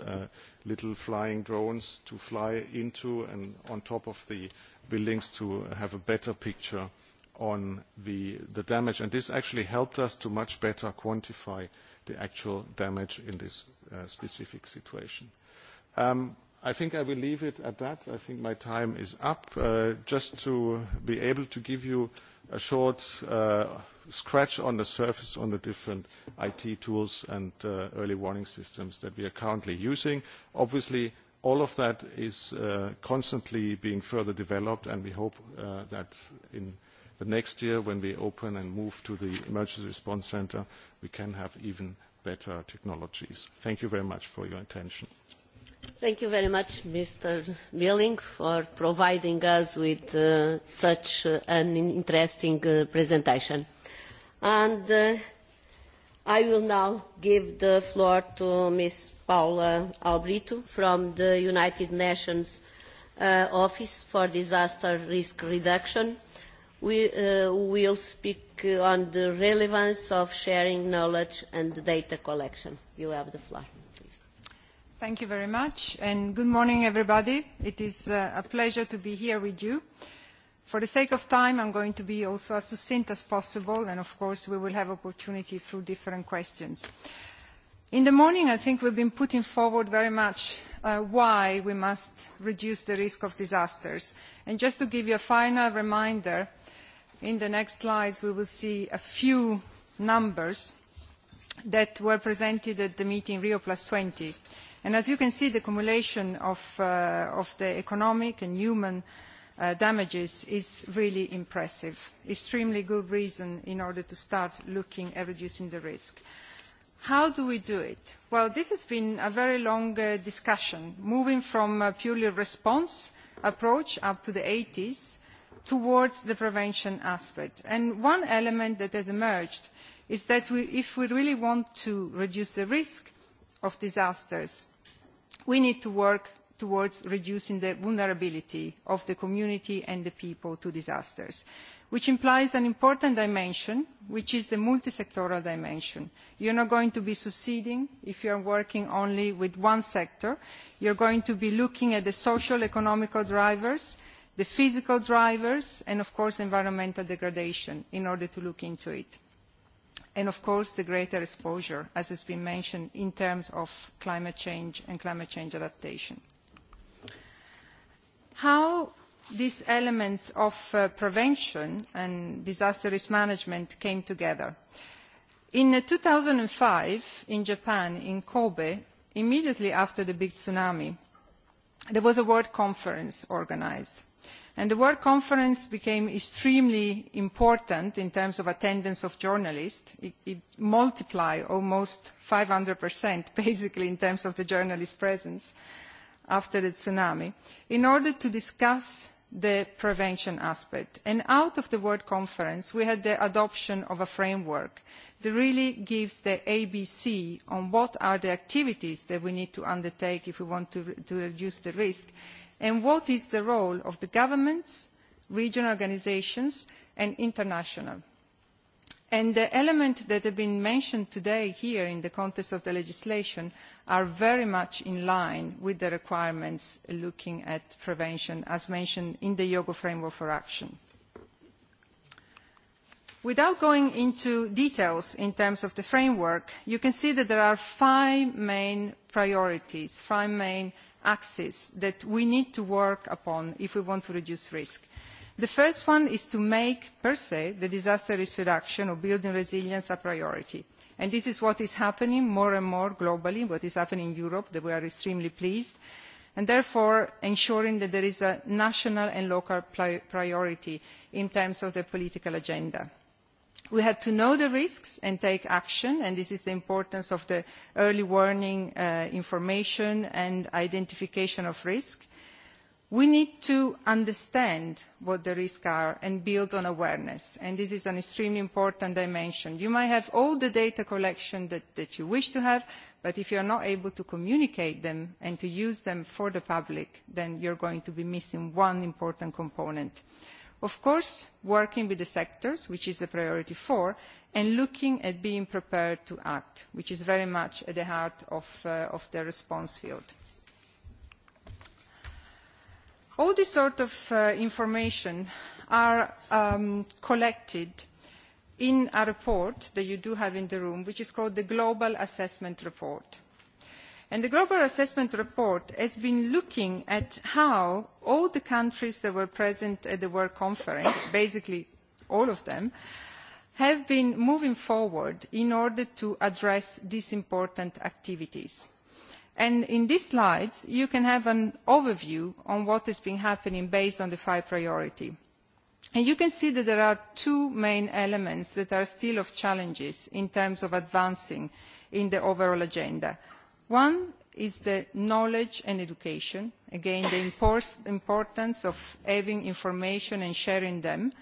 little flying drones to fly into and on top of the buildings to have a better picture on the damage, and this actually helped us to much better quantify the actual damage in this specific situation. I think I will leave it at that. I think my time is up. Just to be able to give you a short scratch on the surface on the different IT tools and early warning systems that we are currently using. Obviously, all of that is constantly being further developed, and we hope that in the next year when we open and move to the emergency response center, we can have even better technologies. Thank you very much for your attention. Thank you very much, Mr. milling for providing us with such an interesting presentation. And I will now give the floor to Ms. Paula Albrito from the United Nations Office for Disaster Risk Reduction we will speak on the relevance of sharing knowledge and data collection. You have the floor. Thank you very much, and good morning, everybody. It is a pleasure to be here with you. For the sake of time, I'm going to be also as succinct as possible, and of course, we will have opportunity through different questions. In the morning, I think we've been putting forward very much why we must reduce the risk of disasters. And just to give you a final reminder, in the next slides we will see a few numbers that were presented at the meeting rio 20 and as you can see the accumulation of the economic and human damages is really impressive extremely good reason in order to start looking at reducing the risk. How do we do it? Well, this has been a very long discussion, moving from a purely response approach up to the 80s towards the prevention aspect. And one element that has emerged is that if we really want to reduce the risk of disasters, we need to work towards reducing the vulnerability of the community and the people to disasters, which implies an important dimension, which is the multisectoral dimension. You are not going to be succeeding if you are working only with one sector. You are going to be looking at the social, economical drivers the physical drivers and of course environmental degradation in order to look into it and of course the greater exposure as has been mentioned in terms of climate change and climate change adaptation. how these elements of prevention and disaster risk management came together. in 2005, in japan in kobe immediately after the big tsunami there was a world conference organised The World Conference became extremely important in terms of attendance of journalists. It multiplied almost 500%, basically, in terms of the journalist presence after the tsunami, in order to discuss the prevention aspect. And out of the World Conference, we had the adoption of a framework that really gives the ABC on what are the activities that we need to undertake if we want to reduce the risk and what is the role of the governments, regional organisations and international. And the elements that have been mentioned today here in the context of the legislation are very much in line with the requirements looking at prevention, as mentioned in the YOGA Framework for Action. Without going into details in terms of the framework, you can see that there are five main priorities, five main axes that we need to work upon if we want to reduce risk. The first one is to make, per se, the disaster risk reduction or building resilience a priority. And this is what is happening more and more globally, what is happening in Europe, that we are extremely pleased, and therefore ensuring that there is a national and local priority in terms of the political agenda. We have to know the risks and take action, and this is the importance of the early warning information and identification of risk. We need to understand what the risks are and build on awareness, and this is an extremely important dimension. You might have all the data collection that you wish to have, but if you are not able to communicate them and to use them for the public, then you are going to be missing one important component. Of course, working with the sectors, which is the priority four, and looking at being prepared to act, which is very much at the heart of the response field. All this sort of information are collected in a report that you do have in the room, which is called the Global Assessment Report the global assessment report has been looking at how all the countries that were present at the world conference basically all of them have been moving forward in order to address these important activities. in these slides, you can have an overview on what has been happening based on the five priority. you can see that there are two main elements that are still of challenges in terms of advancing in the overall agenda. One is the knowledge and education, again the importance of having information and sharing them.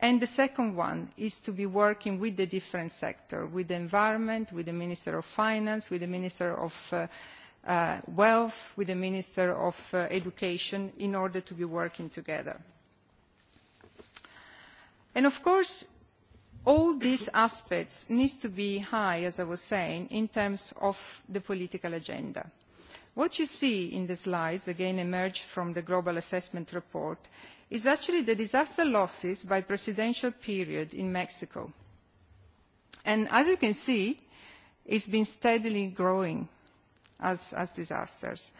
And the second one is to be working with the different sectors, with the environment, with the Minister of Finance, with the Minister of Wealth, with the Minister of Education, in order to be working together. And of course, all these aspects need to be high, as I was saying, in terms of the political agenda. What you see in the slides, again emerged from the Global Assessment Report, is actually the disaster losses by presidential period in Mexico. And as you can see, it's been steadily growing as disasters.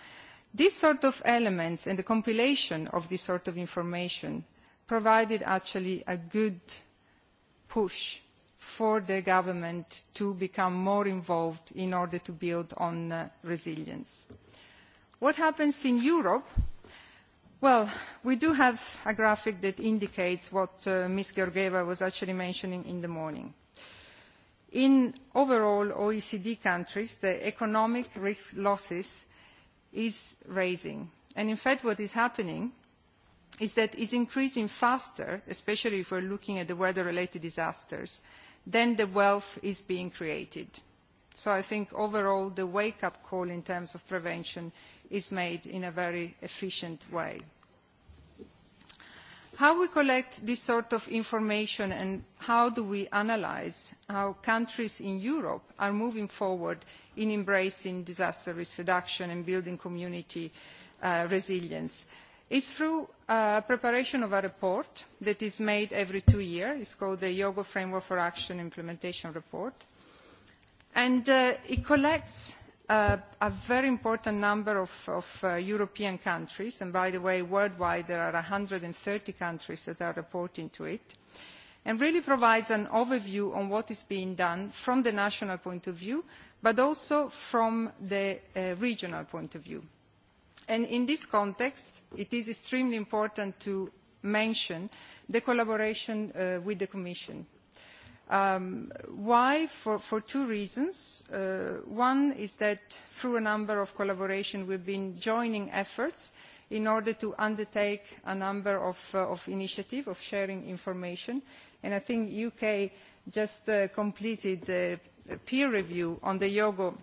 These sort of elements and the compilation of this sort of information provided actually a good push for the government to become more involved in order to build on resilience. What happens in Europe? Well, we do have a graphic that indicates what Ms. Georgieva was actually mentioning in the morning. In overall OECD countries, the economic risk losses is raising. And in fact, what is happening is that it is increasing faster, especially if we are looking at the weather-related disasters, than the wealth is being created. So I think overall the wake-up call in terms of prevention is made in a very efficient way. How we collect this sort of information and how do we analyse how countries in Europe are moving forward in embracing disaster risk reduction and building community resilience? It is through preparation of a report that is made every two years. It called the Yogo Framework for Action Implementation Report. And it collects a very important number of European countries. And by the way, worldwide, there are 130 countries that are reporting to it. And really provides an overview on what is being done from the national point of view, but also from the regional point of view in this context, it is extremely important to mention the collaboration with the Commission. Why? For two reasons. One is that through a number of collaboration, we've been joining efforts in order to undertake a number of initiatives of sharing information. And I think the UK just completed a peer review on the Yogo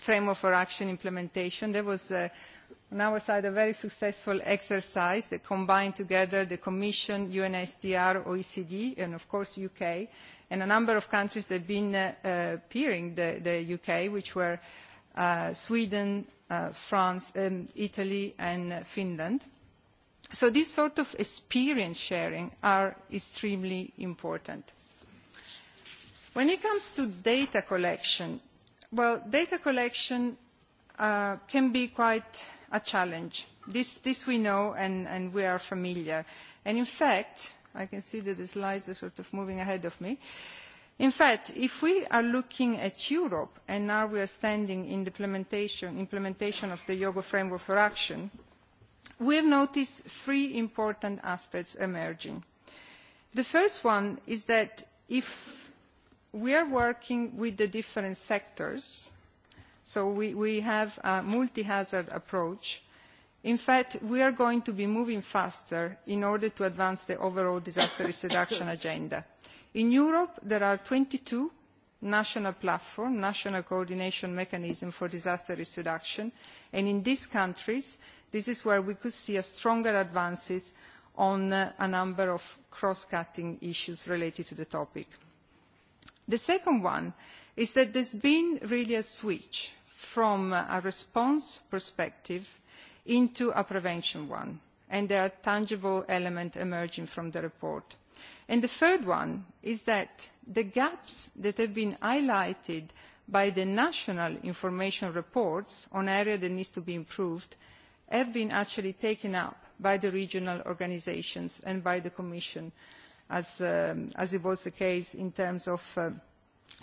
Framework for Action implementation. There was On our side, a very successful exercise that combined together the Commission, UNSDR, OECD, and of course UK, and a number of countries that have been peering the UK, which were Sweden, France, Italy and Finland. So this sort of experience sharing are extremely important. When it comes to data collection, well, data collection can be quite a challenge. This we know and we are familiar. And in fact, I can see that the slides are sort of moving ahead of me. In fact, if we are looking at Europe and now we are standing in the implementation of the Yoga Framework for Action, we have noticed three important aspects emerging. The first one is that if we are working with the different sectors, So we have a multi-hazard approach. In fact, we are going to be moving faster in order to advance the overall disaster risk reduction agenda. In Europe, there are 22 national platforms, national coordination mechanisms for disaster risk reduction, and in these countries, this is where we could see stronger advances on a number of cross-cutting issues related to the topic. The second one is that there's been really a switch from a response perspective into a prevention one. And there are tangible elements emerging from the report. And the third one is that the gaps that have been highlighted by the national information reports on areas that need to be improved have been actually taken up by the regional organisations and by the Commission, as it was the case in terms of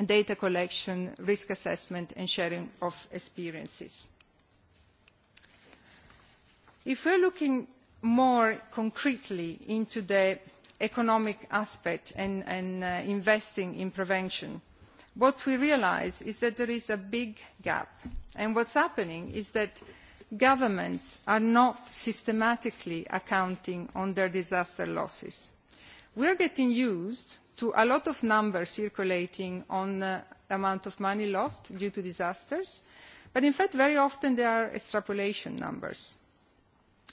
data collection, risk assessment and sharing of experiences. If we are looking more concretely into the economic aspect and investing in prevention, what we realise is that there is a big gap. And what's happening is that governments are not systematically accounting on their disaster losses. We are getting used to a lot of numbers circulating on the amount of money lost due to disasters, but in fact very often they are extrapolation numbers.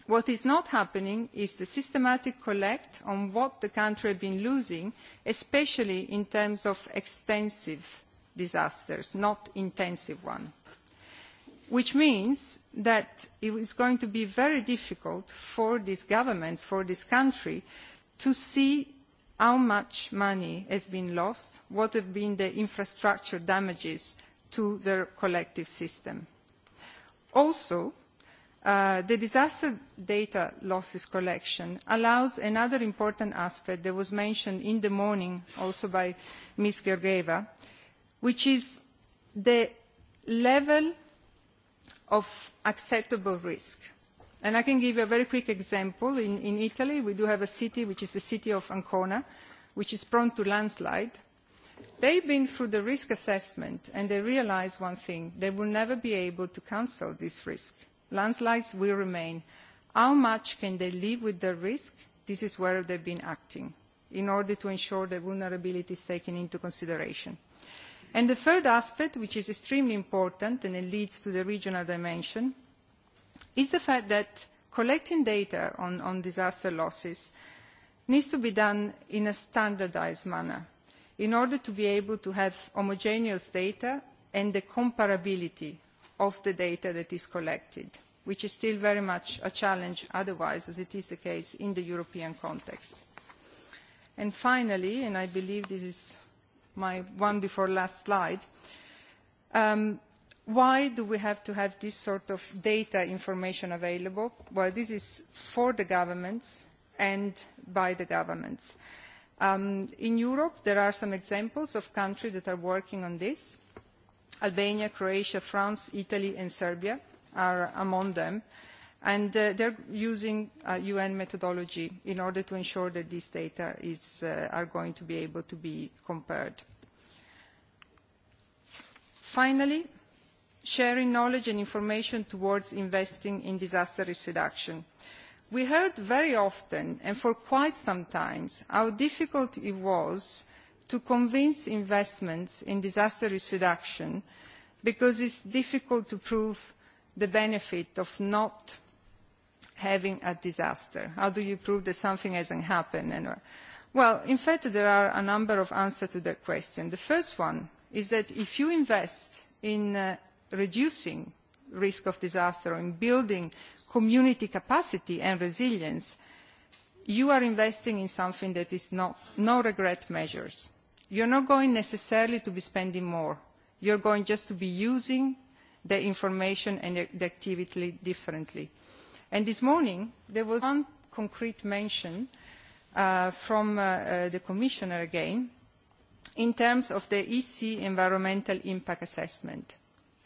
What is not happening is the systematic collect on what the country has been losing, especially in terms of extensive disasters, not intensive ones, which means that it is going to be very difficult for these governments, for this country, to see how much money has been lost, what have been the infrastructure damages to their collective system. Also, the disaster data losses collection allows another important aspect that was mentioned in the morning also by Ms. Georgieva, which is the level of acceptable risk. And I can give you a very quick example. In Italy, we do have a city, which is the city of Ancona, which is prone to landslide. They've been through the risk assessment, and they realise one thing. They will never be able to cancel this risk. Landslides will remain. How much can they live with the risk? This is where they've been acting, in order to ensure that vulnerability is taken into consideration. And the third aspect, which is extremely important, and it leads to the regional dimension, is the fact that collecting data on disaster losses needs to be done in a standardised manner in order to be able to have homogeneous data and the comparability of the data that is collected, which is still very much a challenge otherwise, as it is the case in the European context. And finally, and I believe this is my one before last slide, Why do we have to have this sort of data information available? Well, this is for the governments and by the governments. In Europe, there are some examples of countries that are working on this. Albania, Croatia, France, Italy and Serbia are among them, and they're using UN methodology in order to ensure that these data are going to be able to be compared. Finally, sharing knowledge and information towards investing in disaster risk reduction. We heard very often and for quite some time how difficult it was to convince investments in disaster risk reduction because it is difficult to prove the benefit of not having a disaster. How do you prove that something hasn't happened? Well, in fact, there are a number of answers to that question. The first one is that if you invest in reducing risk of disaster, in building community capacity and resilience, you are investing in something that is no-regret measures. You are not going necessarily to be spending more. You are going just to be using the information and the activity differently. And this morning there was one concrete mention from the Commissioner again in terms of the EC environmental impact assessment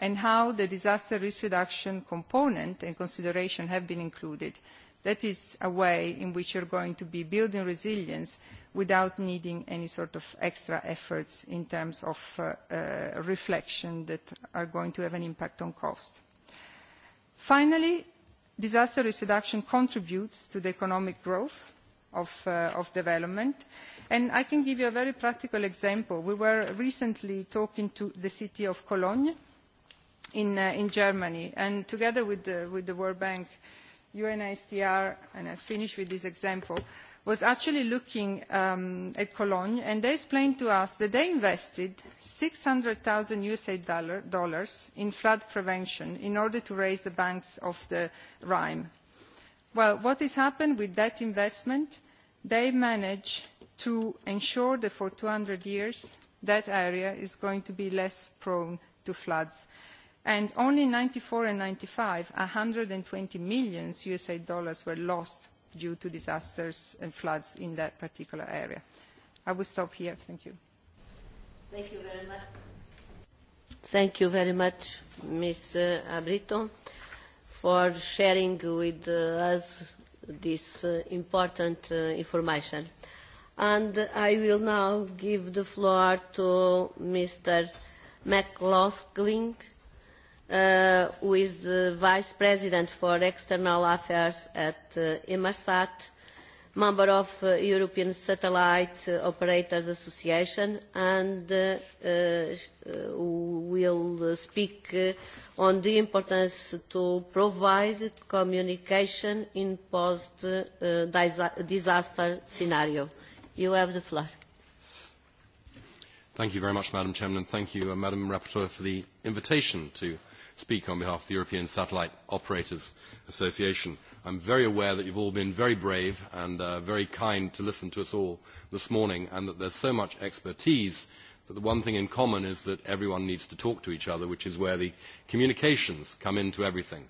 and how the disaster risk reduction component and consideration have been included. That is a way in which you are going to be building resilience without needing any sort of extra efforts in terms of reflection that are going to have an impact on cost. Finally, disaster risk reduction contributes to the economic growth of development. And I can give you a very practical example. We were recently talking to the city of Cologne in Germany. And together with the World Bank, UNHCR, and I finish with this example, was actually looking at Cologne, and they explained to us that they invested 600,000 USA dollars in flood prevention in order to raise the banks of the Rhine. Well, what has happened with that investment? They managed to ensure that for 200 years that area is going to be less prone to floods and only in ninety four and ninety five one hundred and twenty million usa dollars were lost due to disasters and floods in that particular area. i will stop here. thank you. thank you very much. thank you very much ms abrito for sharing with us this important information. and i will now give the floor to mr mclaughlin who is the Vice President for External Affairs at Inmarsat, member of European Satellite Operators Association, and who will speak on the importance to provide communication in post-disaster scenario. You have the floor. Thank you very much, Madam Chairman, and thank you, Madam Rapporteur, for the invitation to speak on behalf of the European Satellite Operators Association. I am very aware that you have all been very brave and very kind to listen to us all this morning and that there is so much expertise that the one thing in common is that everyone needs to talk to each other, which is where the communications come into everything.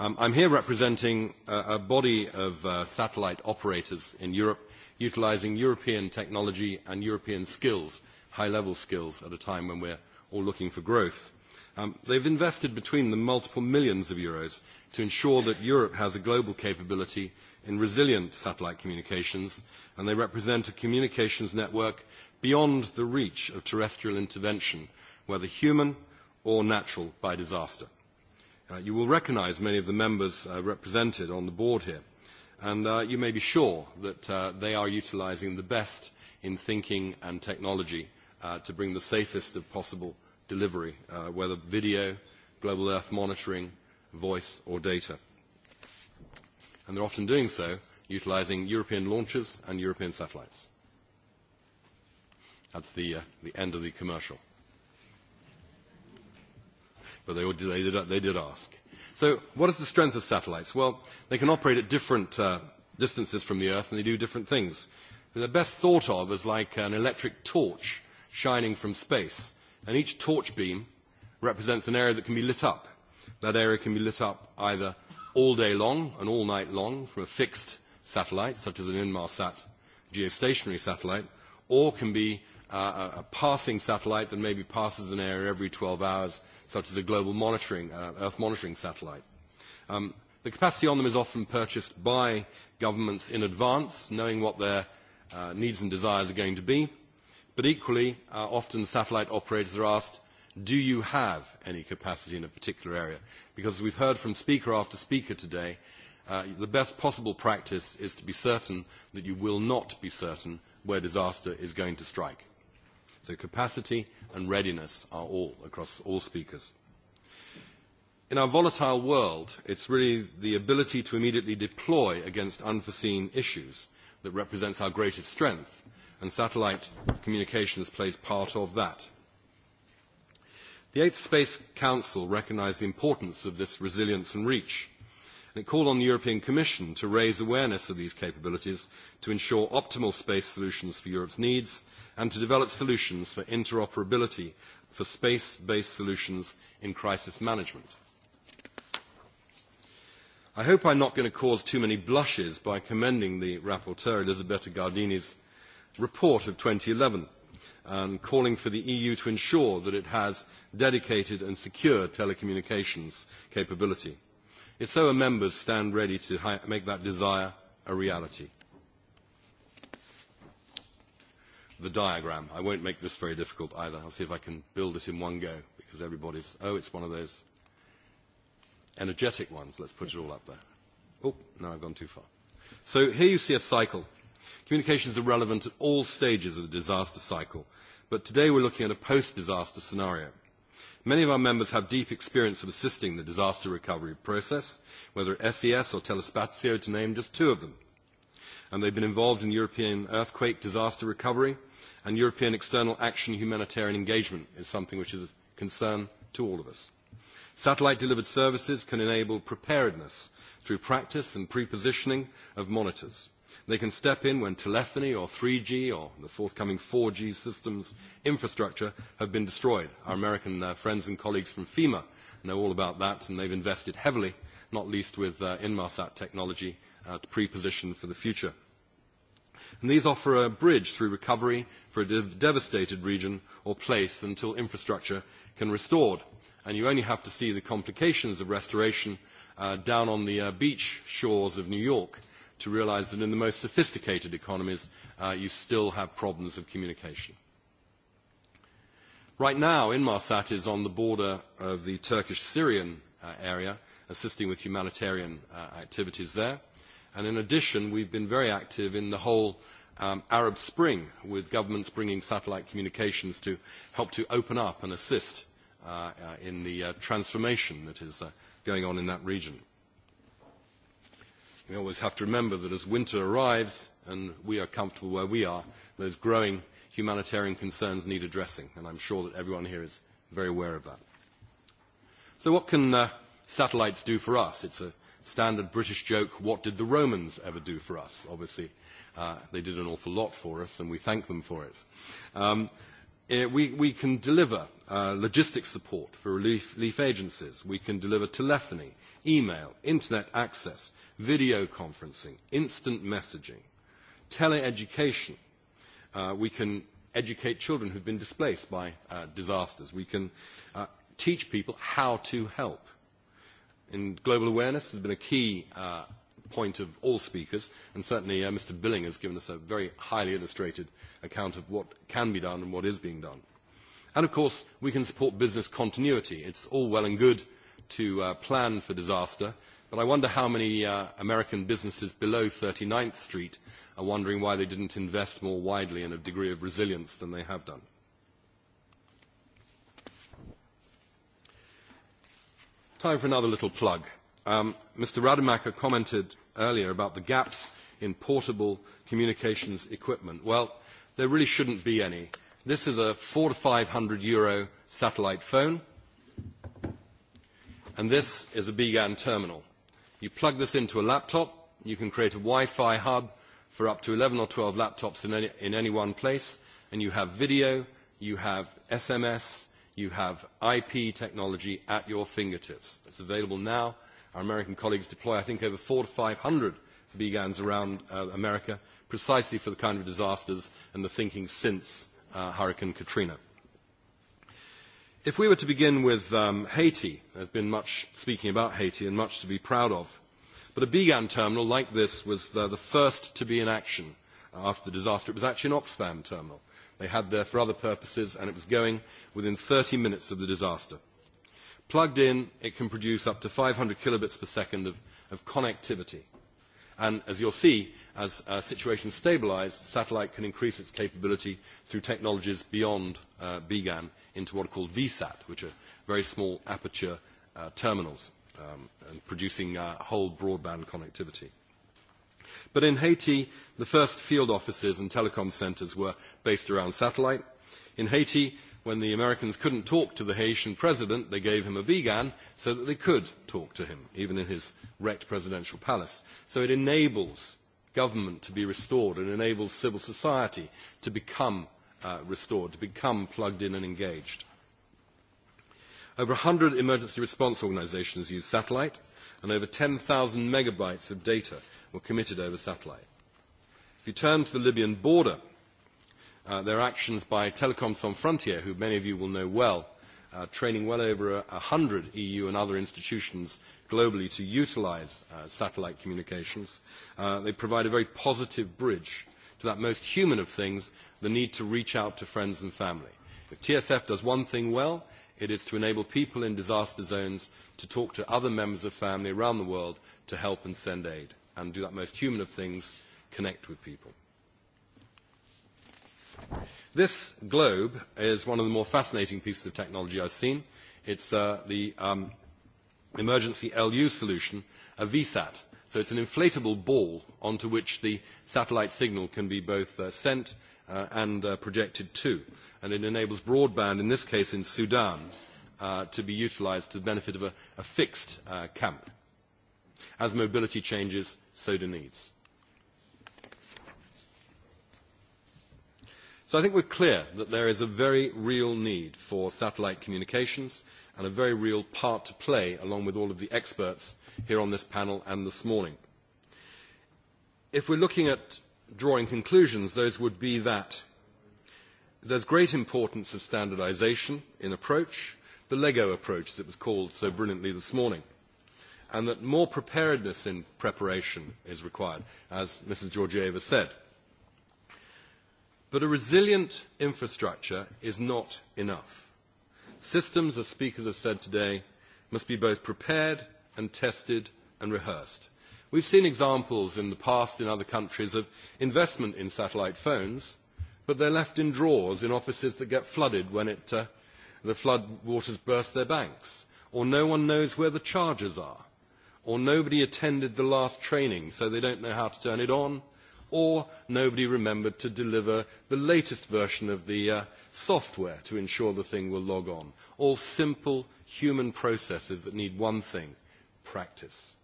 I am here representing a body of satellite operators in Europe utilising European technology and European skills, high-level skills, at a time when we are all looking for growth. They have invested between them multiple millions of euros to ensure that Europe has a global capability in resilient satellite communications, and they represent a communications network beyond the reach of terrestrial intervention, whether human or natural by disaster. You will recognise many of the members represented on the board here, and you may be sure that they are utilising the best in thinking and technology to bring the safest of possible delivery, whether video, global earth monitoring, voice or data. And they're often doing so utilizing European launches and European satellites. That's the end of the commercial. But they did ask. So what is the strength of satellites? Well, they can operate at different distances from the Earth and they do different things. They're best thought of as like an electric torch shining from space and each torch beam represents an area that can be lit up. That area can be lit up either all day long and all night long from a fixed satellite, such as an Inmarsat geostationary satellite, or can be a passing satellite that maybe passes an area every 12 hours, such as a global monitoring, Earth monitoring satellite. The capacity on them is often purchased by governments in advance, knowing what their needs and desires are going to be But equally, often satellite operators are asked, do you have any capacity in a particular area? Because as we've heard from speaker after speaker today, the best possible practice is to be certain that you will not be certain where disaster is going to strike. So capacity and readiness are all across all speakers. In our volatile world, it's really the ability to immediately deploy against unforeseen issues that represents our greatest strength and satellite communications plays part of that. The Eighth Space Council recognised the importance of this resilience and reach, and it called on the European Commission to raise awareness of these capabilities to ensure optimal space solutions for Europe's needs and to develop solutions for interoperability for space-based solutions in crisis management. I hope I'm not going to cause too many blushes by commending the rapporteur, Elisabetta Gardini's report of 2011 calling for the EU to ensure that it has dedicated and secure telecommunications capability. If so, our members stand ready to make that desire a reality. The diagram. I won't make this very difficult either. I'll see if I can build it in one go because everybody's, oh, it's one of those energetic ones. Let's put it all up there. Oh, no, I've gone too far. So here you see a cycle Communications are relevant at all stages of the disaster cycle, but today we are looking at a post-disaster scenario. Many of our members have deep experience of assisting the disaster recovery process, whether SES or Telespazio, to name just two of them. And they've been involved in European earthquake disaster recovery, and European external action humanitarian engagement is something which is of concern to all of us. Satellite-delivered services can enable preparedness through practice and pre-positioning of monitors. They can step in when telephony or 3G or the forthcoming 4G systems infrastructure have been destroyed. Our American friends and colleagues from FEMA know all about that, and they've invested heavily, not least with Inmarsat technology, to pre-position for the future. And these offer a bridge through recovery for a devastated region or place until infrastructure can restored. And you only have to see the complications of restoration down on the beach shores of New York to realise that in the most sophisticated economies you still have problems of communication. Right now, Inmarsat is on the border of the Turkish-Syrian area, assisting with humanitarian activities there. And in addition, we we've been very active in the whole Arab Spring, with governments bringing satellite communications to help to open up and assist in the transformation that is going on in that region we always have to remember that as winter arrives and we are comfortable where we are, those growing humanitarian concerns need addressing, and I'm sure that everyone here is very aware of that. So what can satellites do for us? It's a standard British joke, what did the Romans ever do for us? Obviously, they did an awful lot for us, and we thank them for it. We can deliver logistics support for relief agencies. We can deliver telephony, email, internet access, video conferencing, instant messaging, teleeducation. We can educate children who've been displaced by disasters. We can teach people how to help. And global awareness has been a key point of all speakers, and certainly Mr. Billing has given us a very highly illustrated account of what can be done and what is being done. And, of course, we can support business continuity. It's all well and good to plan for disaster, But I wonder how many American businesses below 39th Street are wondering why they didn't invest more widely in a degree of resilience than they have done. Time for another little plug. Mr. Rademacher commented earlier about the gaps in portable communications equipment. Well, there really shouldn't be any. This is a 400 to 500 euro satellite phone, and this is a BGAN terminal. You plug this into a laptop, you can create a Wi-Fi hub for up to 11 or 12 laptops in any one place, and you have video, you have SMS, you have IP technology at your fingertips. It's available now. Our American colleagues deploy, I think, over 400 to 500 BGANs around America, precisely for the kind of disasters and the thinking since Hurricane Katrina. If we were to begin with Haiti, there has been much speaking about Haiti and much to be proud of. But a Bigan terminal like this was the first to be in action after the disaster. It was actually an Oxfam terminal. They had there for other purposes, and it was going within 30 minutes of the disaster. Plugged in, it can produce up to 500 kilobits per second of connectivity. And as will see, as situations stabilise, satellite can increase its capability through technologies beyond BGAN into what are called VSAT, which are very small aperture terminals, and producing whole broadband connectivity. But in Haiti, the first field offices and telecom centres were based around satellite in Haiti, when the Americans couldn't talk to the Haitian president, they gave him a vegan so that they could talk to him, even in his wrecked presidential palace. So it enables government to be restored and enables civil society to become restored, to become plugged in and engaged. Over 100 emergency response organisations use satellite, and over 10,000 megabytes of data were committed over satellite. If you turn to the Libyan border, Their actions by Telecom Sans Frontier, who many of you will know well, training well over 100 EU and other institutions globally to utilise satellite communications. They provide a very positive bridge to that most human of things, the need to reach out to friends and family. If TSF does one thing well, it is to enable people in disaster zones to talk to other members of family around the world to help and send aid and do that most human of things, connect with people. This globe is one of the more fascinating pieces of technology I have seen. It's the emergency LU solution, a VSAT. So it's an inflatable ball onto which the satellite signal can be both sent and projected to. And it enables broadband, in this case in Sudan, to be utilized to the benefit of a fixed camp. As mobility changes, so do needs. So I think we are clear that there is a very real need for satellite communications and a very real part to play along with all of the experts here on this panel and this morning. If we are looking at drawing conclusions, those would be that there is great importance of standardisation in approach, the Lego approach as it was called so brilliantly this morning, and that more preparedness in preparation is required, as Mrs. Georgieva said But a resilient infrastructure is not enough. Systems, as speakers have said today, must be both prepared and tested and rehearsed. We've seen examples in the past in other countries of investment in satellite phones, but they're left in drawers in offices that get flooded when the flood waters burst their banks, or no one knows where the chargers are, or nobody attended the last training so they don't know how to turn it on or nobody remembered to deliver the latest version of the software to ensure the thing will log on. All simple human processes that need one thing, practice.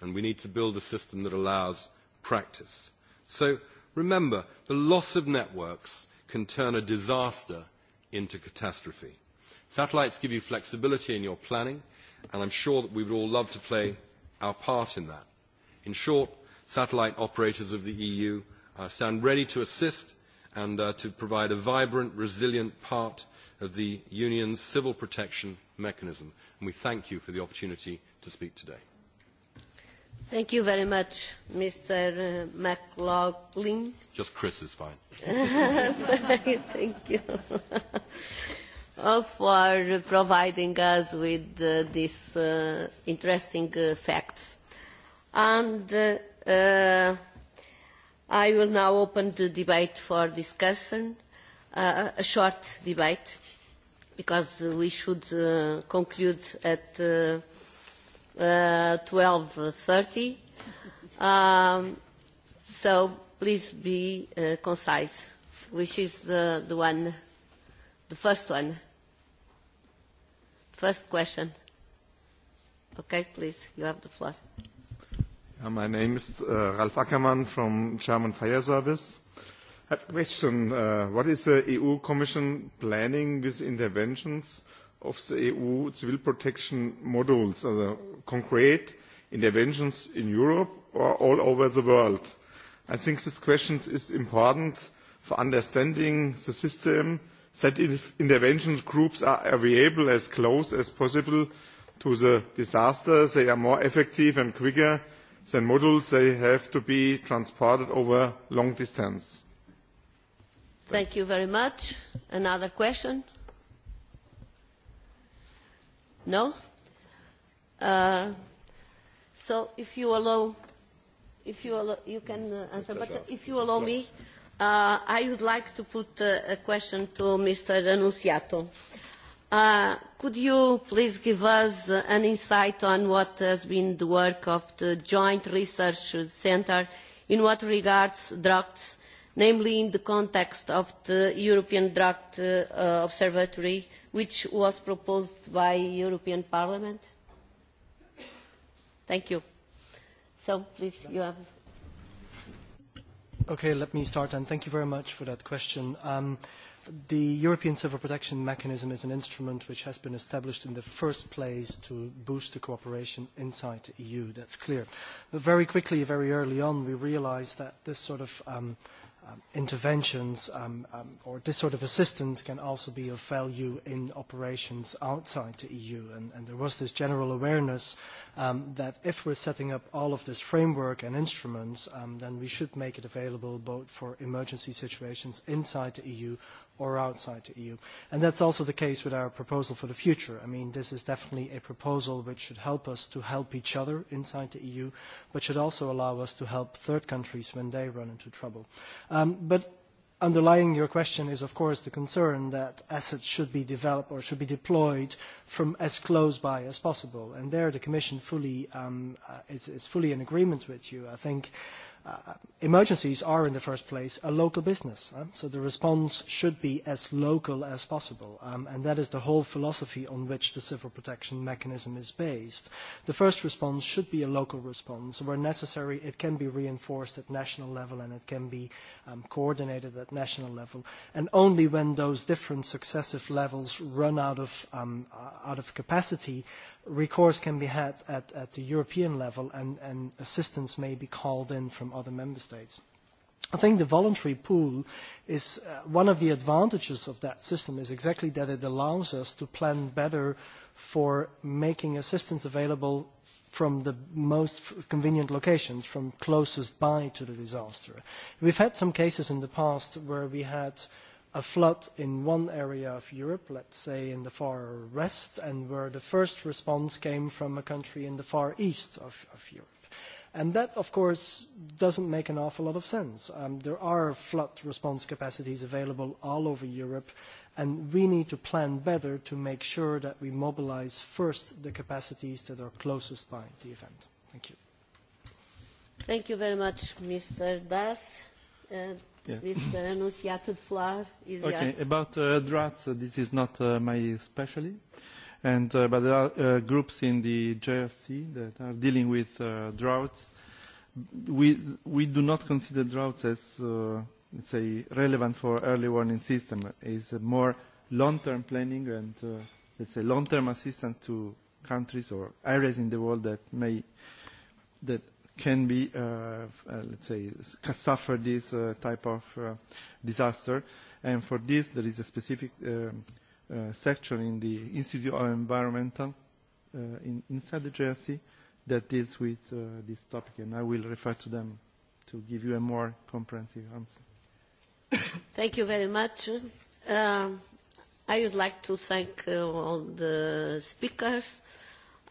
And we need to build a system that allows practice. So remember, the loss of networks can turn a disaster into catastrophe. Satellites give you flexibility in your planning, and I'm sure that we would all love to play our part in that. In short, satellite operators of the EU stand ready to assist and to provide a vibrant, resilient part of the Union's civil protection mechanism. And we thank you for the opportunity to speak today. Thank you very much, Mr. McLaughlin. Just Chris is fine. Thank you for providing us with these interesting facts. And I will now open the debate for discussion, a short debate, because we should conclude at 12.30. So please be concise. Which is the one, the first one? First question. Okay, please, you have the floor. My name is Ralf Ackermann from German Fire Service. I have a question. What is the EU Commission planning with interventions of the EU civil protection modules, concrete interventions in Europe or all over the world? I think this question is important for understanding the system, that intervention groups are available as close as possible to the disaster, they are more effective and quicker than modules. They have to be transported over long distance. Thank you very much. Another question? No? So if you allow, if you allow, you can answer, but if you allow me, I would like to put a question to Mr. Annunziato Could you please give us an insight on what has been the work of the Joint Research Centre in what regards drugs, namely in the context of the European Drug Observatory, which was proposed by the European Parliament? Thank you. So, please, you have Okay, let me start, and thank you very much for that question. The European Civil Protection Mechanism is an instrument which has been established in the first place to boost the cooperation inside the EU. That's clear. But very quickly, very early on, we realized that this sort of interventions or this sort of assistance can also be of value in operations outside the EU. And there was this general awareness that if we're setting up all of this framework and instruments, then we should make it available both for emergency situations inside the EU or outside the EU. And that's also the case with our proposal for the future. I mean, this is definitely a proposal which should help us to help each other inside the EU, but should also allow us to help third countries when they run into trouble. But underlying your question is, of course, the concern that assets should be developed or should be deployed from as close by as possible. And there the Commission fully is fully in agreement with you. I think Emergencies are, in the first place, a local business, so the response should be as local as possible, and that is the whole philosophy on which the civil protection mechanism is based. The first response should be a local response. Where necessary, it can be reinforced at national level and it can be coordinated at national level, and only when those different successive levels run out of capacity recourse can be had at the European level and assistance may be called in from other member states. I think the voluntary pool is one of the advantages of that system is exactly that it allows us to plan better for making assistance available from the most convenient locations, from closest by to the disaster. We've had some cases in the past where we had a flood in one area of Europe, let's say in the far west, and where the first response came from a country in the far east of Europe. And that, of course, doesn't make an awful lot of sense. There are flood response capacities available all over Europe, and we need to plan better to make sure that we mobilise first the capacities that are closest by the event. Thank you. Thank you very much, Mr. Das. Okay, about droughts, this is not my specialty, and but there are groups in the JRC that are dealing with droughts. We we do not consider droughts as, let's say, relevant for early warning system. It's more long-term planning and, let's say, long-term assistance to countries or areas in the world that may that can be, let's say, suffer this type of disaster. And for this, there is a specific section in the Institute of Environmental inside the JRC that deals with this topic, and I will refer to them to give you a more comprehensive answer. Thank you very much. I would like to thank all the speakers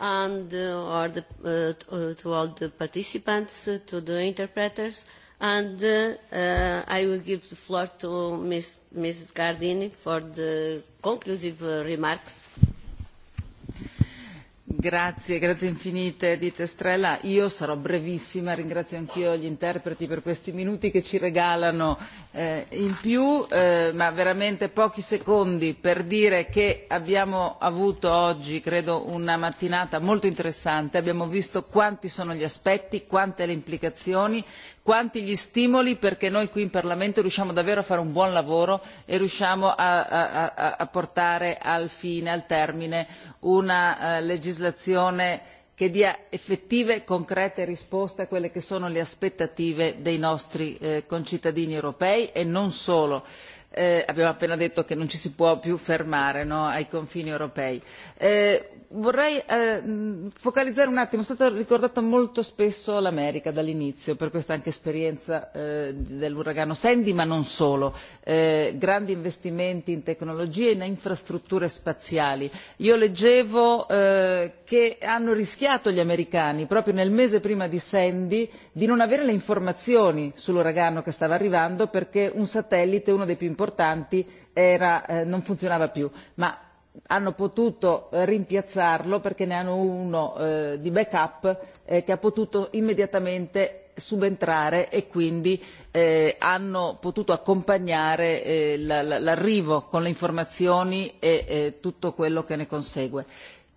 and or to all the participants, to the interpreters, and I will give the floor to Mrs. Gardini for the conclusive remarks. Grazie, grazie infinite di Estrella. Io sarò brevissima, ringrazio anch'io gli interpreti per questi minuti che ci regalano in più, ma veramente pochi secondi per dire che abbiamo avuto oggi, credo, una mattinata molto interessante, abbiamo visto quanti sono gli aspetti, quante le implicazioni quanti gli stimoli perché noi qui in Parlamento riusciamo davvero a fare un buon lavoro e riusciamo a portare al fine, al termine, una legislazione che dia effettive e concrete risposte a quelle che sono le aspettative dei nostri concittadini europei e non solo abbiamo appena detto che non ci si può più fermare ai confini europei. Vorrei focalizzare un attimo, è stata ricordata molto spesso l'America dall'inizio, per questa anche esperienza dell'uragano Sandy, ma non solo. Grandi investimenti in tecnologie e in infrastrutture spaziali. Io leggevo che hanno rischiato gli americani, proprio nel mese prima di Sandy, di non avere le informazioni sull'uragano che stava arrivando perché un satellite, uno dei più importanti, non funzionava più. Ma hanno potuto rimpiazzarlo perché ne hanno uno di backup che ha potuto immediatamente subentrare e quindi hanno potuto accompagnare l'arrivo con le informazioni e tutto quello che ne consegue.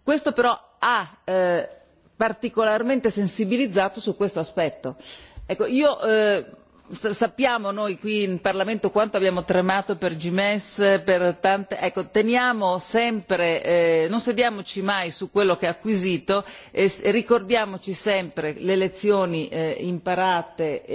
Questo però ha particolarmente sensibilizzato su questo aspetto sappiamo noi qui in parlamento quanto abbiamo tremato per gmes per tante ecco teniamo sempre non sediamoci mai su quello che è acquisito e ricordiamoci sempre le lezioni imparate